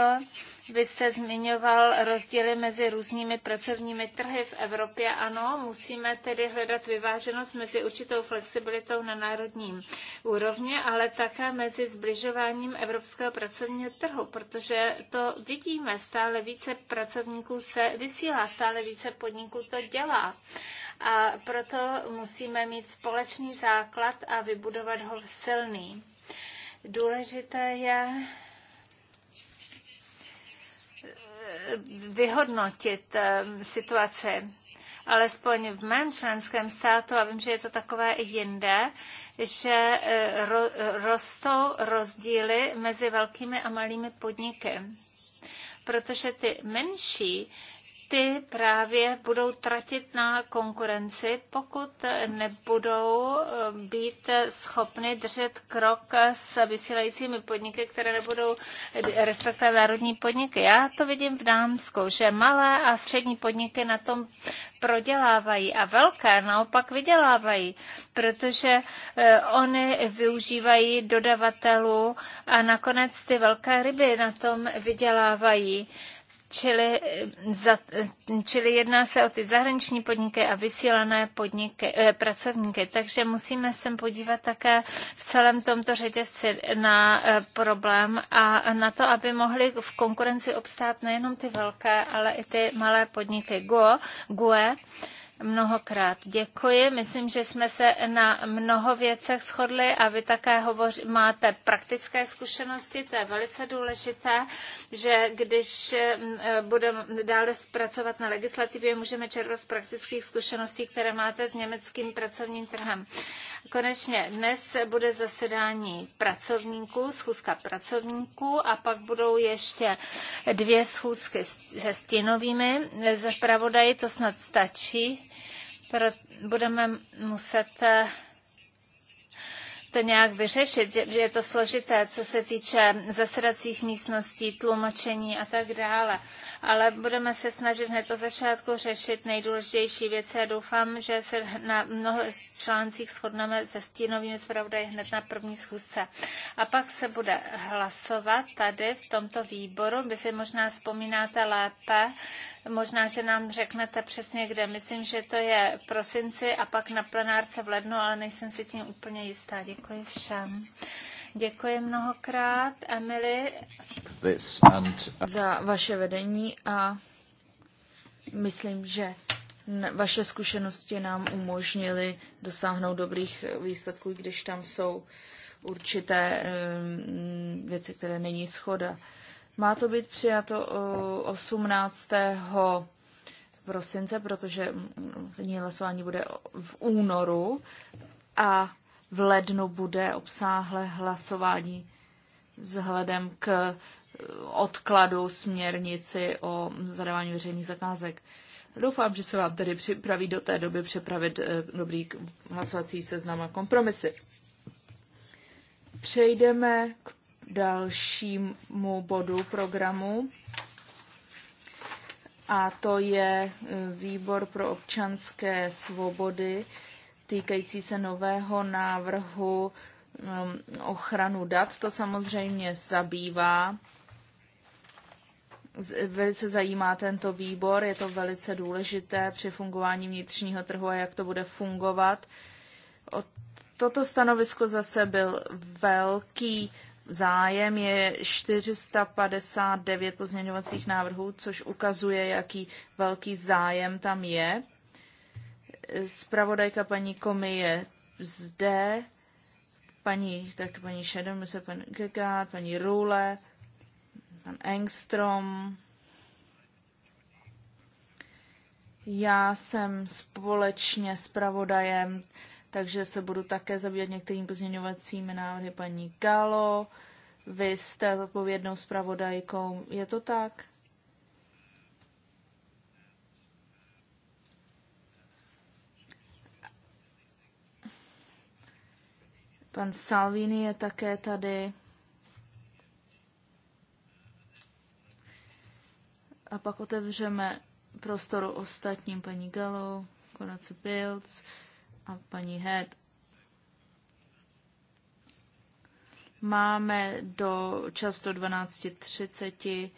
Vy jste zmiňoval rozdíly mezi různými pracovními trhy v Evropě. Ano, musíme tedy hledat vyváženost mezi určitou flexibilitou na národním úrovni, ale také mezi zbližováním evropského pracovního trhu, protože to vidíme, stále více pracovníků se vysílá, stále více podniků to dělá. A proto musíme mít společný základ a vybudovat ho silný. Důležité je vyhodnotit eh, situaci, alespoň v mém členském státu, a vím, že je to takové i jinde, že eh, ro, rostou rozdíly mezi velkými a malými podniky. Protože ty menší ty právě budou tratit na konkurenci, pokud nebudou eh, být schopny držet krok s vysílajícími podniky, které nebudou eh, respektovat národní podniky. Já to vidím v Dámsku, že malé a střední podniky na tom prodělávají a velké naopak vydělávají, protože eh, oni využívají dodavatelů a nakonec ty velké ryby na tom vydělávají čili, eh, za, eh, čili jedná se o ty zahraniční podniky a vysílané podniky, eh, pracovníky. Takže musíme se podívat také v celém tomto řetězci na eh, problém a na to, aby mohli v konkurenci obstát nejenom ty velké, ale i ty malé podniky GO, GUE. Eh, mnohokrát děkuji. Myslím, že jsme se na mnoho věcech shodli a vy také hovoř, máte praktické zkušenosti, to je velice důležité, že když mm, eh, budeme dále zpracovat na legislativě, můžeme čerpat z praktických zkušeností, které máte s německým pracovním trhem. Konečně dnes bude zasedání pracovníků, schůzka pracovníků a pak budou ještě dvě schůzky se stínovými. Zapravodaji to snad stačí budeme muset eh, to nějak vyřešit, že je to složité, co se týče zasedacích místností, tlumočení a tak dále. Ale budeme se snažit hned od začátku řešit nejdůležitější věci a doufám, že se na mnoho článcích shodneme se stínovými zpravodaji hned na první schůzce. A pak se bude hlasovat tady v tomto výboru. Vy si možná vzpomínáte lépe Možná, že nám řeknete přesně kde. Myslím, že to je v prosinci a pak na plenárce v lednu, ale nejsem si tím úplně jistá. Děkuji všem. Děkuji mnohokrát, Emily, za vaše vedení a myslím, že vaše zkušenosti nám umožnily dosáhnout dobrých výsledků, když tam jsou určité ehm, věci, které není schoda. Má to být přijato 18. Uh, prosince, protože mm, mm, ní hlasování bude v únoru a v lednu bude obsáhle hlasování vzhledem k uh, odkladu směrnici o zadávání veřejných zakázek. Doufám, že se vám tedy připraví do té doby připravit eh, dobrý hlasovací seznam a kompromisy. Přejdeme k dalšímu bodu programu. A to je e, výbor pro občanské svobody týkající se nového návrhu um, ochranu dat. To samozřejmě zabývá. Velice zajímá tento výbor, je to velice důležité při fungování vnitřního trhu a jak to bude fungovat. O toto stanovisko zase byl velký Zájem je 459 pozměňovacích návrhů, což ukazuje, jaký velký zájem tam je. Spravodajka paní Komy je zde, paní, tak paní Šedem, se pan Gegard, paní Rule, pan Engstrom. Já jsem společně s pravodajem takže se budu také zabývat některými pozměňovacími návrhy paní Galo. Vy jste odpovědnou zpravodajkou, je to tak? Pan Salvini je také tady. A pak otevřeme prostoru ostatním paní Galo, konec Bilds a paní Head. Máme do čas 12.30.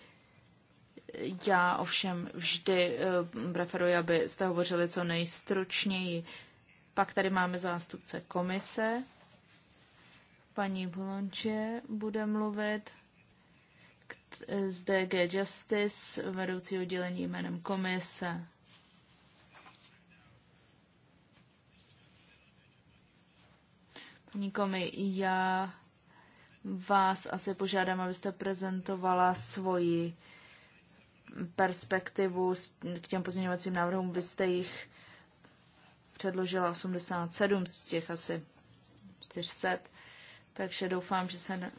Já ovšem vždy eh, preferuji, jste hovořili co nejstručněji. Pak tady máme zástupce komise. Paní Blonče bude mluvit eh, z DG Justice, vedoucí oddělení jménem komise. Nikomi, já vás asi požádám, abyste prezentovala svoji perspektivu k těm pozměňovacím návrhům. Vy jste jich předložila 87 z těch asi 400, takže doufám, že se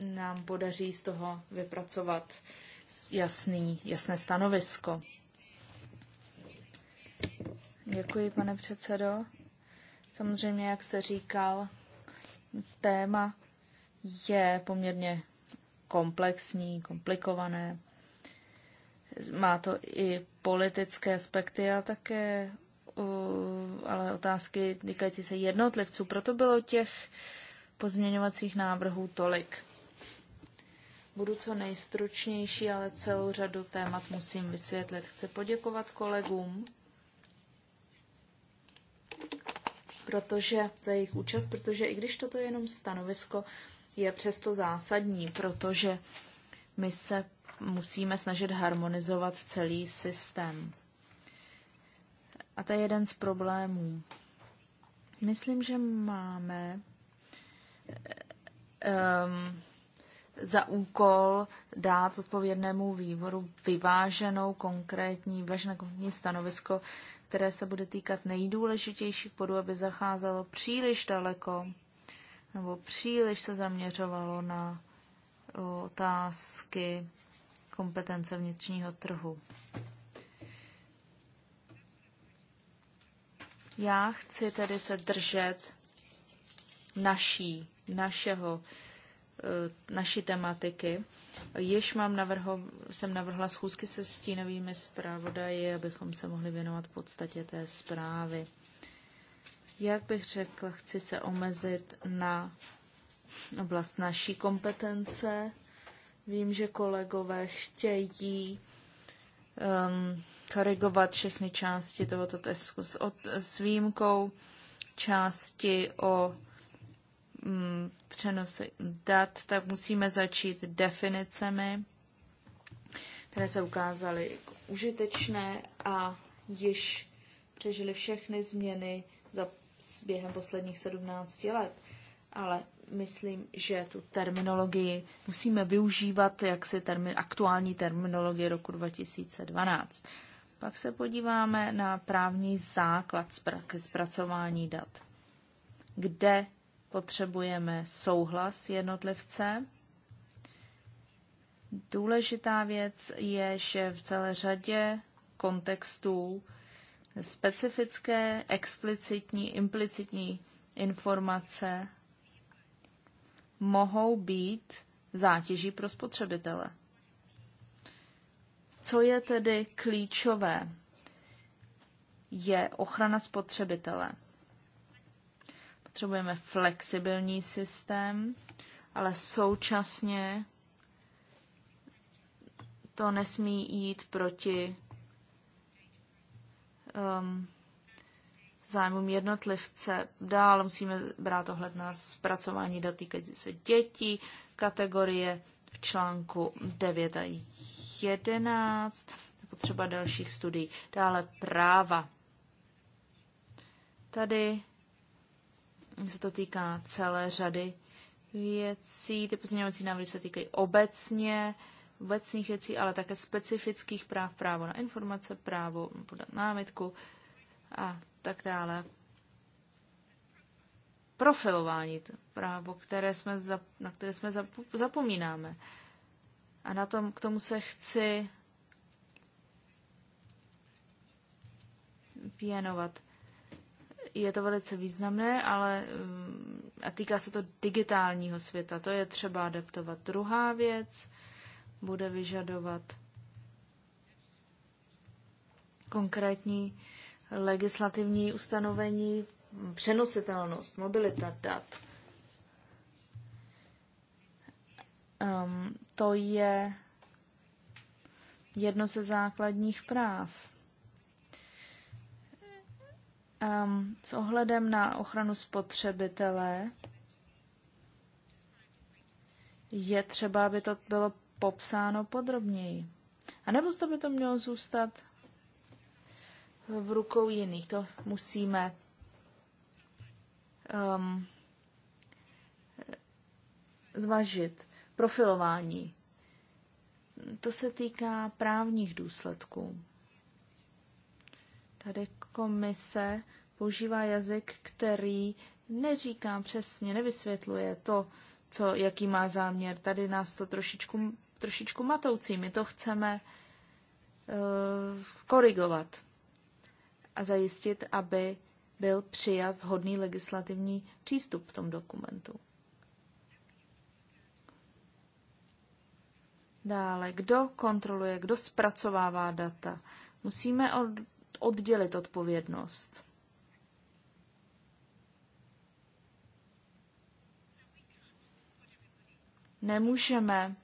nám podaří z toho vypracovat jasný, jasné stanovisko. Děkuji, pane předsedo. Samozřejmě, jak jste říkal, téma je poměrně komplexní, komplikované. Má to i politické aspekty a také ale otázky týkající se jednotlivců. Proto bylo těch pozměňovacích návrhů tolik. Budu co nejstručnější, ale celou řadu témat musím vysvětlit. Chci poděkovat kolegům protože za jejich účast, protože i když toto je jenom stanovisko, je přesto zásadní, protože my se musíme snažit harmonizovat celý systém. A to je jeden z problémů. Myslím, že máme um, za úkol dát odpovědnému výboru vyváženou konkrétní, vyváženou konkrétní stanovisko které se bude týkat nejdůležitějších bodů, aby zacházelo příliš daleko nebo příliš se zaměřovalo na otázky kompetence vnitřního trhu. Já chci tedy se držet naší, našeho, e, naší tematiky Jež mám navrho, jsem navrhla schůzky se stínovými zpravodaji, abychom se mohli věnovat podstatě té zprávy. Jak bych řekla, chci se omezit na oblast naší kompetence. Vím, že kolegové chtějí um, korigovat všechny části tohoto testu s, od, s výjimkou části o mm, přenosy dat, tak musíme začít definicemi, které se ukázaly jako užitečné a již přežily všechny změny za během posledních 17 let. Ale myslím, že tu terminologii musíme využívat jak si termi, aktuální terminologie roku 2012. Pak se podíváme na právní základ zpracování dat. Kde potřebujeme souhlas jednotlivce. Důležitá věc je, že v celé řadě kontextů specifické, explicitní, implicitní informace mohou být zátěží pro spotřebitele. Co je tedy klíčové? Je ochrana spotřebitele. Potřebujeme flexibilní systém, ale současně to nesmí jít proti um, zájmům jednotlivce. Dál musíme brát ohled na zpracování dat týkající se dětí, kategorie v článku 9 a 11, potřeba dalších studií. Dále práva. Tady se to týká celé řady věcí. Ty pozměňovací návrhy se týkají obecně obecných věcí, ale také specifických práv, právo na informace, právo podat námitku a tak dále. Profilování, to právo, které jsme zap, na které jsme zap, zapomínáme. A na tom, k tomu se chci věnovat je to velice významné, ale mm, a týká se to digitálního světa. To je třeba adaptovat. Druhá věc bude vyžadovat konkrétní legislativní ustanovení, přenositelnost, mobilita dat. Um, to je jedno ze základních práv Um, s ohledem na ochranu spotřebitele je třeba, aby to bylo popsáno podrobněji. A nebo to by to mělo zůstat v rukou jiných. To musíme um, zvažit. Profilování. To se týká právních důsledků. Tady komise používá jazyk, který neříká přesně, nevysvětluje to, co, jaký má záměr. Tady nás to trošičku, trošičku matoucí. My to chceme uh, korigovat a zajistit, aby byl přijat vhodný legislativní přístup v tom dokumentu. Dále, kdo kontroluje, kdo zpracovává data? Musíme od oddělit odpovědnost. Nemůžeme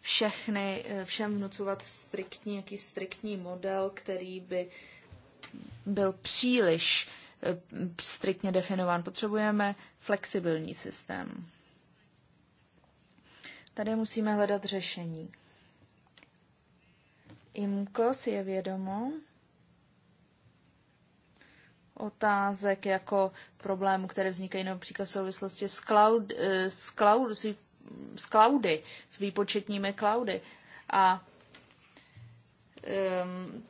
všechny, všem vnucovat striktní, jaký striktní model, který by byl příliš eh, striktně definován. Potřebujeme flexibilní systém. Tady musíme hledat řešení. Imko si je vědomo otázek jako problémů, které vznikají například v souvislosti s, cloud, eh, s, cloud, s cloudy, s výpočetními cloudy. A um,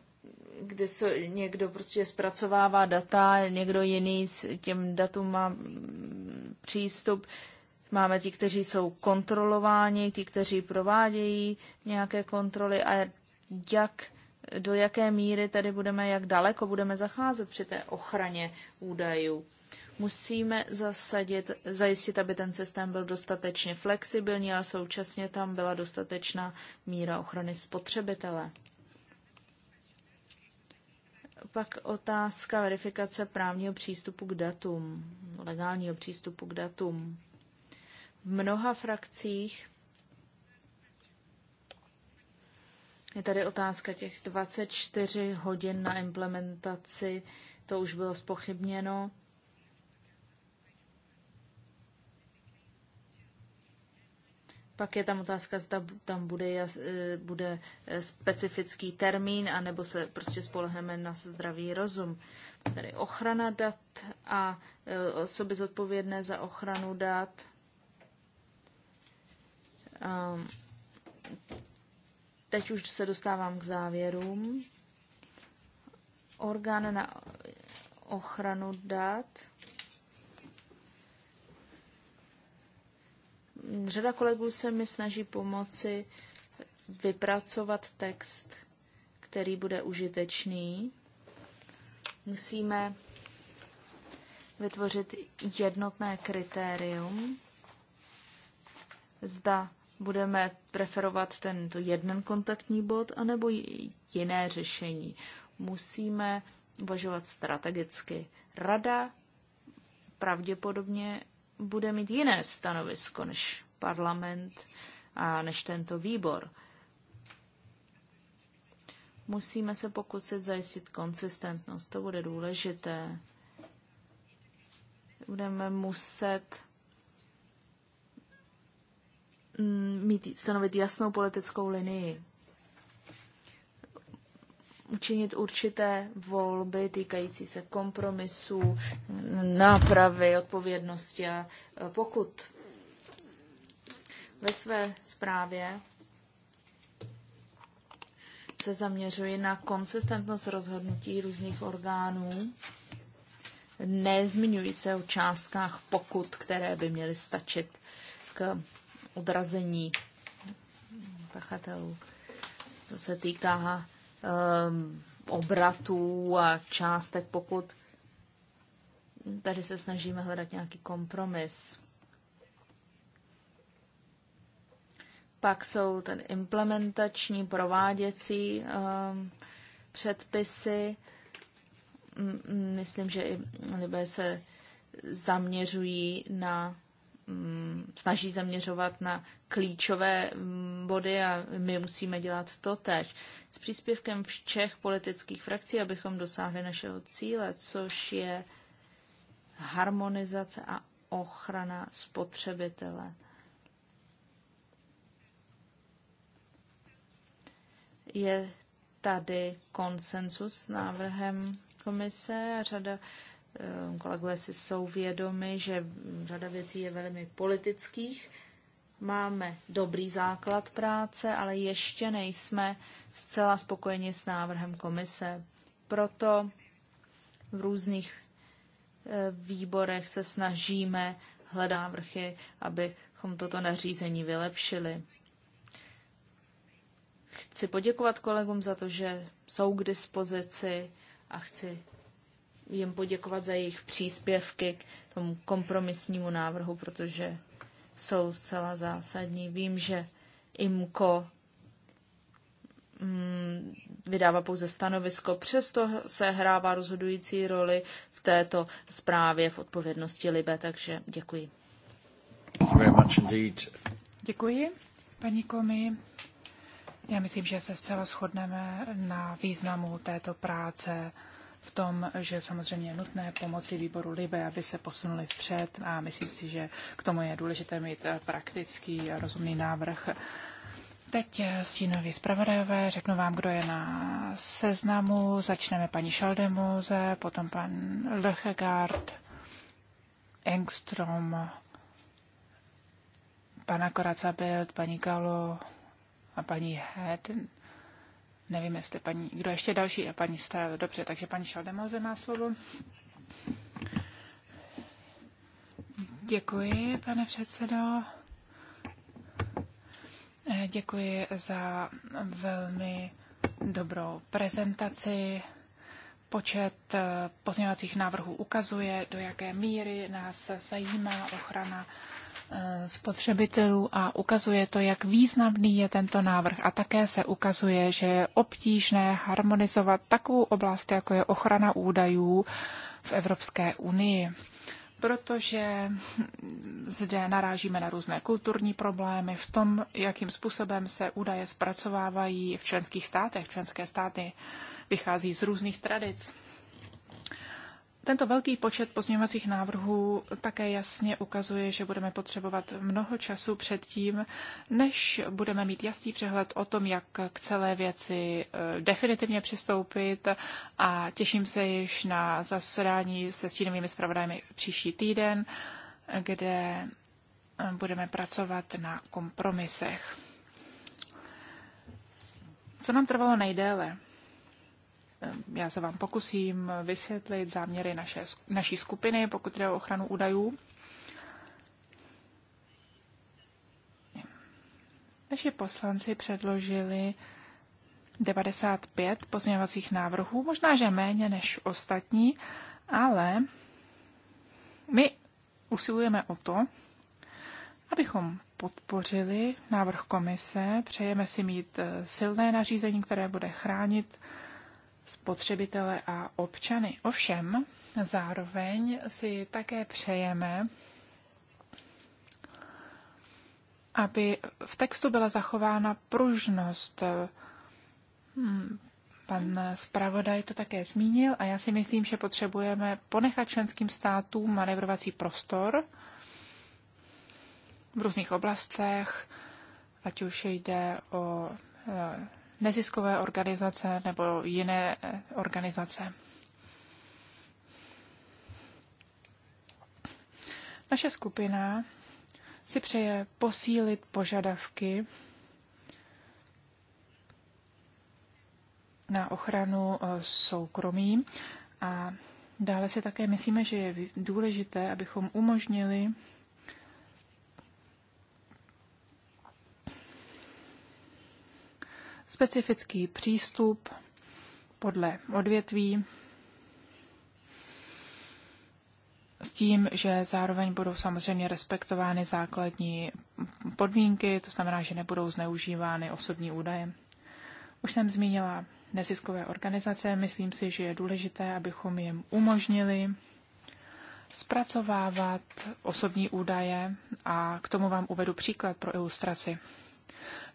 kde se někdo prostě zpracovává data, někdo jiný s těm datům má mm, přístup. Máme ti, kteří jsou kontrolováni, ti, kteří provádějí nějaké kontroly a jak do jaké míry tedy budeme, jak daleko budeme zacházet při té ochraně údajů. Musíme zasadit, zajistit, aby ten systém byl dostatečně flexibilní, ale současně tam byla dostatečná míra ochrany spotřebitele. Pak otázka verifikace právního přístupu k datům, legálního přístupu k datům. V mnoha frakcích Je tady otázka těch 24 hodin na implementaci, to už bylo spochybněno. Pak je tam otázka, zda tam bude, e, bude e, specifický termín, anebo se prostě spolehneme na zdravý rozum. Tady ochrana dat a e, osoby zodpovědné za ochranu dat. Ehm, Teď už se dostávám k závěrům. Orgán na ochranu dat. Řada kolegů se mi snaží pomoci vypracovat text, který bude užitečný. Musíme vytvořit jednotné kritérium, zda budeme preferovat tento jeden kontaktní bod anebo jiné řešení. Musíme uvažovat strategicky. Rada pravděpodobně bude mít jiné stanovisko než parlament a než tento výbor. Musíme se pokusit zajistit konsistentnost, to bude důležité. Budeme muset Mm, mít, stanovit jasnou politickou linii. Učinit určité volby týkající se kompromisů, nápravy, odpovědnosti a e, pokud ve své zprávě se zaměřuji na konsistentnost rozhodnutí různých orgánů. Nezmiňuji se o částkách pokut, které by měly stačit k odrazení pachatelů. To se týká um, obratů a částek, pokud tady se snažíme hledat nějaký kompromis. Pak jsou ten implementační, prováděcí um, předpisy. Myslím, že i lidé se zaměřují na Mm, snaží zaměřovat na klíčové mm, body a my musíme dělat to tež. S příspěvkem všech politických frakcí, abychom dosáhli našeho cíle, což je harmonizace a ochrana spotřebitele. Je tady konsensus s návrhem komise a řada Eh, kolegové si jsou vědomi, že řada věcí je velmi politických. Máme dobrý základ práce, ale ještě nejsme zcela spokojeni s návrhem komise. Proto v různých eh, výborech se snažíme hledat návrhy, abychom toto nařízení vylepšili. Chci poděkovat kolegům za to, že jsou k dispozici a chci jim poděkovat za jejich příspěvky k tomu kompromisnímu návrhu, protože jsou zcela zásadní. Vím, že IMCO mm, vydává pouze stanovisko, přesto se hrává rozhodující roli v této zprávě v odpovědnosti Libe, takže děkuji. Děkuji, paní Komi. Já myslím, že se zcela shodneme na významu této práce v tom, že samozřejmě je nutné pomoci výboru Libe, aby se posunuli vpřed a myslím si, že k tomu je důležité mít eh, praktický a rozumný návrh. Teď eh, stínoví zpravodajové, řeknu vám, kdo je na seznamu. Začneme paní Šaldemuze, potom pan Lechegard, Engstrom, pana Koracabild, paní Galo a paní Hedden. Nevím, jestli paní, kdo ještě další je paní Stajl. Dobře, takže paní Šaldemoze má slovo. Děkuji, pane předsedo. Eh, děkuji za velmi dobrou prezentaci. Počet eh, pozměňovacích návrhů ukazuje, do jaké míry nás zajímá ochrana Eh, spotřebitelů a ukazuje to, jak významný je tento návrh. A také se ukazuje, že je obtížné harmonizovat takovou oblast, jako je ochrana údajů v Evropské unii protože zde narážíme na různé kulturní problémy v tom, jakým způsobem se údaje zpracovávají v členských státech. Členské státy vychází z různých tradic. Tento velký počet pozměňovacích návrhů také jasně ukazuje, že budeme potřebovat mnoho času předtím, než budeme mít jasný přehled o tom, jak k celé věci e, definitivně přistoupit a těším se již na zasedání se stínovými zpravodajmi příští týden, kde e, budeme pracovat na kompromisech. Co nám trvalo nejdéle? já se vám pokusím vysvětlit záměry naše, naší skupiny, pokud jde o ochranu údajů. Naši poslanci předložili 95 pozměňovacích návrhů, možná, že méně než ostatní, ale my usilujeme o to, abychom podpořili návrh komise, přejeme si mít eh, silné nařízení, které bude chránit spotřebitele a občany. Ovšem, zároveň si také přejeme, aby v textu byla zachována pružnost. Hmm, pan zpravodaj to také zmínil a já si myslím, že potřebujeme ponechat členským státům manevrovací prostor v různých oblastech, ať už jde o eh, neziskové organizace nebo jiné eh, organizace. Naše skupina si přeje posílit požadavky na ochranu eh, soukromí a dále si také myslíme, že je důležité, abychom umožnili specifický přístup podle odvětví s tím, že zároveň budou samozřejmě respektovány základní podmínky, to znamená, že nebudou zneužívány osobní údaje. Už jsem zmínila neziskové organizace, myslím si, že je důležité, abychom jim umožnili zpracovávat osobní údaje a k tomu vám uvedu příklad pro ilustraci.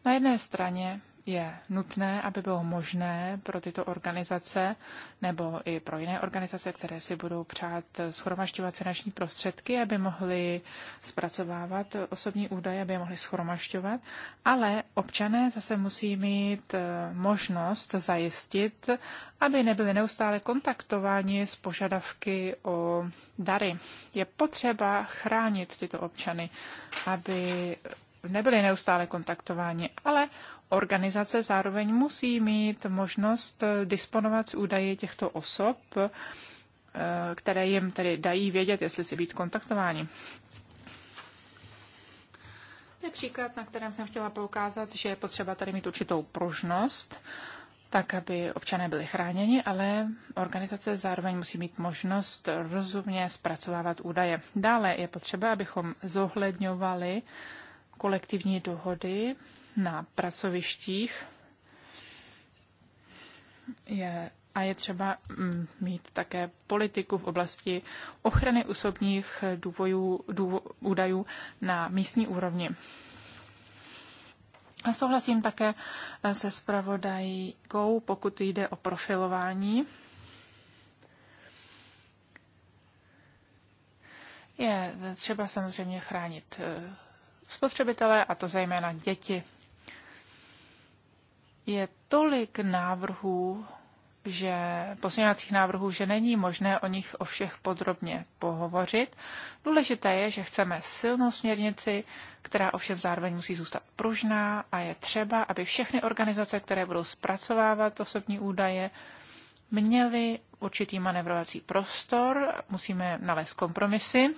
Na jedné straně je nutné, aby bylo možné pro tyto organizace nebo i pro jiné organizace, které si budou přát schromažďovat finanční prostředky, aby mohly zpracovávat osobní údaje, aby je mohly schromažďovat, ale občané zase musí mít eh, možnost zajistit, aby nebyly neustále kontaktováni s požadavky o dary. Je potřeba chránit tyto občany, aby nebyli neustále kontaktováni, ale organizace zároveň musí mít možnost eh, disponovat s údaje těchto osob, eh, které jim tedy dají vědět, jestli si být kontaktováni. To je příklad, na kterém jsem chtěla poukázat, že je potřeba tady mít určitou pružnost, tak aby občané byli chráněni, ale organizace zároveň musí mít možnost rozumně zpracovávat údaje. Dále je potřeba, abychom zohledňovali uh, kolektivní dohody na pracovištích je, a je třeba mm, mít také politiku v oblasti ochrany osobních důvojů, důvo, údajů na místní úrovni. A souhlasím také e, se spravodajkou, pokud jde o profilování. Je třeba samozřejmě chránit e, spotřebitelé, a to zejména děti. Je tolik návrhů, že pozměňovacích návrhů, že není možné o nich o všech podrobně pohovořit. Důležité je, že chceme silnou směrnici, která ovšem zároveň musí zůstat pružná a je třeba, aby všechny organizace, které budou zpracovávat osobní údaje, měly určitý manevrovací prostor. Musíme nalézt kompromisy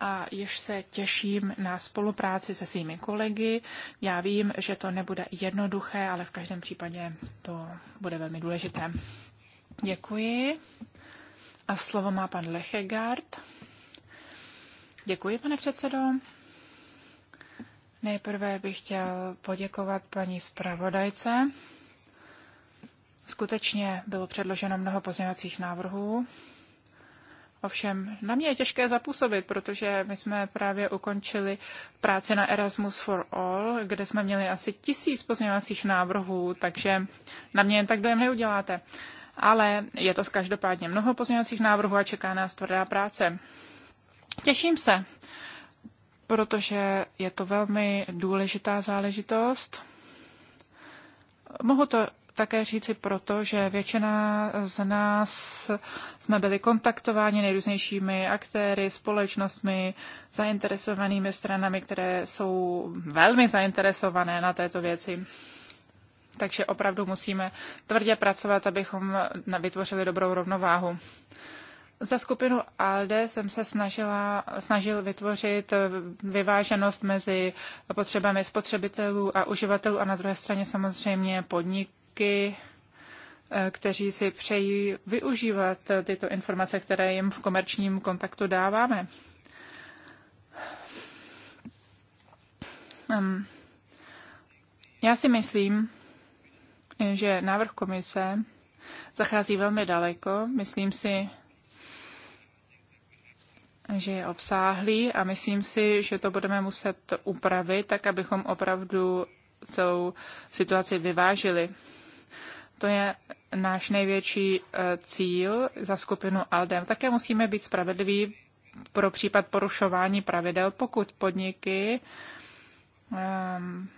a již se těším na spolupráci se svými kolegy. Já vím, že to nebude jednoduché, ale v každém případě to bude velmi důležité. Děkuji. A slovo má pan Lechegard. Děkuji, pane předsedo. Nejprve bych chtěl poděkovat paní zpravodajce. Skutečně bylo předloženo mnoho pozměňovacích návrhů Ovšem, na mě je těžké zapůsobit, protože my jsme právě ukončili práci na Erasmus for All, kde jsme měli asi tisíc pozměňovacích návrhů, takže na mě jen tak dojem neuděláte. Ale je to každopádně mnoho pozměňovacích návrhů a čeká nás tvrdá práce. Těším se, protože je to velmi důležitá záležitost. Mohu to také říci proto, že většina z nás jsme byli kontaktováni nejrůznějšími aktéry, společnostmi, zainteresovanými stranami, které jsou velmi zainteresované na této věci. Takže opravdu musíme tvrdě pracovat, abychom vytvořili dobrou rovnováhu. Za skupinu ALDE jsem se snažila, snažil vytvořit eh, vyváženost mezi potřebami spotřebitelů a uživatelů a na druhé straně samozřejmě podnik, podniky, eh, kteří si přejí využívat eh, tyto informace, které jim v komerčním kontaktu dáváme. Ehm, já si myslím, že návrh komise zachází velmi daleko. Myslím si, že je obsáhlý a myslím si, že to budeme muset upravit, tak abychom opravdu celou situaci vyvážili. To je náš největší eh, cíl za skupinu ALDEM. Také musíme být spravedliví pro případ porušování pravidel, pokud podniky um,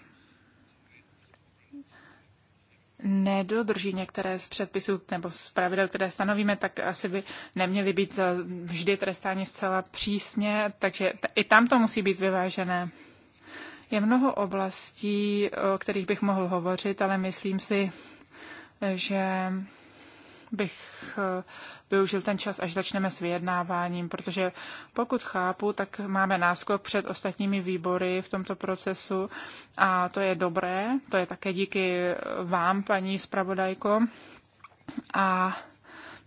nedodrží některé z předpisů nebo z pravidel, které stanovíme, tak asi by neměly být eh, vždy trestáni zcela přísně, takže i tam to musí být vyvážené. Je mnoho oblastí, o kterých bych mohl hovořit, ale myslím si, že bych eh, využil ten čas, až začneme s vyjednáváním, protože pokud chápu, tak máme náskok před ostatními výbory v tomto procesu a to je dobré, to je také díky vám, paní zpravodajko. A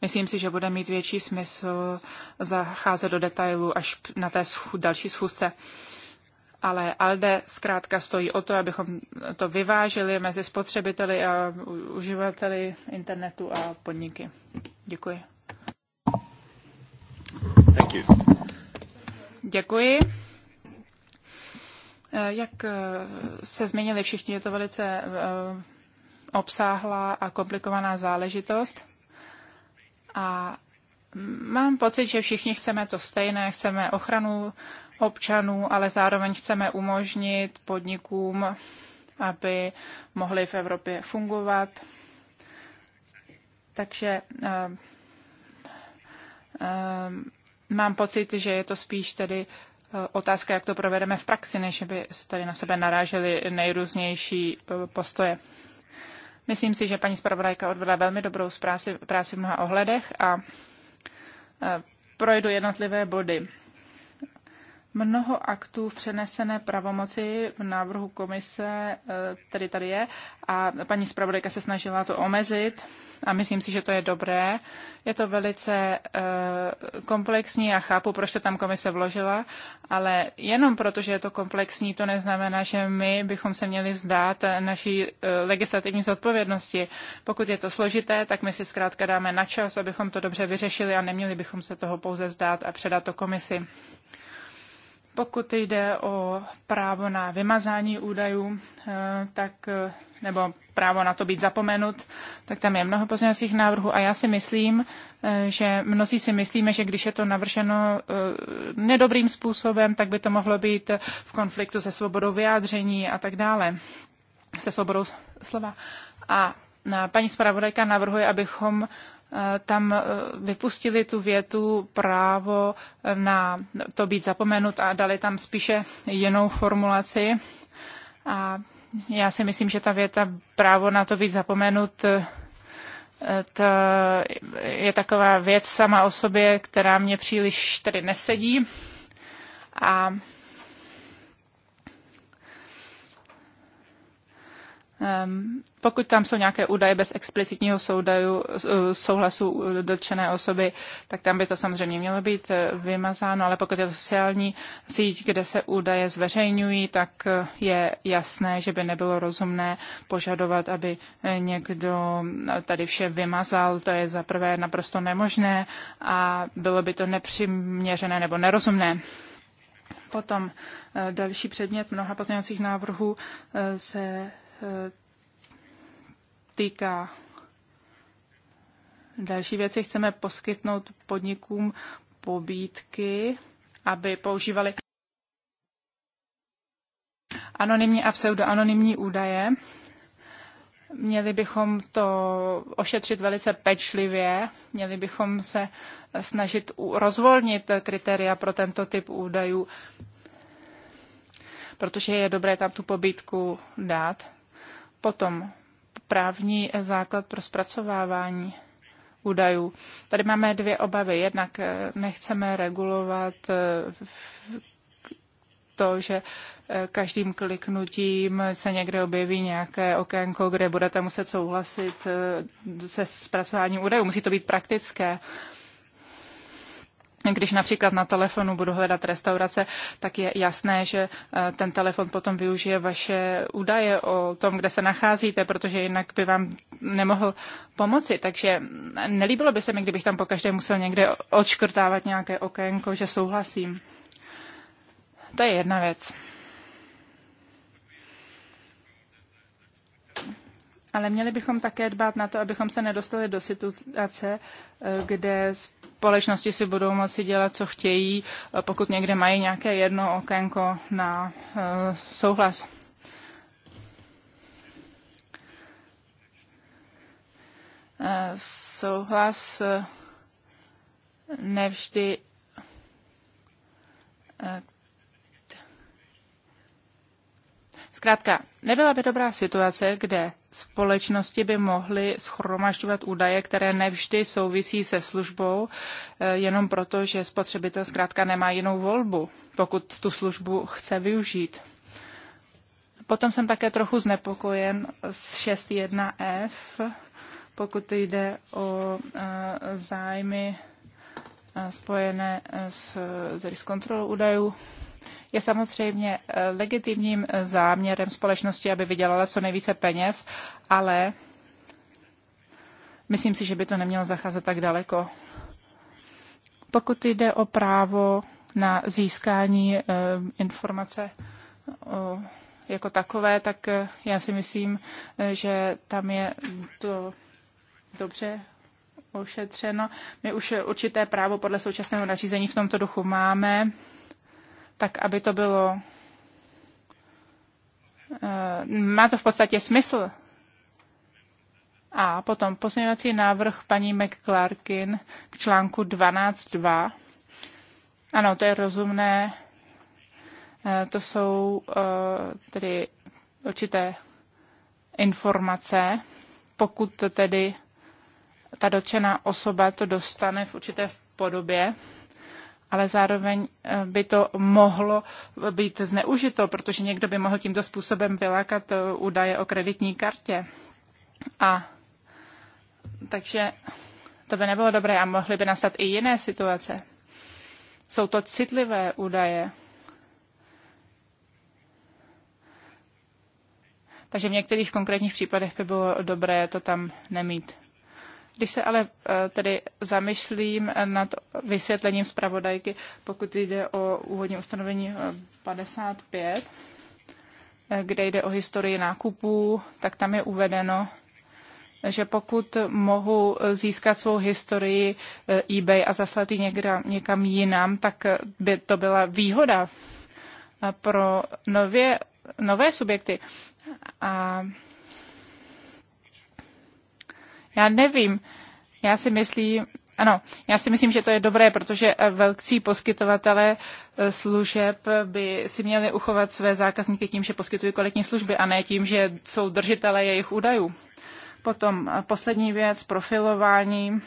myslím si, že bude mít větší smysl zacházet do detailu až na té další schůzce ale ALDE zkrátka stojí o to, abychom to vyvážili mezi spotřebiteli a uživateli internetu a podniky. Děkuji. Thank you. Děkuji. Eh, jak eh, se změnili všichni, je to velice eh, obsáhlá a komplikovaná záležitost. A mám pocit, že všichni chceme to stejné, chceme ochranu občanů, ale zároveň chceme umožnit podnikům, aby mohli v Evropě fungovat. Takže eh, eh, mám pocit, že je to spíš tedy eh, otázka, jak to provedeme v praxi, než by se tady na sebe narážely nejrůznější postoje. Myslím si, že paní zpravodajka odvedla velmi dobrou práci v mnoha ohledech a projdu jednotlivé body. Mnoho aktů v přenesené pravomoci v návrhu komise eh, tady tady je a paní zpravodajka se snažila to omezit a myslím si, že to je dobré. Je to velice eh, komplexní a chápu, proč to tam komise vložila, ale jenom proto, že je to komplexní, to neznamená, že my bychom se měli vzdát naší eh, legislativní zodpovědnosti. Pokud je to složité, tak my si zkrátka dáme na čas, abychom to dobře vyřešili a neměli bychom se toho pouze vzdát a předat to komisi. Pokud jde o právo na vymazání údajů, eh, tak, eh, nebo právo na to být zapomenut, tak tam je mnoho pozměňovacích návrhů a já si myslím, eh, že mnozí si myslíme, že když je to navrženo nedobrým způsobem, tak by to mohlo být v konfliktu se svobodou vyjádření a tak dále, se svobodou slova. A paní zpravodajka navrhuje, abychom Eh, tam eh, vypustili tu větu právo eh, na to být zapomenut a dali tam spíše jinou formulaci. A já si myslím, že ta věta právo na to být zapomenut to je taková věc sama o sobě, která mě příliš tedy nesedí. A Ehm, pokud tam jsou nějaké údaje bez explicitního soudaju, eh, souhlasu dotčené osoby, tak tam by to samozřejmě mělo být eh, vymazáno, ale pokud je to sociální síť, kde se údaje zveřejňují, tak eh, je jasné, že by nebylo rozumné požadovat, aby někdo tady vše vymazal. To je za prvé naprosto nemožné a bylo by to nepřiměřené nebo nerozumné. Potom další předmět mnoha pozměňovacích návrhů se Eh, týká další věci, chceme poskytnout podnikům pobídky, aby používali anonymní a pseudoanonymní údaje. Měli bychom to ošetřit velice pečlivě, měli bychom se snažit rozvolnit kritéria pro tento typ údajů, protože je dobré tam tu pobytku dát. Potom právní základ pro zpracovávání údajů. Tady máme dvě obavy. Jednak eh, nechceme regulovat eh, to, že eh, každým kliknutím se někde objeví nějaké okénko, kde budete muset souhlasit se zpracováním údajů. Musí to být praktické. Když například na telefonu budu hledat restaurace, tak je jasné, že eh, ten telefon potom využije vaše údaje o tom, kde se nacházíte, protože jinak by vám nemohl pomoci. Takže mm, nelíbilo by se mi, kdybych tam po každém musel někde odškrtávat nějaké okénko, že souhlasím. To je jedna věc. Ale měli bychom také dbát na to, abychom se nedostali do situace, eh, kde společnosti si budou moci dělat, co chtějí, eh, pokud někde mají nějaké jedno okénko na eh, souhlas. Souhlas nevždy Zkrátka, nebyla by dobrá situace, kde společnosti by mohly schromažďovat údaje, které nevždy souvisí se službou, eh, jenom proto, že spotřebitel zkrátka nemá jinou volbu, pokud tu službu chce využít. Potom jsem také trochu znepokojen z 6.1f, pokud jde o eh, zájmy eh, spojené s, tedy s kontrolou údajů je samozřejmě eh, legitimním eh, záměrem společnosti, aby vydělala co nejvíce peněz, ale myslím si, že by to nemělo zacházet tak daleko. Pokud jde o právo na získání eh, informace o jako takové, tak já si myslím, že tam je to dobře ošetřeno. My už určité právo podle současného nařízení v tomto duchu máme tak aby to bylo. Eh, má to v podstatě smysl. A potom pozměňovací návrh paní McClarkin k článku 12.2. Ano, to je rozumné. Eh, to jsou eh, tedy určité informace, pokud tedy ta dotčená osoba to dostane v určité podobě, ale zároveň eh, by to mohlo být zneužito, protože někdo by mohl tímto způsobem vylákat eh, údaje o kreditní kartě. A takže to by nebylo dobré a mohly by nastat i jiné situace. Jsou to citlivé údaje. Takže v některých konkrétních případech by bylo dobré to tam nemít. Když se ale eh, tedy zamyslím nad vysvětlením zpravodajky, pokud jde o úvodní ustanovení 55, eh, eh, kde jde o historii nákupů, tak tam je uvedeno, že pokud mohu získat svou historii eBay a zaslat ji někde někam jinam, tak by to byla výhoda pro nově, nové subjekty. A já nevím. Já si myslím, ano, já si myslím, že to je dobré, protože velcí poskytovatele eh, služeb by si měli uchovat své zákazníky tím, že poskytují kvalitní služby a ne tím, že jsou držitele jejich údajů. Potom eh, poslední věc, profilování.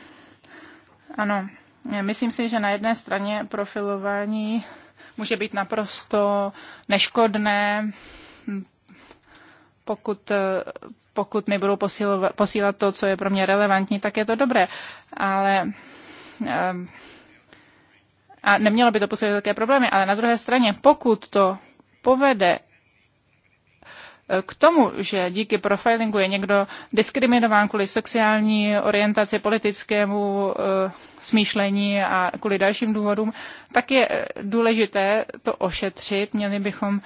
Ano, eh, myslím si, že na jedné straně profilování může být naprosto neškodné, hm, pokud pokud mi budou posílat to, co je pro mě relevantní, tak je to dobré. Ale ehm, a nemělo by to posílat také problémy, ale na druhé straně, pokud to povede eh, k tomu, že díky profilingu je někdo diskriminován kvůli sexuální orientaci, politickému eh, smýšlení a kvůli dalším důvodům, tak je eh, důležité to ošetřit. Měli bychom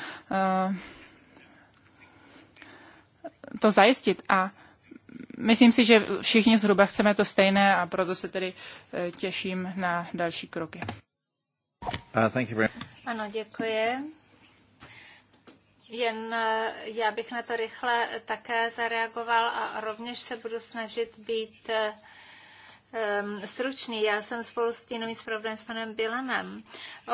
to zajistit. A myslím si, že všichni zhruba chceme to stejné a proto se tedy eh, těším na další kroky. Uh, ano, děkuji. Jen eh, já bych na to rychle také zareagoval a rovněž se budu snažit být uh, Ehm, stručný. Já jsem spolu s tím zpravodajem s panem Bilanem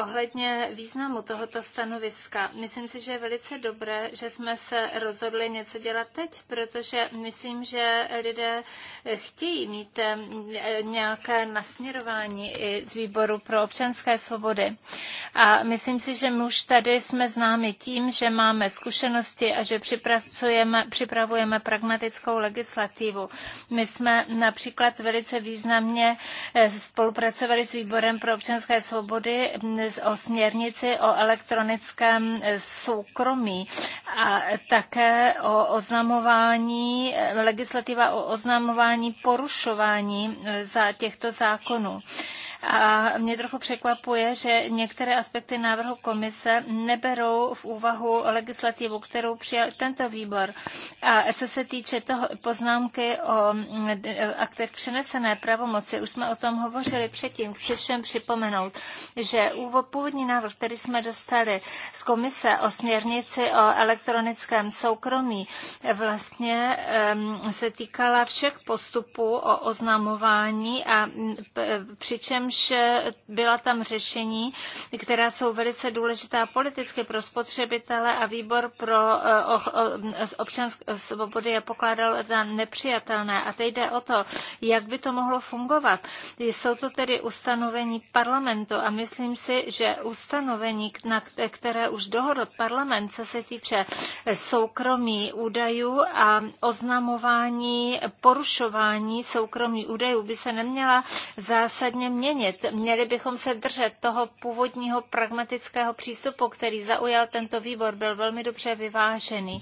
ohledně významu tohoto stanoviska. Myslím si, že je velice dobré, že jsme se rozhodli něco dělat teď, protože myslím, že lidé chtějí mít ehm, nějaké nasměrování i z výboru pro občanské svobody. A myslím si, že my už tady jsme známi tím, že máme zkušenosti a že připravujeme pragmatickou legislativu. My jsme například velice významní významně eh, spolupracovali s Výborem pro občanské svobody mm, o směrnici o elektronickém eh, soukromí a také o oznamování, eh, legislativa o oznamování porušování za těchto zákonů. A mě trochu překvapuje, že některé aspekty návrhu komise neberou v úvahu legislativu, kterou přijal tento výbor. A co se týče toho poznámky o aktech přenesené pravomoci, už jsme o tom hovořili předtím, chci všem připomenout, že původní návrh, který jsme dostali z komise o směrnici o elektronickém soukromí, vlastně se týkala všech postupů o oznamování a přičem přičemž byla tam řešení, která jsou velice důležitá politicky pro spotřebitele a výbor pro eh, eh, občanské eh, svobody je pokládal za nepřijatelné. A teď jde o to, jak by to mohlo fungovat. Jsou to tedy ustanovení parlamentu a myslím si, že ustanovení, na které už dohodl parlament, co se týče soukromí údajů a oznamování porušování soukromí údajů, by se neměla zásadně měnit změnit. Měli bychom se držet toho původního pragmatického přístupu, který zaujal tento výbor, byl velmi dobře vyvážený.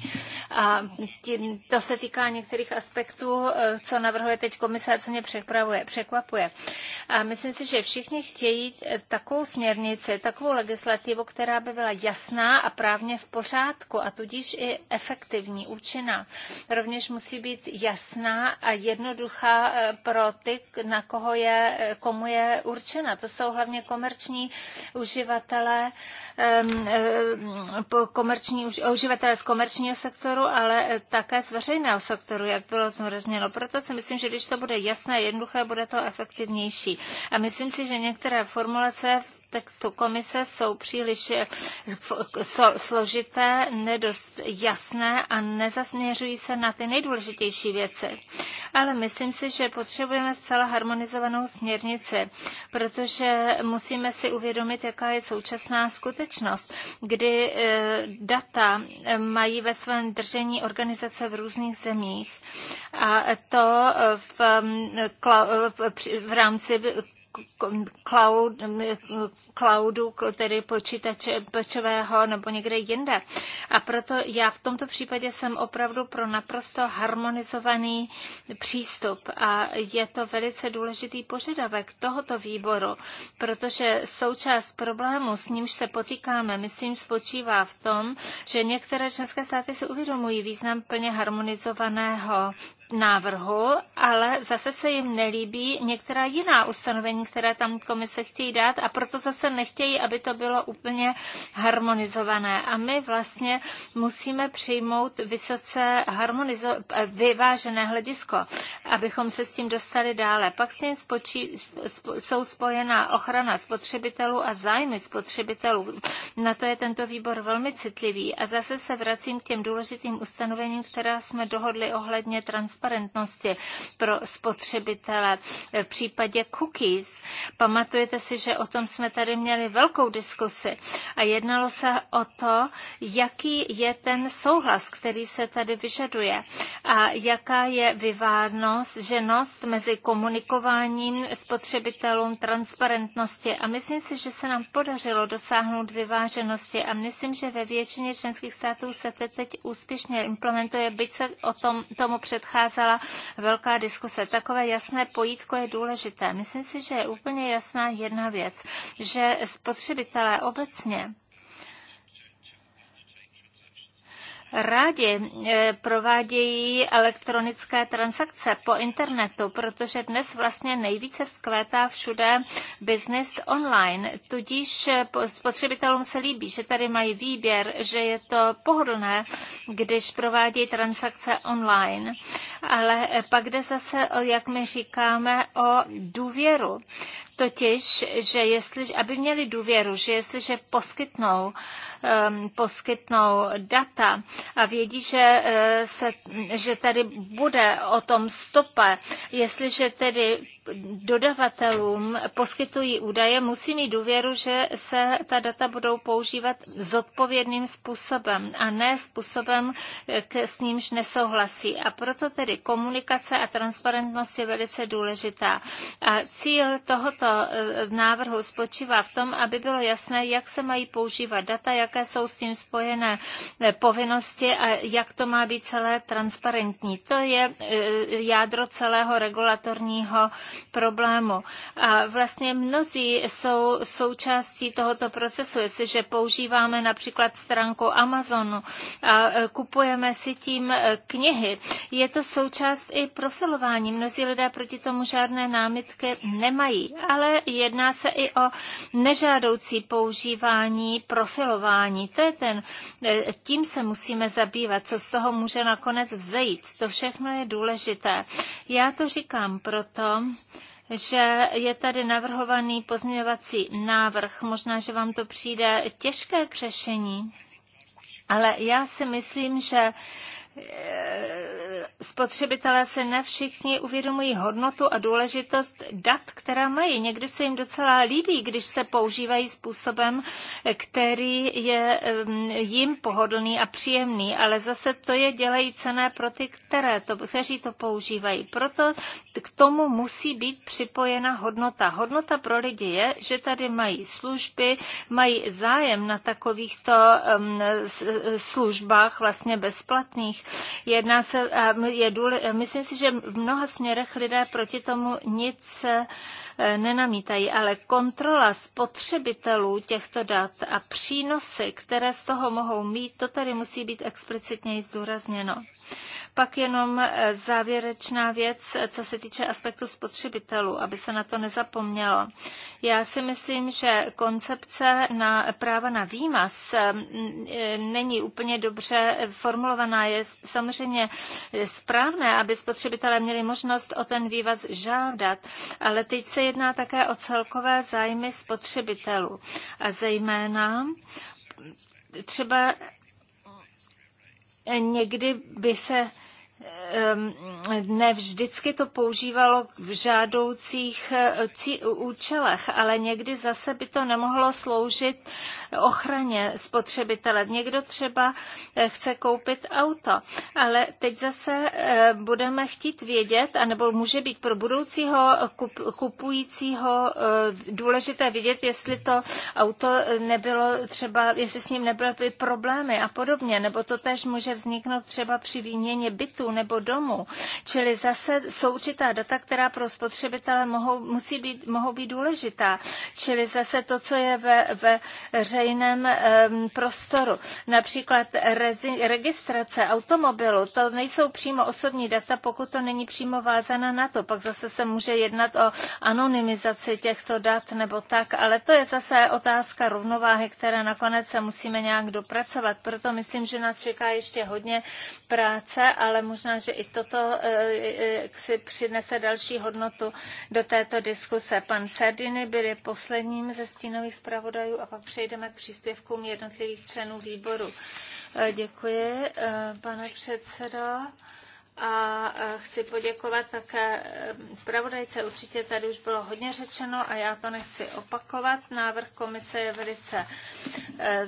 A tím, to se týká některých aspektů, eh, co navrhuje teď komisař, co mě překvapuje. překvapuje. A myslím si, že všichni chtějí eh, takovou směrnici, takovou legislativu, která by byla jasná a právně v pořádku a tudíž i efektivní, účinná. Rovněž musí být jasná a jednoduchá eh, pro ty, na koho je, komu je určena. To jsou hlavně komerční uživatelé Ehm, ehm, komerční, uživatelé z komerčního sektoru, ale eh, také z veřejného sektoru, jak bylo zmrazněno. Proto si myslím, že když to bude jasné, jednoduché, bude to efektivnější. A myslím si, že některé formulace v textu komise jsou příliš eh, složité, nedost jasné a nezasměřují se na ty nejdůležitější věci. Ale myslím si, že potřebujeme zcela harmonizovanou směrnici, protože musíme si uvědomit, jaká je současná skutečnost skutečnost, kdy eh, data eh, mají ve svém držení organizace v různých zemích a to eh, v, mm, v rámci cloud, cloudu, tedy počítače, počového nebo někde jinde. A proto já v tomto případě jsem opravdu pro naprosto harmonizovaný přístup a je to velice důležitý požadavek tohoto výboru, protože součást problému, s nímž se potýkáme, myslím, spočívá v tom, že některé členské státy si uvědomují význam plně harmonizovaného návrhu, ale zase se jim nelíbí některá jiná ustanovení, které tam komise chtějí dát a proto zase nechtějí, aby to bylo úplně harmonizované. A my vlastně musíme přijmout vysoce harmonizo- eh, vyvážené hledisko, abychom se s tím dostali dále. Pak s tím spočí- sp- jsou spojená ochrana spotřebitelů a zájmy spotřebitelů. Na to je tento výbor velmi citlivý. A zase se vracím k těm důležitým ustanovením, která jsme dohodli ohledně trans transparentnosti pro spotřebitele v případě cookies. Pamatujete si, že o tom jsme tady měli velkou diskusi a jednalo se o to, jaký je ten souhlas, který se tady vyžaduje a jaká je vyvádnost, ženost mezi komunikováním spotřebitelům transparentnosti. A myslím si, že se nám podařilo dosáhnout vyváženosti a myslím, že ve většině členských států se teď úspěšně implementuje, byť se o tom, tomu předchází ukázala velká diskuse. Takové jasné pojítko je důležité. Myslím si, že je úplně jasná jedna věc, že spotřebitelé obecně rádi eh, provádějí elektronické transakce po internetu, protože dnes vlastně nejvíce vzkvétá všude business online. Tudíž eh, spotřebitelům se líbí, že tady mají výběr, že je to pohodlné, když provádějí transakce online. Ale eh, pak jde zase, jak my říkáme, o důvěru totiž, že jestli, aby měli důvěru, že jestliže poskytnou, um, poskytnou data a vědí, že, uh, se, že tady bude o tom stopa, jestliže tedy dodavatelům poskytují údaje, musí mít důvěru, že se ta data budou používat zodpovědným způsobem a ne způsobem, k, s nímž nesouhlasí. A proto tedy komunikace a transparentnost je velice důležitá. A cíl tohoto eh, návrhu spočívá v tom, aby bylo jasné, jak se mají používat data, jaké jsou s tím spojené eh, povinnosti a jak to má být celé transparentní. To je eh, jádro celého regulatorního problému. A vlastně mnozí jsou součástí tohoto procesu. Jestliže používáme například stránku Amazonu a e, kupujeme si tím e, knihy, je to součást i profilování. Mnozí lidé proti tomu žádné námitky nemají, ale jedná se i o nežádoucí používání profilování. To je ten, e, tím se musíme zabývat, co z toho může nakonec vzejít. To všechno je důležité. Já to říkám proto, že je tady navrhovaný pozměňovací návrh. Možná, že vám to přijde těžké k řešení, ale já si myslím, že spotřebitelé se ne všichni uvědomují hodnotu a důležitost dat, která mají. Někdy se jim docela líbí, když se používají způsobem, který je jim pohodlný a příjemný, ale zase to je dělají cené pro ty, které to, kteří to používají. Proto k tomu musí být připojena hodnota. Hodnota pro lidi je, že tady mají služby, mají zájem na takovýchto um, službách vlastně bezplatných Jedná se, je důle, myslím si, že v mnoha směrech lidé proti tomu nic e, nenamítají, ale kontrola spotřebitelů těchto dat a přínosy, které z toho mohou mít, to tady musí být explicitněji zdůrazněno. Pak jenom eh, závěrečná věc, eh, co se týče aspektu spotřebitelů, aby se na to nezapomnělo. Já si myslím, že koncepce na práva na výmaz eh, není úplně dobře formulovaná. Je samozřejmě správné, aby spotřebitelé měli možnost o ten vývaz žádat, ale teď se jedná také o celkové zájmy spotřebitelů. A zejména třeba někdy by se Ehm, ne vždycky to používalo v žádoucích eh, účelech, ale někdy zase by to nemohlo sloužit ochraně spotřebitele. Někdo třeba eh, chce koupit auto, ale teď zase eh, budeme chtít vědět, anebo může být pro budoucího kupujícího důležité vědět, jestli to auto nebylo třeba, jestli s ním nebyly problémy a podobně, nebo to tež může vzniknout třeba při výměně bytu nebo domu. Čili zase jsou určitá data, která pro spotřebitele mohou, musí být, mohou být důležitá. Čili zase to, co je ve, ve řejném um, prostoru. Například rezi, registrace automobilu, to nejsou přímo osobní data, pokud to není přímo vázané na to. Pak zase se může jednat o anonymizaci těchto dat nebo tak, ale to je zase otázka rovnováhy, které nakonec se musíme nějak dopracovat. Proto myslím, že nás čeká ještě hodně práce, ale možná, že i toto eh, eh, si přinese další hodnotu do této diskuse. Pan Sardiny byl posledním ze stínových zpravodajů a pak přejdeme k příspěvkům jednotlivých členů výboru. Eh, děkuji, pane předsedo a e, chci poděkovat také e, zpravodajce. Určitě tady už bylo hodně řečeno a já to nechci opakovat. Návrh komise je velice e,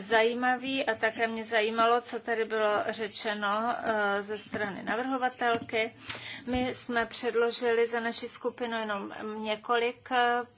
zajímavý a také mě zajímalo, co tady bylo řečeno ze strany navrhovatelky. My jsme předložili za naši skupinu jenom několik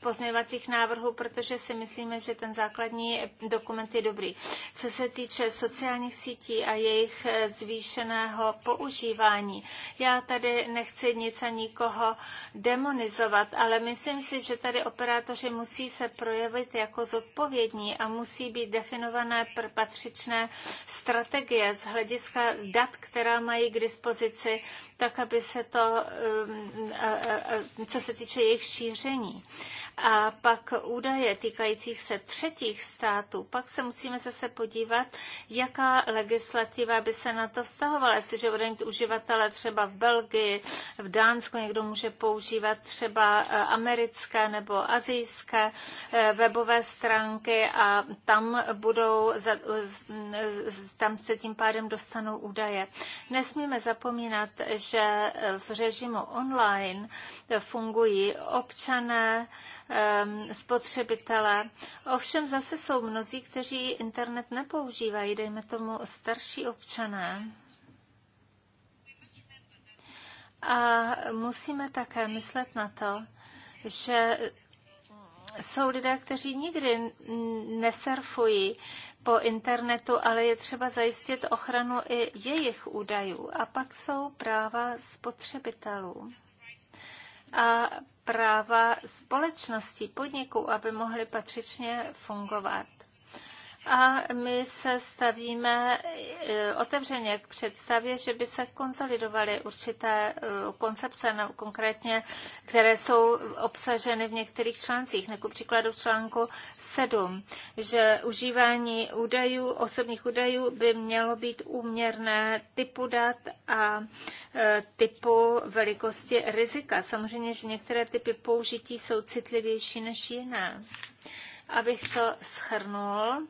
pozměňovacích návrhů, protože si myslíme, že ten základní dokument je dobrý. Co se týče sociálních sítí a jejich zvýšeného používání, očkování. Já tady nechci nic a nikoho demonizovat, ale myslím si, že tady operátoři musí se projevit jako zodpovědní a musí být definované patřičné strategie z hlediska dat, která mají k dispozici tak aby se to, um, co se týče jejich šíření. A pak údaje týkajících se třetích států, pak se musíme zase podívat, jaká legislativa by se na to vztahovala. Jestliže bude mít uživatele třeba v Belgii, v Dánsku, někdo může používat třeba e, americké nebo azijské e, webové stránky a tam budou, tam se tím pádem dostanou údaje. Nesmíme zapomínat, že v režimu online fungují občané, spotřebitele. Ovšem zase jsou mnozí, kteří internet nepoužívají, dejme tomu starší občané. A musíme také myslet na to, že jsou lidé, kteří nikdy nesurfují po internetu, ale je třeba zajistit ochranu i jejich údajů. A pak jsou práva spotřebitelů a práva společností, podniků, aby mohly patřičně fungovat a my se stavíme e, otevřeně k představě, že by se konsolidovaly určité e, koncepce, no, konkrétně, které jsou obsaženy v některých článcích, jako příkladu článku 7, že užívání údajů, osobních údajů by mělo být úměrné typu dat a e, typu velikosti rizika. Samozřejmě, že některé typy použití jsou citlivější než jiné. Abych to schrnul,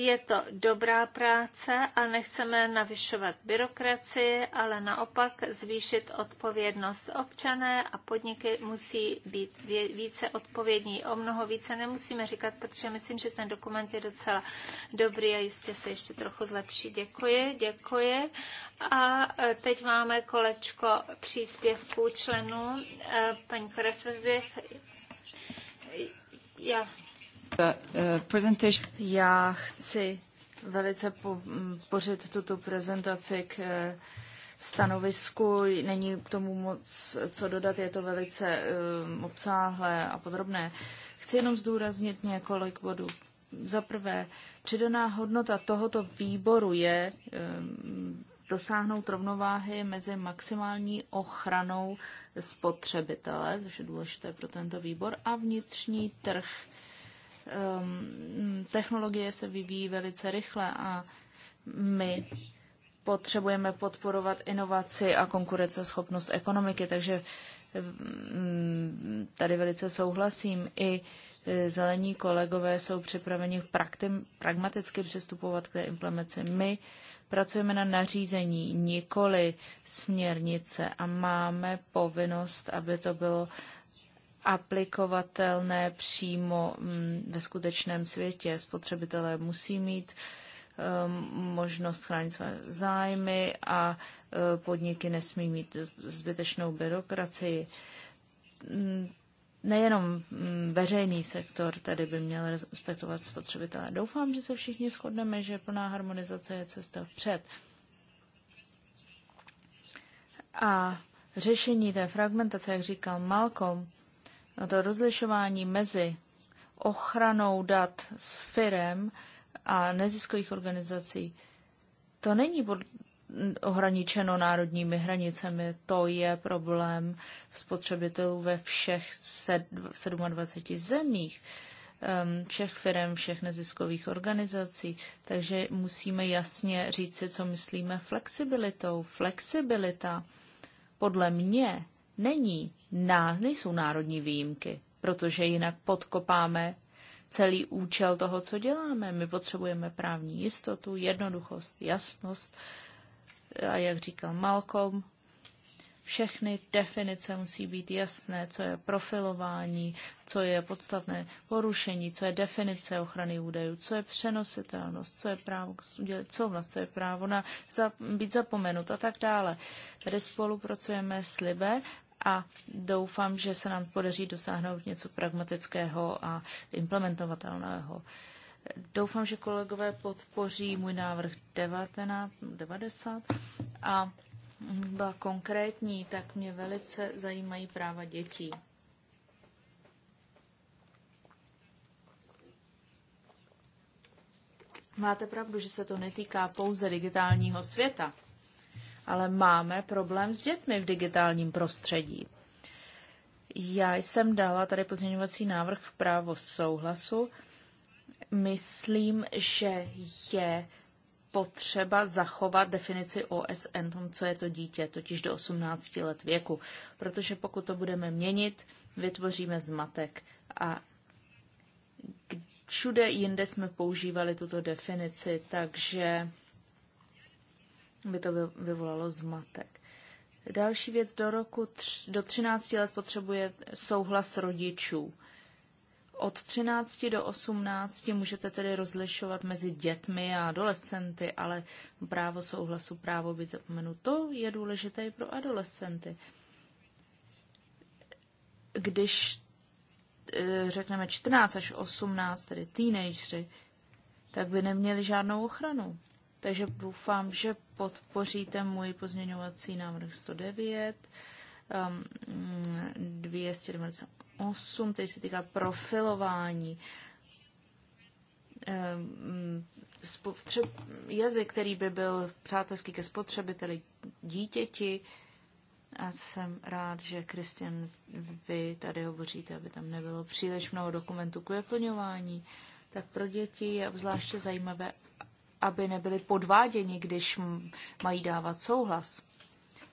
je to dobrá práce a nechceme navyšovat byrokracii, ale naopak zvýšit odpovědnost. Občané a podniky musí být více odpovědní. O mnoho více nemusíme říkat, protože myslím, že ten dokument je docela dobrý a jistě se ještě trochu zlepší. Děkuji, děkuji. A e, teď máme kolečko příspěvků členů. E, paní Koresvědběch, já Eh, Já chci velice po, mm, pořit tuto prezentaci k eh, stanovisku. Není k tomu moc eh, co dodat, je to velice um, obsáhlé a podrobné. Chci jenom zdůraznit několik bodů. Za prvé, přidaná hodnota tohoto výboru je um, dosáhnout rovnováhy mezi maximální ochranou spotřebitele, což je důležité pro tento výbor, a vnitřní trh Um, technologie se vyvíjí velice rychle a my potřebujeme podporovat inovaci a konkurenceschopnost ekonomiky, takže mm, tady velice souhlasím. I e, zelení kolegové jsou připraveni prakti- pragmaticky přistupovat k té implementaci. My pracujeme na nařízení, nikoli směrnice a máme povinnost, aby to bylo aplikovatelné přímo mm, ve skutečném světě. Spotřebitelé musí mít ehm, možnost chránit své zájmy a eh, podniky nesmí mít zbytečnou byrokracii. Mm, nejenom mm, veřejný sektor tedy by měl respektovat spotřebitele. Doufám, že se všichni shodneme, že plná harmonizace je cesta vpřed. A řešení té fragmentace, jak říkal Malcolm, to rozlišování mezi ochranou dat s firem a neziskových organizací, to není ohraničeno národními hranicemi. To je problém spotřebitelů ve všech 27 zemích, ehm, všech firm, všech neziskových organizací. Takže musíme jasně si, co myslíme flexibilitou. Flexibilita podle mě není, ná, nejsou národní výjimky, protože jinak podkopáme celý účel toho, co děláme. My potřebujeme právní jistotu, jednoduchost, jasnost a jak říkal Malcolm, všechny definice musí být jasné, co je profilování, co je podstatné porušení, co je definice ochrany údajů, co je přenositelnost, co je právo k udělit souhlas, co je právo na za, být zapomenut a tak dále. Tady spolupracujeme s Libe a doufám, že se nám podaří dosáhnout něco pragmatického a implementovatelného. Doufám, že kolegové podpoří můj návrh 19, 90 a byla konkrétní, tak mě velice zajímají práva dětí. Máte pravdu, že se to netýká pouze digitálního světa ale máme problém s dětmi v digitálním prostředí. Já jsem dala tady pozměňovací návrh v právo souhlasu. Myslím, že je potřeba zachovat definici OSN tom, co je to dítě, totiž do 18 let věku. Protože pokud to budeme měnit, vytvoříme zmatek. A všude jinde jsme používali tuto definici, takže by to vyvolalo zmatek. Další věc do roku tři, do 13 let potřebuje souhlas rodičů. Od 13 do 18 můžete tedy rozlišovat mezi dětmi a adolescenty, ale právo souhlasu, právo být zapomenuto je důležité i pro adolescenty. Když e, řekneme 14 až 18, tedy teenageři, tak by neměli žádnou ochranu. Takže doufám, že podpoříte můj pozměňovací návrh 109, 298, um, který se týká profilování. Um, jazyk, který by byl přátelský ke spotřebiteli dítěti. A jsem rád, že Kristian, vy tady hovoříte, aby tam nebylo příliš mnoho dokumentů k vyplňování tak pro děti je obzvláště zajímavé aby nebyli podváděni, když mají dávat souhlas.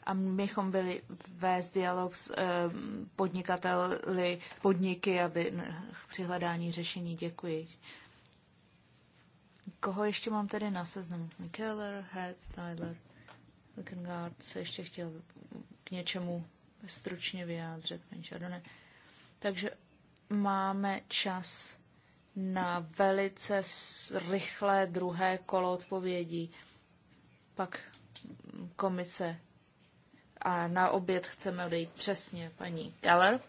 A bychom byli vést dialog s eh, podnikateli, podniky, aby při hledání řešení děkuji. Koho ještě mám tady na seznamu? Keller, Head, Tyler, Wickengard se ještě chtěl k něčemu stručně vyjádřit, Takže máme čas na velice rychlé druhé kolo odpovědí. Pak komise a na oběd chceme odejít přesně paní Keller,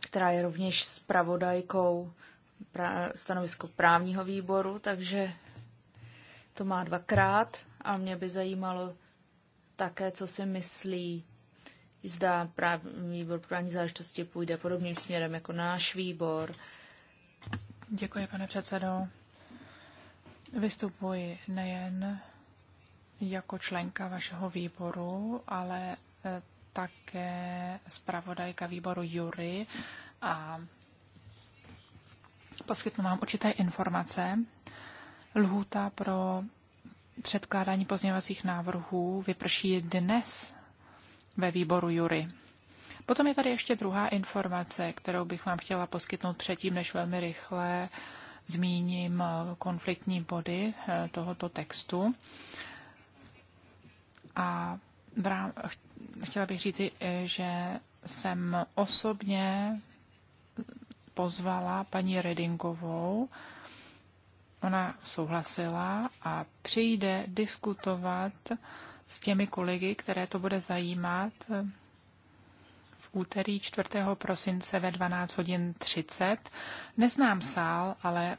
která je rovněž zpravodajkou stanovisko právního výboru, takže to má dvakrát a mě by zajímalo také, co si myslí zda práv, výbor právní záležitosti půjde podobným směrem jako náš výbor. Děkuji, pane předsedo. Vystupuji nejen jako členka vašeho výboru, ale eh, také zpravodajka výboru Jury a poskytnu vám určité informace. Lhůta pro předkládání pozměňovacích návrhů vyprší dnes ve výboru Jury. Potom je tady ještě druhá informace, kterou bych vám chtěla poskytnout předtím, než velmi rychle zmíním eh, konfliktní body eh, tohoto textu. A chtěla bych říci, eh, že jsem osobně pozvala paní Redingovou. Ona souhlasila a přijde diskutovat s těmi kolegy, které to bude zajímat eh, v úterý 4. prosince ve 12 hodin 30. Neznám sál, ale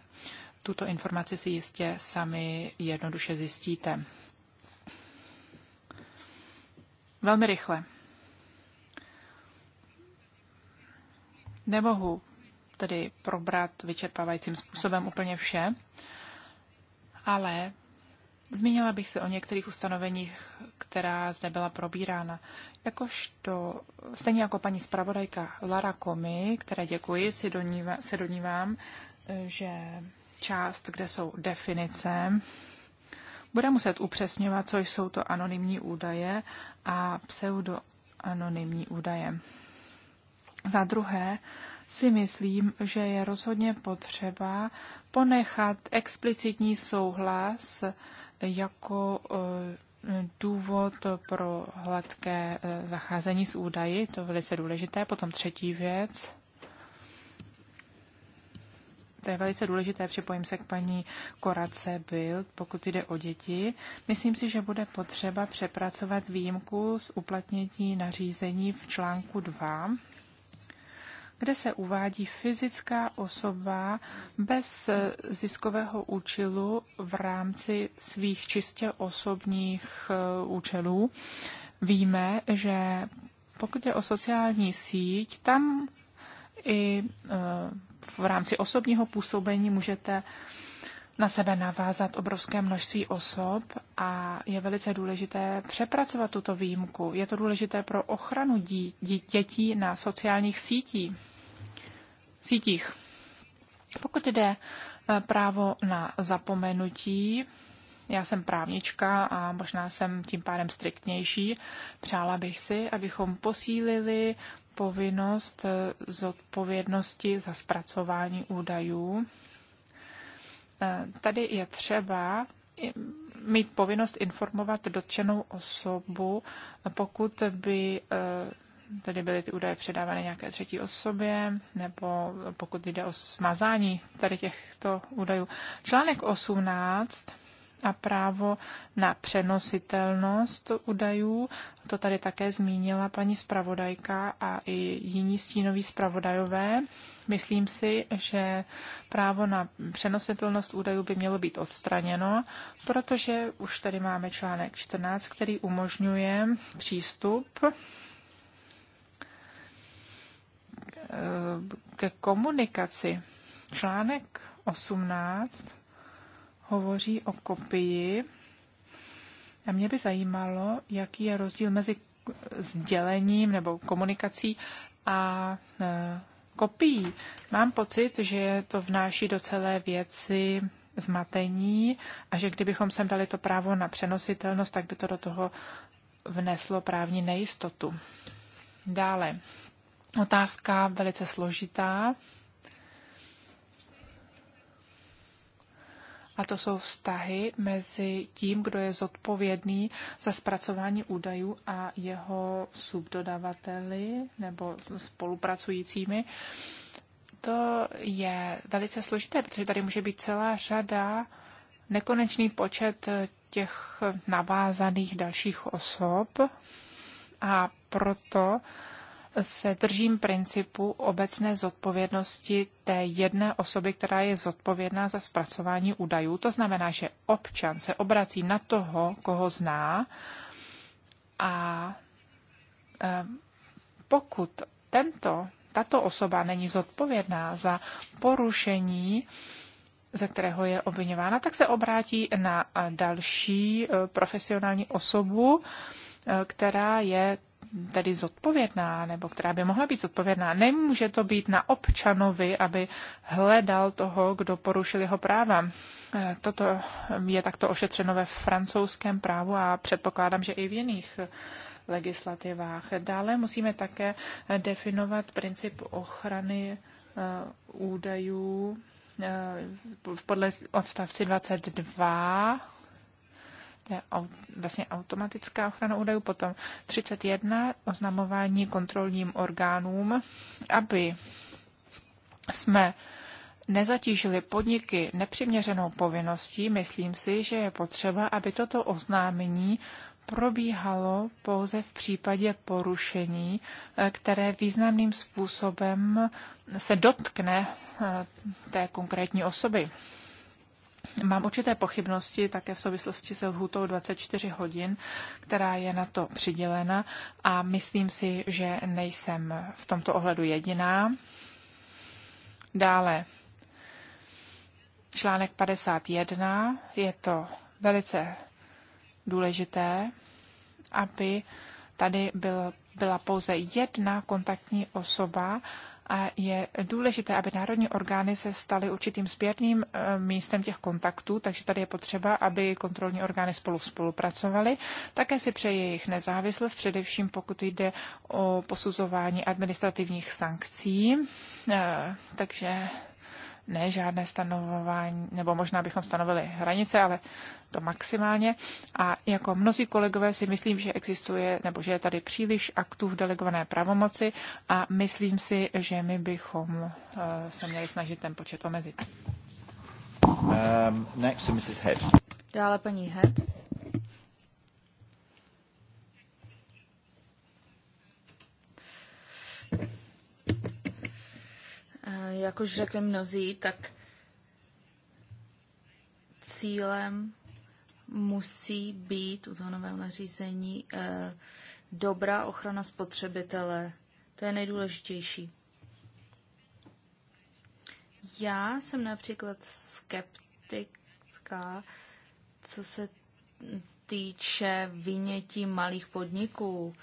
tuto informaci si jistě sami jednoduše zjistíte. Velmi rychle. Nemohu tedy probrat vyčerpávajícím způsobem úplně vše, ale Zmínila bych se o některých ustanoveních, která zde byla probírána. Jakožto, stejně jako paní zpravodajka Lara Komi, které děkuji, si donívá, se donívám, že část, kde jsou definice, bude muset upřesňovat, co jsou to anonymní údaje a pseudoanonymní údaje. Za druhé, si myslím, že je rozhodně potřeba ponechat explicitní souhlas jako eh, důvod pro hladké eh, zacházení s údaji, to je velice důležité. Potom třetí věc, to je velice důležité, připojím se k paní Korace byl, pokud jde o děti. Myslím si, že bude potřeba přepracovat výjimku z uplatnění nařízení v článku 2 kde se uvádí fyzická osoba bez ziskového účelu v rámci svých čistě osobních eh, účelů. Víme, že pokud je o sociální síť, tam i eh, v rámci osobního působení můžete na sebe navázat obrovské množství osob a je velice důležité přepracovat tuto výjimku. Je to důležité pro ochranu dí, dí, dětí na sociálních sítí, sítích. Pokud jde e, právo na zapomenutí, já jsem právnička a možná jsem tím pádem striktnější. Přála bych si, abychom posílili povinnost e, zodpovědnosti za zpracování údajů Eh, tady je třeba mít povinnost informovat dotčenou osobu, pokud by eh, tedy byly ty údaje předávány nějaké třetí osobě, nebo pokud jde o smazání tady těchto údajů. Článek 18 a právo na přenositelnost údajů. To tady také zmínila paní zpravodajka a i jiní stínoví zpravodajové. Myslím si, že právo na přenositelnost údajů by mělo být odstraněno, protože už tady máme článek 14, který umožňuje přístup ke eh, komunikaci. Článek 18 hovoří o kopii. A mě by zajímalo, jaký je rozdíl mezi sdělením nebo komunikací a e, kopií. Mám pocit, že to vnáší do celé věci zmatení a že kdybychom sem dali to právo na přenositelnost, tak by to do toho vneslo právní nejistotu. Dále. Otázka velice složitá a to jsou vztahy mezi tím, kdo je zodpovědný za zpracování údajů a jeho subdodavateli nebo spolupracujícími. To je velice složité, protože tady může být celá řada, nekonečný počet těch navázaných dalších osob a proto se držím principu obecné zodpovědnosti té jedné osoby, která je zodpovědná za zpracování údajů. To znamená, že občan se obrací na toho, koho zná a e, pokud tento, tato osoba není zodpovědná za porušení, ze kterého je obvinována, tak se obrátí na další e, profesionální osobu, e, která je tedy zodpovědná, nebo která by mohla být zodpovědná. Nemůže to být na občanovi, aby hledal toho, kdo porušil jeho práva. Eh, toto je takto ošetřeno ve francouzském právu a předpokládám, že i v jiných legislativách. Dále musíme také definovat princip ochrany eh, údajů eh, podle odstavci 22 to je vlastně automatická ochrana údajů, potom 31 oznamování kontrolním orgánům, aby jsme nezatížili podniky nepřiměřenou povinností, myslím si, že je potřeba, aby toto oznámení probíhalo pouze v případě porušení, eh, které významným způsobem se dotkne eh, té konkrétní osoby. Mám určité pochybnosti také v souvislosti se lhůtou 24 hodin, která je na to přidělena a myslím si, že nejsem v tomto ohledu jediná. Dále článek 51 je to velice důležité, aby tady byl, byla pouze jedna kontaktní osoba a je důležité, aby národní orgány se staly určitým sběrným eh, místem těch kontaktů, takže tady je potřeba, aby kontrolní orgány spolu spolupracovaly. Také si přeje jejich nezávislost, především pokud jde o posuzování administrativních sankcí. Eh, takže ne žádné stanovování, nebo možná bychom stanovili hranice, ale to maximálně. A jako mnozí kolegové si myslím, že existuje, nebo že je tady příliš aktů v delegované pravomoci a myslím si, že my bychom eh, se měli snažit ten počet omezit. Um, next Mrs. Head. Dále paní Head. Eh, jak už řekli mnozí, tak cílem musí být u toho nového nařízení eh, dobrá ochrana spotřebitele. To je nejdůležitější. Já jsem například skeptická, co se týče vynětí malých podniků,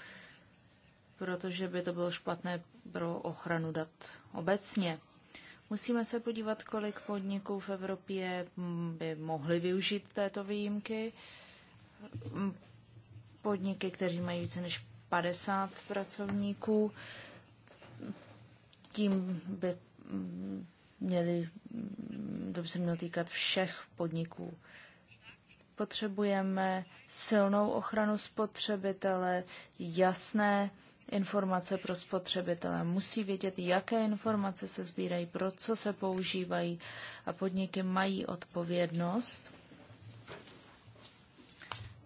protože by to bylo špatné pro ochranu dat obecně. Musíme se podívat, kolik podniků v Evropě mm, by mohly využít této výjimky. Mm, podniky, kteří mají více než 50 pracovníků, tím by mm, měli, to by se mělo týkat všech podniků. Potřebujeme silnou ochranu spotřebitele, jasné informace pro spotřebitele. Musí vědět, jaké informace se sbírají, pro co se používají a podniky mají odpovědnost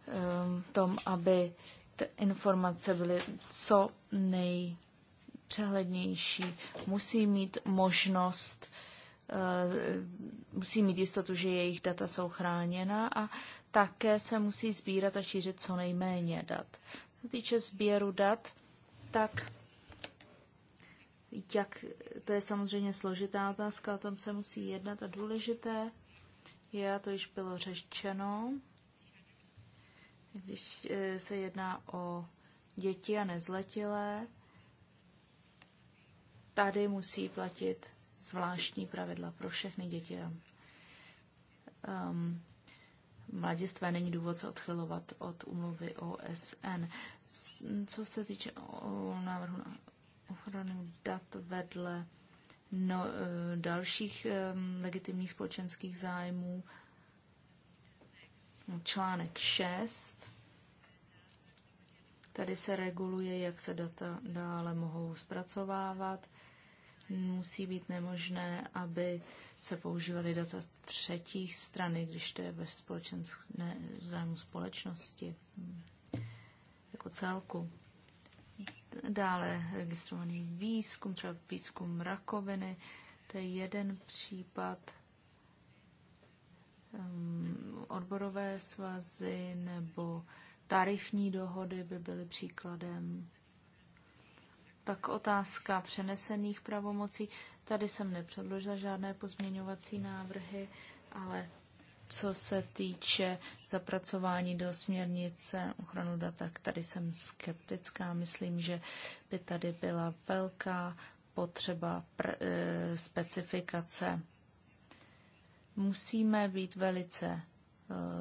ehm, tom, aby ty informace byly co nejpřehlednější. Musí mít možnost, ehm, musí mít jistotu, že jejich data jsou chráněna a také se musí sbírat a šířit co nejméně dat. Co týče sběru dat, tak jak, to je samozřejmě složitá otázka, o tom se musí jednat a důležité je, a to již bylo řečeno, když e, se jedná o děti a nezletilé, tady musí platit zvláštní pravidla pro všechny děti. Um, mladistvé není důvod se odchylovat od umluvy OSN co se týče o návrhu na ochranu dat vedle no, e, dalších um, legitimních společenských zájmů, no, článek 6, tady se reguluje, jak se data dále mohou zpracovávat. Musí být nemožné, aby se používaly data třetích strany, když to je ve společenské zájmu společnosti jako celku. Dále registrovaný výzkum, třeba výzkum rakoviny, to je jeden případ. Ehm, odborové svazy nebo tarifní dohody by byly příkladem. Pak otázka přenesených pravomocí. Tady jsem nepředložila žádné pozměňovací návrhy, ale co se týče zapracování do směrnice ochranu dat, tak tady jsem skeptická. Myslím, že by tady byla velká potřeba pr- e, specifikace. Musíme být velice e,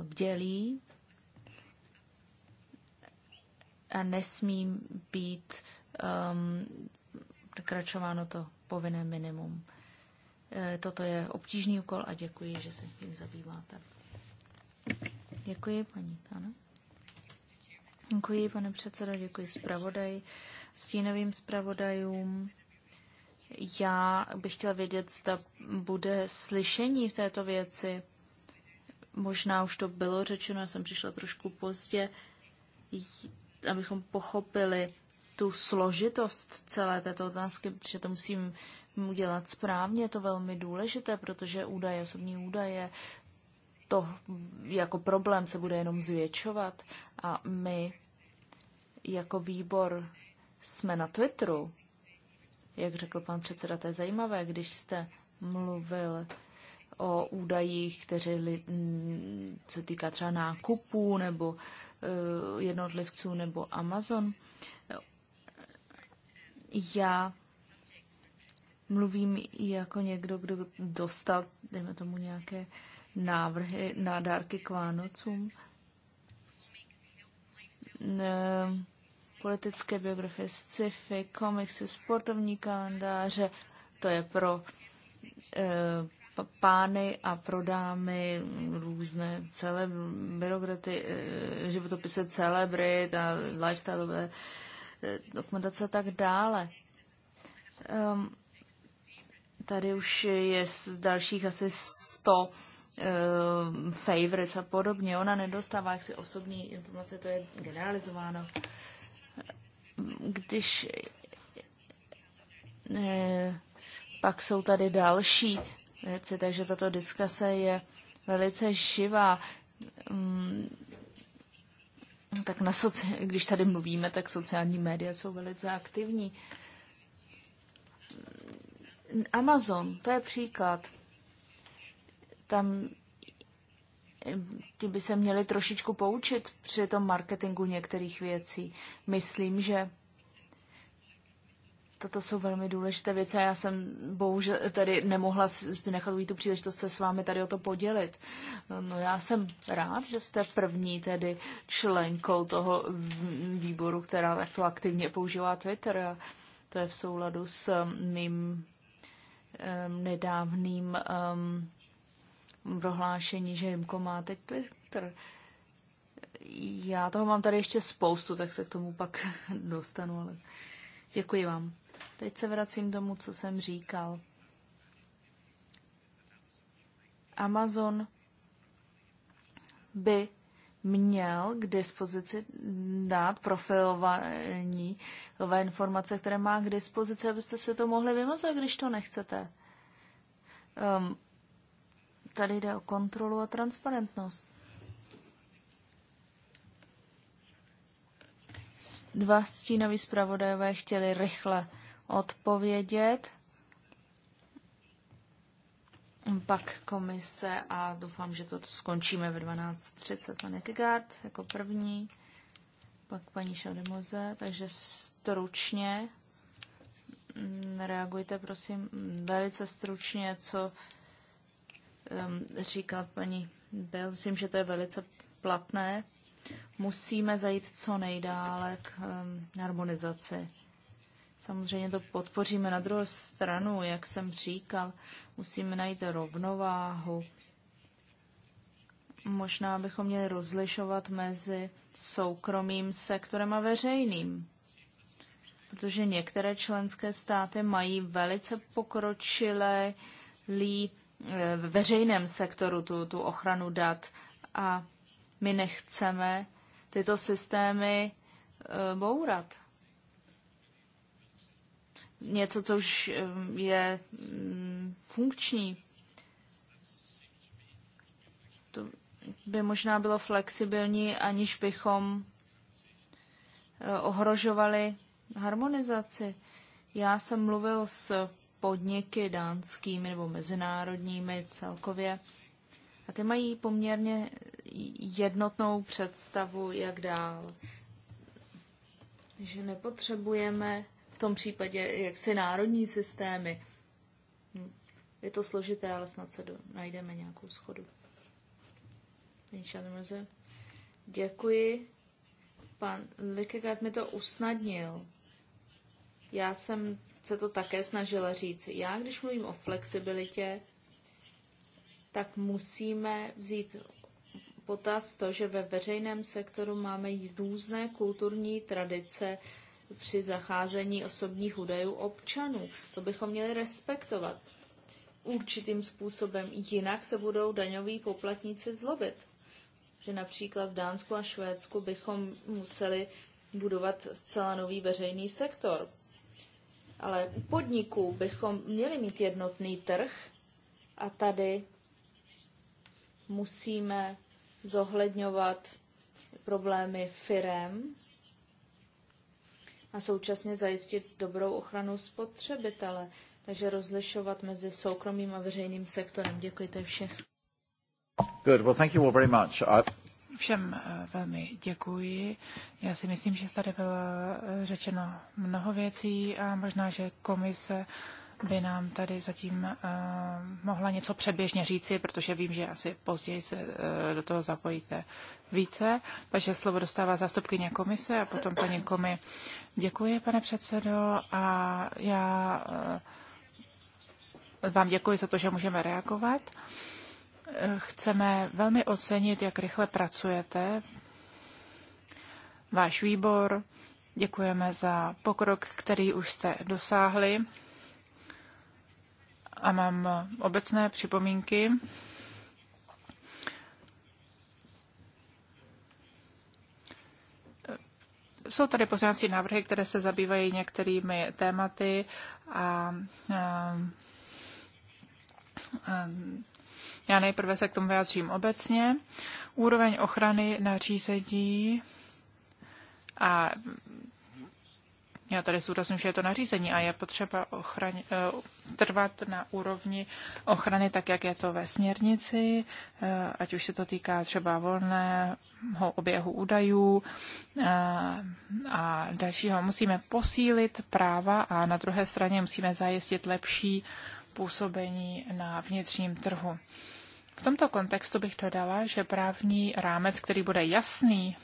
bdělí a nesmím být um, e, překračováno to povinné minimum. Eh, toto je obtížný úkol a děkuji, že se tím zabýváte. Děkuji, paní Tana. Děkuji, pane předsedo, děkuji zpravodaj, stínovým zpravodajům. Já bych chtěla vědět, zda bude slyšení v této věci. Možná už to bylo řečeno, já jsem přišla trošku pozdě, abychom pochopili tu složitost celé této otázky, protože to musím udělat správně, je to velmi důležité, protože údaje, osobní údaje, to jako problém se bude jenom zvětšovat a my jako výbor jsme na Twitteru, jak řekl pan předseda, to je zajímavé, když jste mluvil o údajích, kteří se týká třeba nákupů nebo eh, jednotlivců nebo Amazon. Já mluvím i jako někdo, kdo dostal, dejme tomu, nějaké návrhy na dárky k Vánocům. Ehm, politické biografie, sci-fi, komiksy, sportovní kalendáře, to je pro ehm, pány a pro dámy různé celeb, byrokraty, ehm, životopise celebrit a lifestyleové eh, dokumentace a tak dále. Um, Tady už je z dalších asi 100 uh, eh, favorites a podobně. Ona nedostává jaksi osobní informace, to je generalizováno. Když ne, eh, pak jsou tady další věci, takže tato diskuse je velice živá. Um, tak na soci- když tady mluvíme, tak sociální média jsou velice aktivní. Uh, Amazon, to je příklad. Tam eh, ti by se měli trošičku poučit při tom marketingu některých věcí. Myslím, že toto jsou velmi důležité věci a já jsem bohužel tady nemohla nechat tu příležitost se s vámi tady o to podělit. No, no já jsem rád, že jste první tedy členkou toho výboru, která takto aktivně používá Twitter a to je v souladu s mm, mým Um, nedávným um, prohlášení, že Jimko má teď Twitter. Já toho mám tady ještě spoustu, tak se k tomu pak dostanu, ale děkuji vám. Teď se vracím tomu, co jsem říkal. Amazon by měl k dispozici dát profilování nové informace, které má k dispozici, abyste se to mohli vymazat, když to nechcete. Um, tady jde o kontrolu a transparentnost. Dva stínoví zpravodajové chtěli rychle odpovědět pak komise a doufám, že to skončíme ve 12.30. Pan Ekegaard jako první, pak paní Šademoze, takže stručně mm, reagujte, prosím, velice stručně, co um, říkal paní Bell. Myslím, že to je velice platné. Musíme zajít co nejdále k um, harmonizaci Samozřejmě to podpoříme. Na druhou stranu, jak jsem říkal, musíme najít rovnováhu. Možná bychom měli rozlišovat mezi soukromým sektorem a veřejným. Protože některé členské státy mají velice pokročilé lí eh, v veřejném sektoru tu, tu ochranu dat a my nechceme tyto systémy eh, bourat něco, co už je mm, funkční. To by možná bylo flexibilní, aniž bychom e, ohrožovali harmonizaci. Já jsem mluvil s podniky dánskými nebo mezinárodními celkově a ty mají poměrně jednotnou představu, jak dál. Že nepotřebujeme v tom případě jaksi národní systémy. Je to složité, ale snad se do, najdeme nějakou schodu. děkuji. Pan Likegaard mi to usnadnil. Já jsem se to také snažila říct. Já, když mluvím o flexibilitě, tak musíme vzít potaz to, že ve veřejném sektoru máme různé kulturní tradice, při zacházení osobních údajů občanů. To bychom měli respektovat určitým způsobem, jinak se budou daňoví poplatníci zlobit. Že například v Dánsku a Švédsku bychom museli budovat zcela nový veřejný sektor. Ale u podniků bychom měli mít jednotný trh a tady musíme zohledňovat problémy firem a současně zajistit dobrou ochranu spotřebitele. Takže rozlišovat mezi soukromým a veřejným sektorem. Děkuji, to je vše. Good. Well, thank you all very much. I... Všem eh, velmi děkuji. Já si myslím, že tady bylo eh, řečeno mnoho věcí a možná, že komise by nám tady zatím uh, mohla něco předběžně říci, protože vím, že asi později se uh, do toho zapojíte více. Takže slovo dostává zástupkyně komise a potom paní Komi. Děkuji, pane předsedo, a já uh, vám děkuji za to, že můžeme reagovat. Chceme velmi ocenit, jak rychle pracujete. Váš výbor, děkujeme za pokrok, který už jste dosáhli a mám eh, obecné připomínky. Eh, jsou tady pozměňovací návrhy, které se zabývají některými tématy a, a, eh, a já nejprve se k tomu vyjádřím obecně. Úroveň ochrany nařízení a já tady zúraznuju, že je to nařízení a je potřeba ochraň, eh, trvat na úrovni ochrany, tak jak je to ve směrnici, eh, ať už se to týká třeba volného oběhu údajů eh, a dalšího. Musíme posílit práva a na druhé straně musíme zajistit lepší působení na vnitřním trhu. V tomto kontextu bych dodala, že právní rámec, který bude jasný,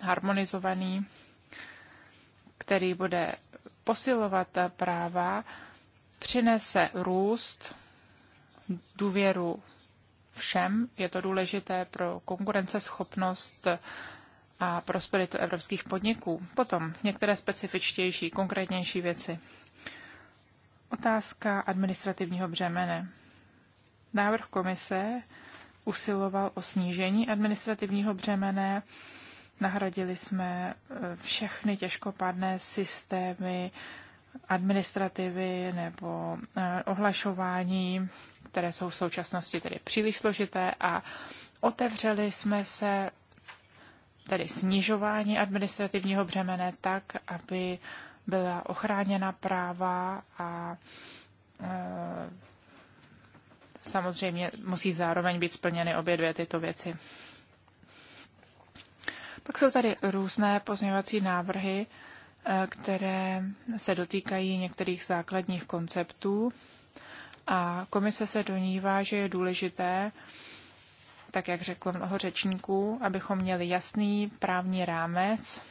harmonizovaný, který bude posilovat práva, přinese růst, důvěru všem. Je to důležité pro konkurenceschopnost a prosperitu evropských podniků. Potom některé specifičtější, konkrétnější věci. Otázka administrativního břemene. Návrh komise usiloval o snížení administrativního břemene Nahradili jsme eh, všechny těžkopádné systémy administrativy nebo eh, ohlašování, které jsou v současnosti tedy příliš složité a otevřeli jsme se tedy snižování administrativního břemene tak, aby byla ochráněna práva a e, samozřejmě musí zároveň být splněny obě dvě tyto věci. Pak jsou tady různé pozměňovací návrhy, eh, které se dotýkají některých základních konceptů a komise se donívá, že je důležité, tak jak řeklo mnoho řečníků, abychom měli jasný právní rámec.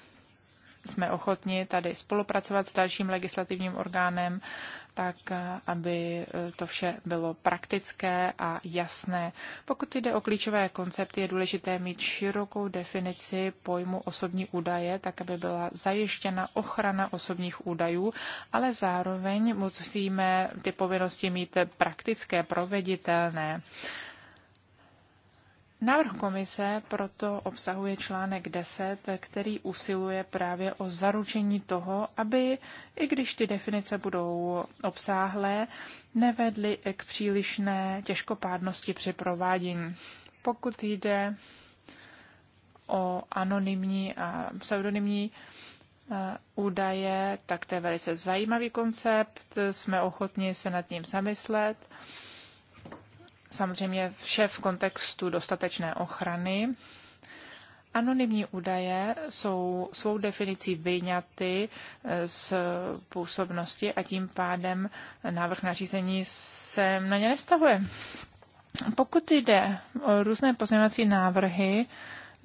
Jsme ochotni tady spolupracovat s dalším legislativním orgánem tak eh, aby eh, to vše bylo praktické a jasné. Pokud jde o klíčové koncepty, je důležité mít širokou definici pojmu osobní údaje, tak aby byla zajištěna ochrana osobních údajů, ale zároveň musíme ty povinnosti mít praktické, proveditelné. Návrh komise proto obsahuje článek 10, který usiluje právě o zaručení toho, aby, i když ty definice budou obsáhlé, nevedly k přílišné těžkopádnosti při provádění. Pokud jde o anonymní a pseudonymní eh, údaje, tak to je velice zajímavý koncept, jsme ochotni se nad ním zamyslet samozřejmě vše v kontextu dostatečné ochrany. Anonymní údaje jsou svou definicí vyňaty eh, z působnosti a tím pádem návrh nařízení se na ně nestahuje. Pokud jde o různé pozměňovací návrhy,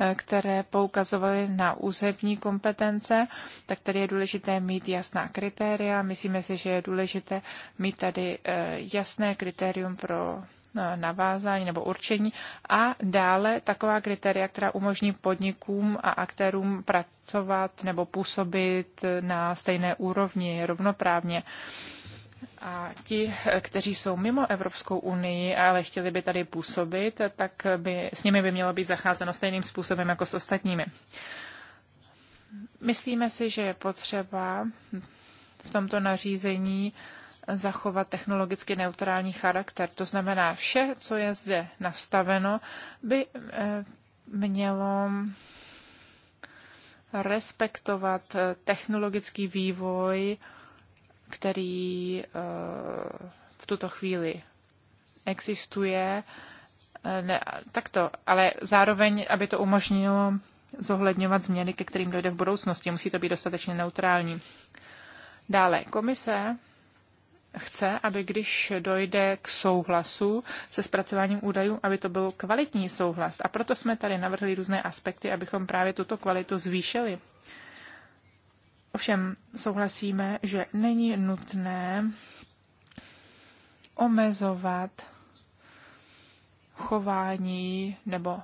eh, které poukazovaly na územní kompetence, tak tady je důležité mít jasná kritéria. Myslíme si, že je důležité mít tady eh, jasné kritérium pro navázání nebo určení a dále taková kritéria, která umožní podnikům a aktérům pracovat nebo působit na stejné úrovni rovnoprávně. A ti, kteří jsou mimo Evropskou unii, ale chtěli by tady působit, tak by, s nimi by mělo být zacházeno stejným způsobem jako s ostatními. Myslíme si, že je potřeba v tomto nařízení zachovat technologicky neutrální charakter. To znamená, vše, co je zde nastaveno, by eh, mělo respektovat eh, technologický vývoj, který eh, v tuto chvíli existuje. Ne, takto, ale zároveň, aby to umožnilo zohledňovat změny, ke kterým dojde v budoucnosti. Musí to být dostatečně neutrální. Dále, komise chce, aby když dojde k souhlasu se zpracováním údajů, aby to byl kvalitní souhlas. A proto jsme tady navrhli různé aspekty, abychom právě tuto kvalitu zvýšili. Ovšem souhlasíme, že není nutné omezovat chování nebo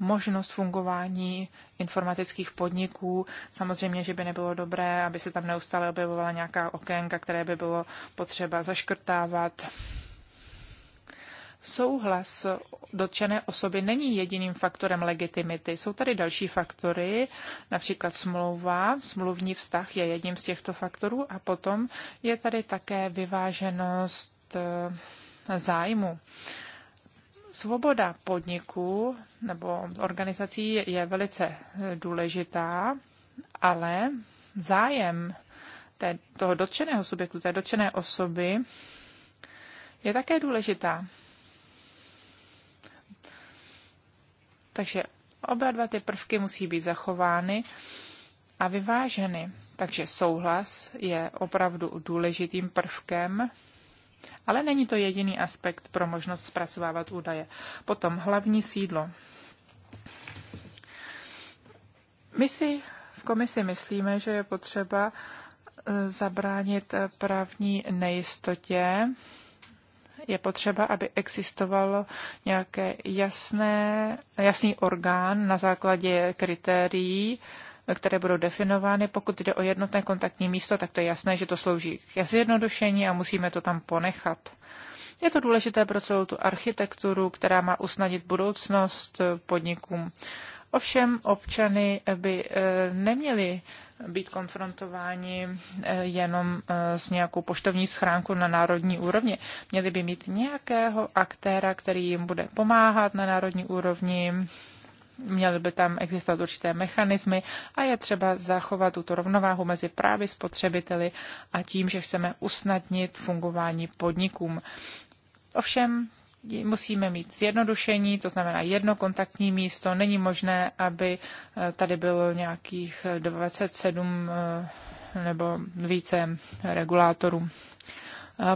možnost fungování informatických podniků. Samozřejmě, že by nebylo dobré, aby se tam neustále objevovala nějaká okénka, které by bylo potřeba zaškrtávat. Souhlas dotčené osoby není jediným faktorem legitimity. Jsou tady další faktory, například smlouva, smluvní vztah je jedním z těchto faktorů a potom je tady také vyváženost eh, zájmu. Svoboda podniků nebo organizací je velice důležitá, ale zájem té, toho dotčeného subjektu, té dotčené osoby, je také důležitá. Takže oba dva ty prvky musí být zachovány a vyváženy. Takže souhlas je opravdu důležitým prvkem ale není to jediný aspekt pro možnost zpracovávat údaje. Potom hlavní sídlo. My si v komisi myslíme, že je potřeba e, zabránit právní nejistotě. Je potřeba, aby existovalo nějaké jasné, jasný orgán na základě kritérií, které budou definovány. Pokud jde o jednotné kontaktní místo, tak to je jasné, že to slouží k zjednodušení a musíme to tam ponechat. Je to důležité pro celou tu architekturu, která má usnadnit budoucnost podnikům. Ovšem občany by eh, neměli být konfrontováni eh, jenom eh, s nějakou poštovní schránkou na národní úrovni. Měli by mít nějakého aktéra, který jim bude pomáhat na národní úrovni, měly by tam existovat určité mechanismy a je třeba zachovat tuto rovnováhu mezi právy spotřebiteli a tím, že chceme usnadnit fungování podnikům. Ovšem, musíme mít zjednodušení, to znamená jedno kontaktní místo. Není možné, aby eh, tady bylo nějakých 27 eh, nebo více regulátorů.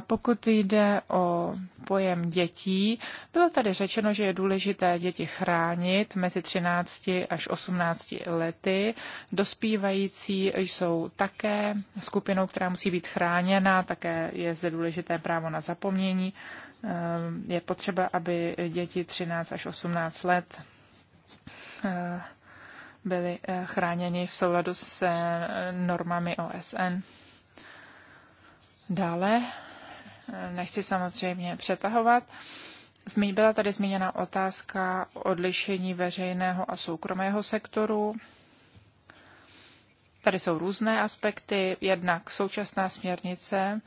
Pokud jde o pojem dětí, bylo tady řečeno, že je důležité děti chránit mezi 13 až 18 lety. Dospívající jsou také skupinou, která musí být chráněna, také je zde důležité právo na zapomnění. Ehm, je potřeba, aby děti 13 až 18 let eh, byly eh, chráněni v souladu s normami OSN. Dále nechci samozřejmě přetahovat. Byla tady zmíněna otázka odlišení veřejného a soukromého sektoru. Tady jsou různé aspekty. Jednak současná směrnice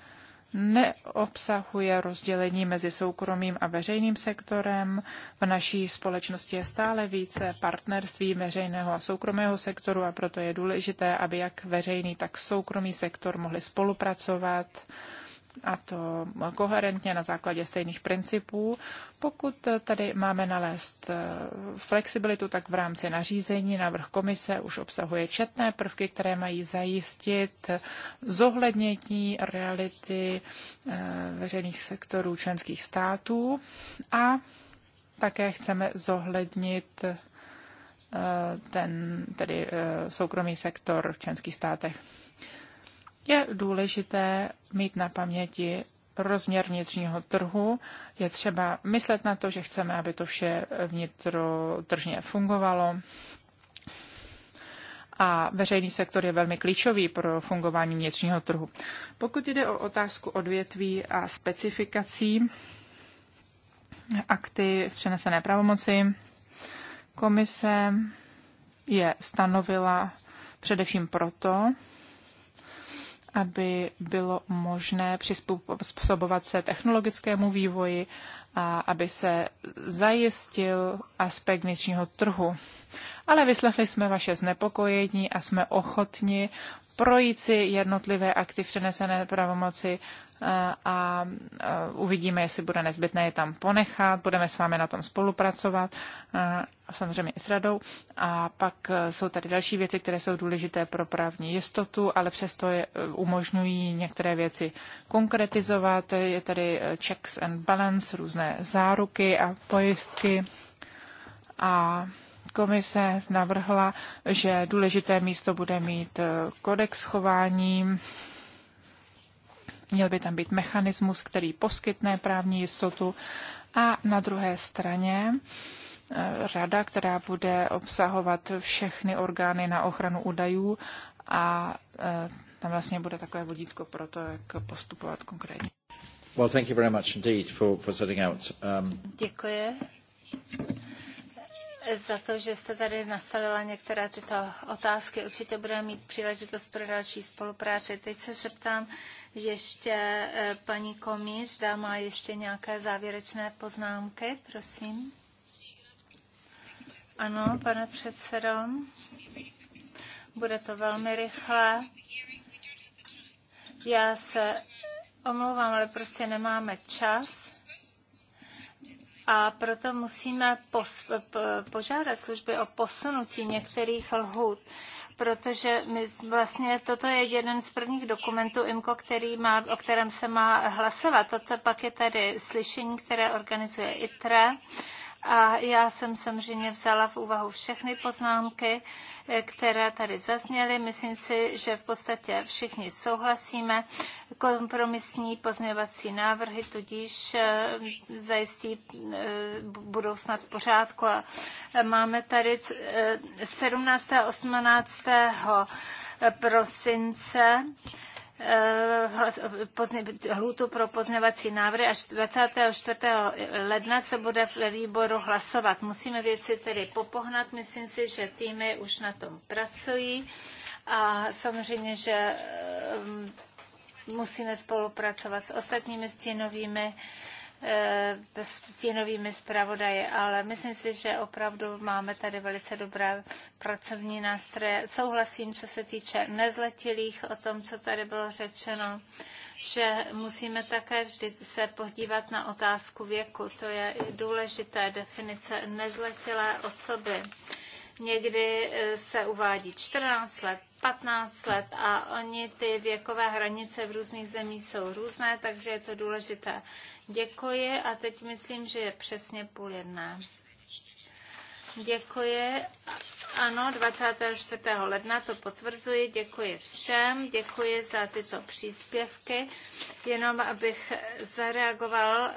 neobsahuje rozdělení mezi soukromým a veřejným sektorem. V naší společnosti je stále více partnerství veřejného a soukromého sektoru a proto je důležité, aby jak veřejný, tak soukromý sektor mohli spolupracovat a to koherentně na základě stejných principů. Pokud tady máme nalézt eh, flexibilitu, tak v rámci nařízení návrh komise už obsahuje četné prvky, které mají zajistit zohlednění reality eh, veřejných sektorů členských států a také chceme zohlednit eh, ten tedy soukromý sektor v členských státech. Je důležité mít na paměti rozměr vnitřního trhu. Je třeba myslet na to, že chceme, aby to vše vnitrotržně fungovalo. A veřejný sektor je velmi klíčový pro fungování vnitřního trhu. Pokud jde o otázku odvětví a specifikací, akty v přenesené pravomoci, komise je stanovila především proto, aby bylo možné přizpůsobovat se technologickému vývoji a aby se zajistil aspekt vnitřního trhu. Ale vyslechli jsme vaše znepokojení a jsme ochotni projít si jednotlivé akty v přenesené pravomoci a uvidíme, jestli bude nezbytné je tam ponechat. Budeme s vámi na tom spolupracovat, samozřejmě i s radou. A pak e, jsou tady další věci, které jsou důležité pro právní jistotu, ale přesto je, e, umožňují některé věci konkretizovat. Je tady e, checks and balance, různé záruky a pojistky. A komise navrhla, že důležité místo bude mít kodex chování Měl by tam být mechanismus, který poskytne právní jistotu a na druhé straně eh, rada, která bude obsahovat všechny orgány na ochranu údajů a eh, tam vlastně bude takové vodítko pro to, jak postupovat konkrétně. Well, thank you very much indeed for, for setting out. Um... Děkuji za to, že jste tady nastavila některé tyto otázky. Určitě budeme mít příležitost pro další spolupráci. Teď se zeptám ještě eh, paní Komi, zda má ještě nějaké závěrečné poznámky, prosím. Ano, pane předsedo, bude to velmi rychle. Já se omlouvám, ale prostě nemáme čas a proto musíme požádat služby o posunutí některých lhůt protože my vlastně toto je jeden z prvních dokumentů IMCO, který má, o kterém se má hlasovat. Toto pak je tady slyšení, které organizuje ITRE a já jsem samozřejmě vzala v úvahu všechny poznámky, které tady zazněly. Myslím si, že v podstatě všichni souhlasíme. Kompromisní pozměňovací návrhy tudíž eh, zajistí, eh, budou snad v pořádku. A máme tady eh, 17. a 18. prosince Eh, eh, lhůtu pro pozněvací návrhy až 24. ledna se bude ve výboru hlasovat. Musíme věci tedy popohnat. Myslím si, že týmy už na tom pracují a samozřejmě, že eh, musíme spolupracovat s ostatními stínovými E, stínovými zpravodaje, ale myslím si, že opravdu máme tady velice dobré pracovní nástroje. Souhlasím, co se týče nezletilých, o tom, co tady bylo řečeno, že musíme také vždy se podívat na otázku věku. To je důležité definice nezletilé osoby. Někdy e, se uvádí 14 let, 15 let a oni ty věkové hranice v různých zemích jsou různé, takže je to důležité Děkuji a teď myslím, že je přesně půl jedné. Děkuji. Ano, 24. ledna to potvrzuji. Děkuji všem, děkuji za tyto příspěvky. Jenom abych zareagoval, eh,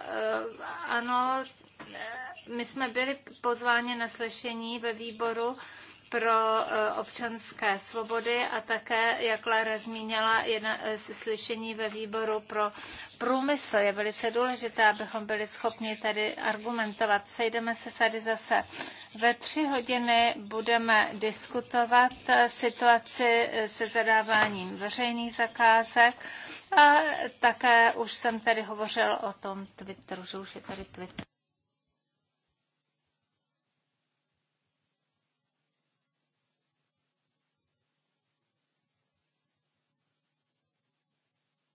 ano, eh, my jsme byli pozváni na slyšení ve výboru pro eh, občanské svobody a také, jak Lara zmínila, jedna, eh, slyšení ve výboru pro průmysl. Je velice důležité, abychom byli schopni tady argumentovat. Sejdeme se tady zase. Ve tři hodiny budeme diskutovat eh, situaci se zadáváním veřejných zakázek a také už jsem tady hovořil o tom Twitteru, že už je tady Twitter.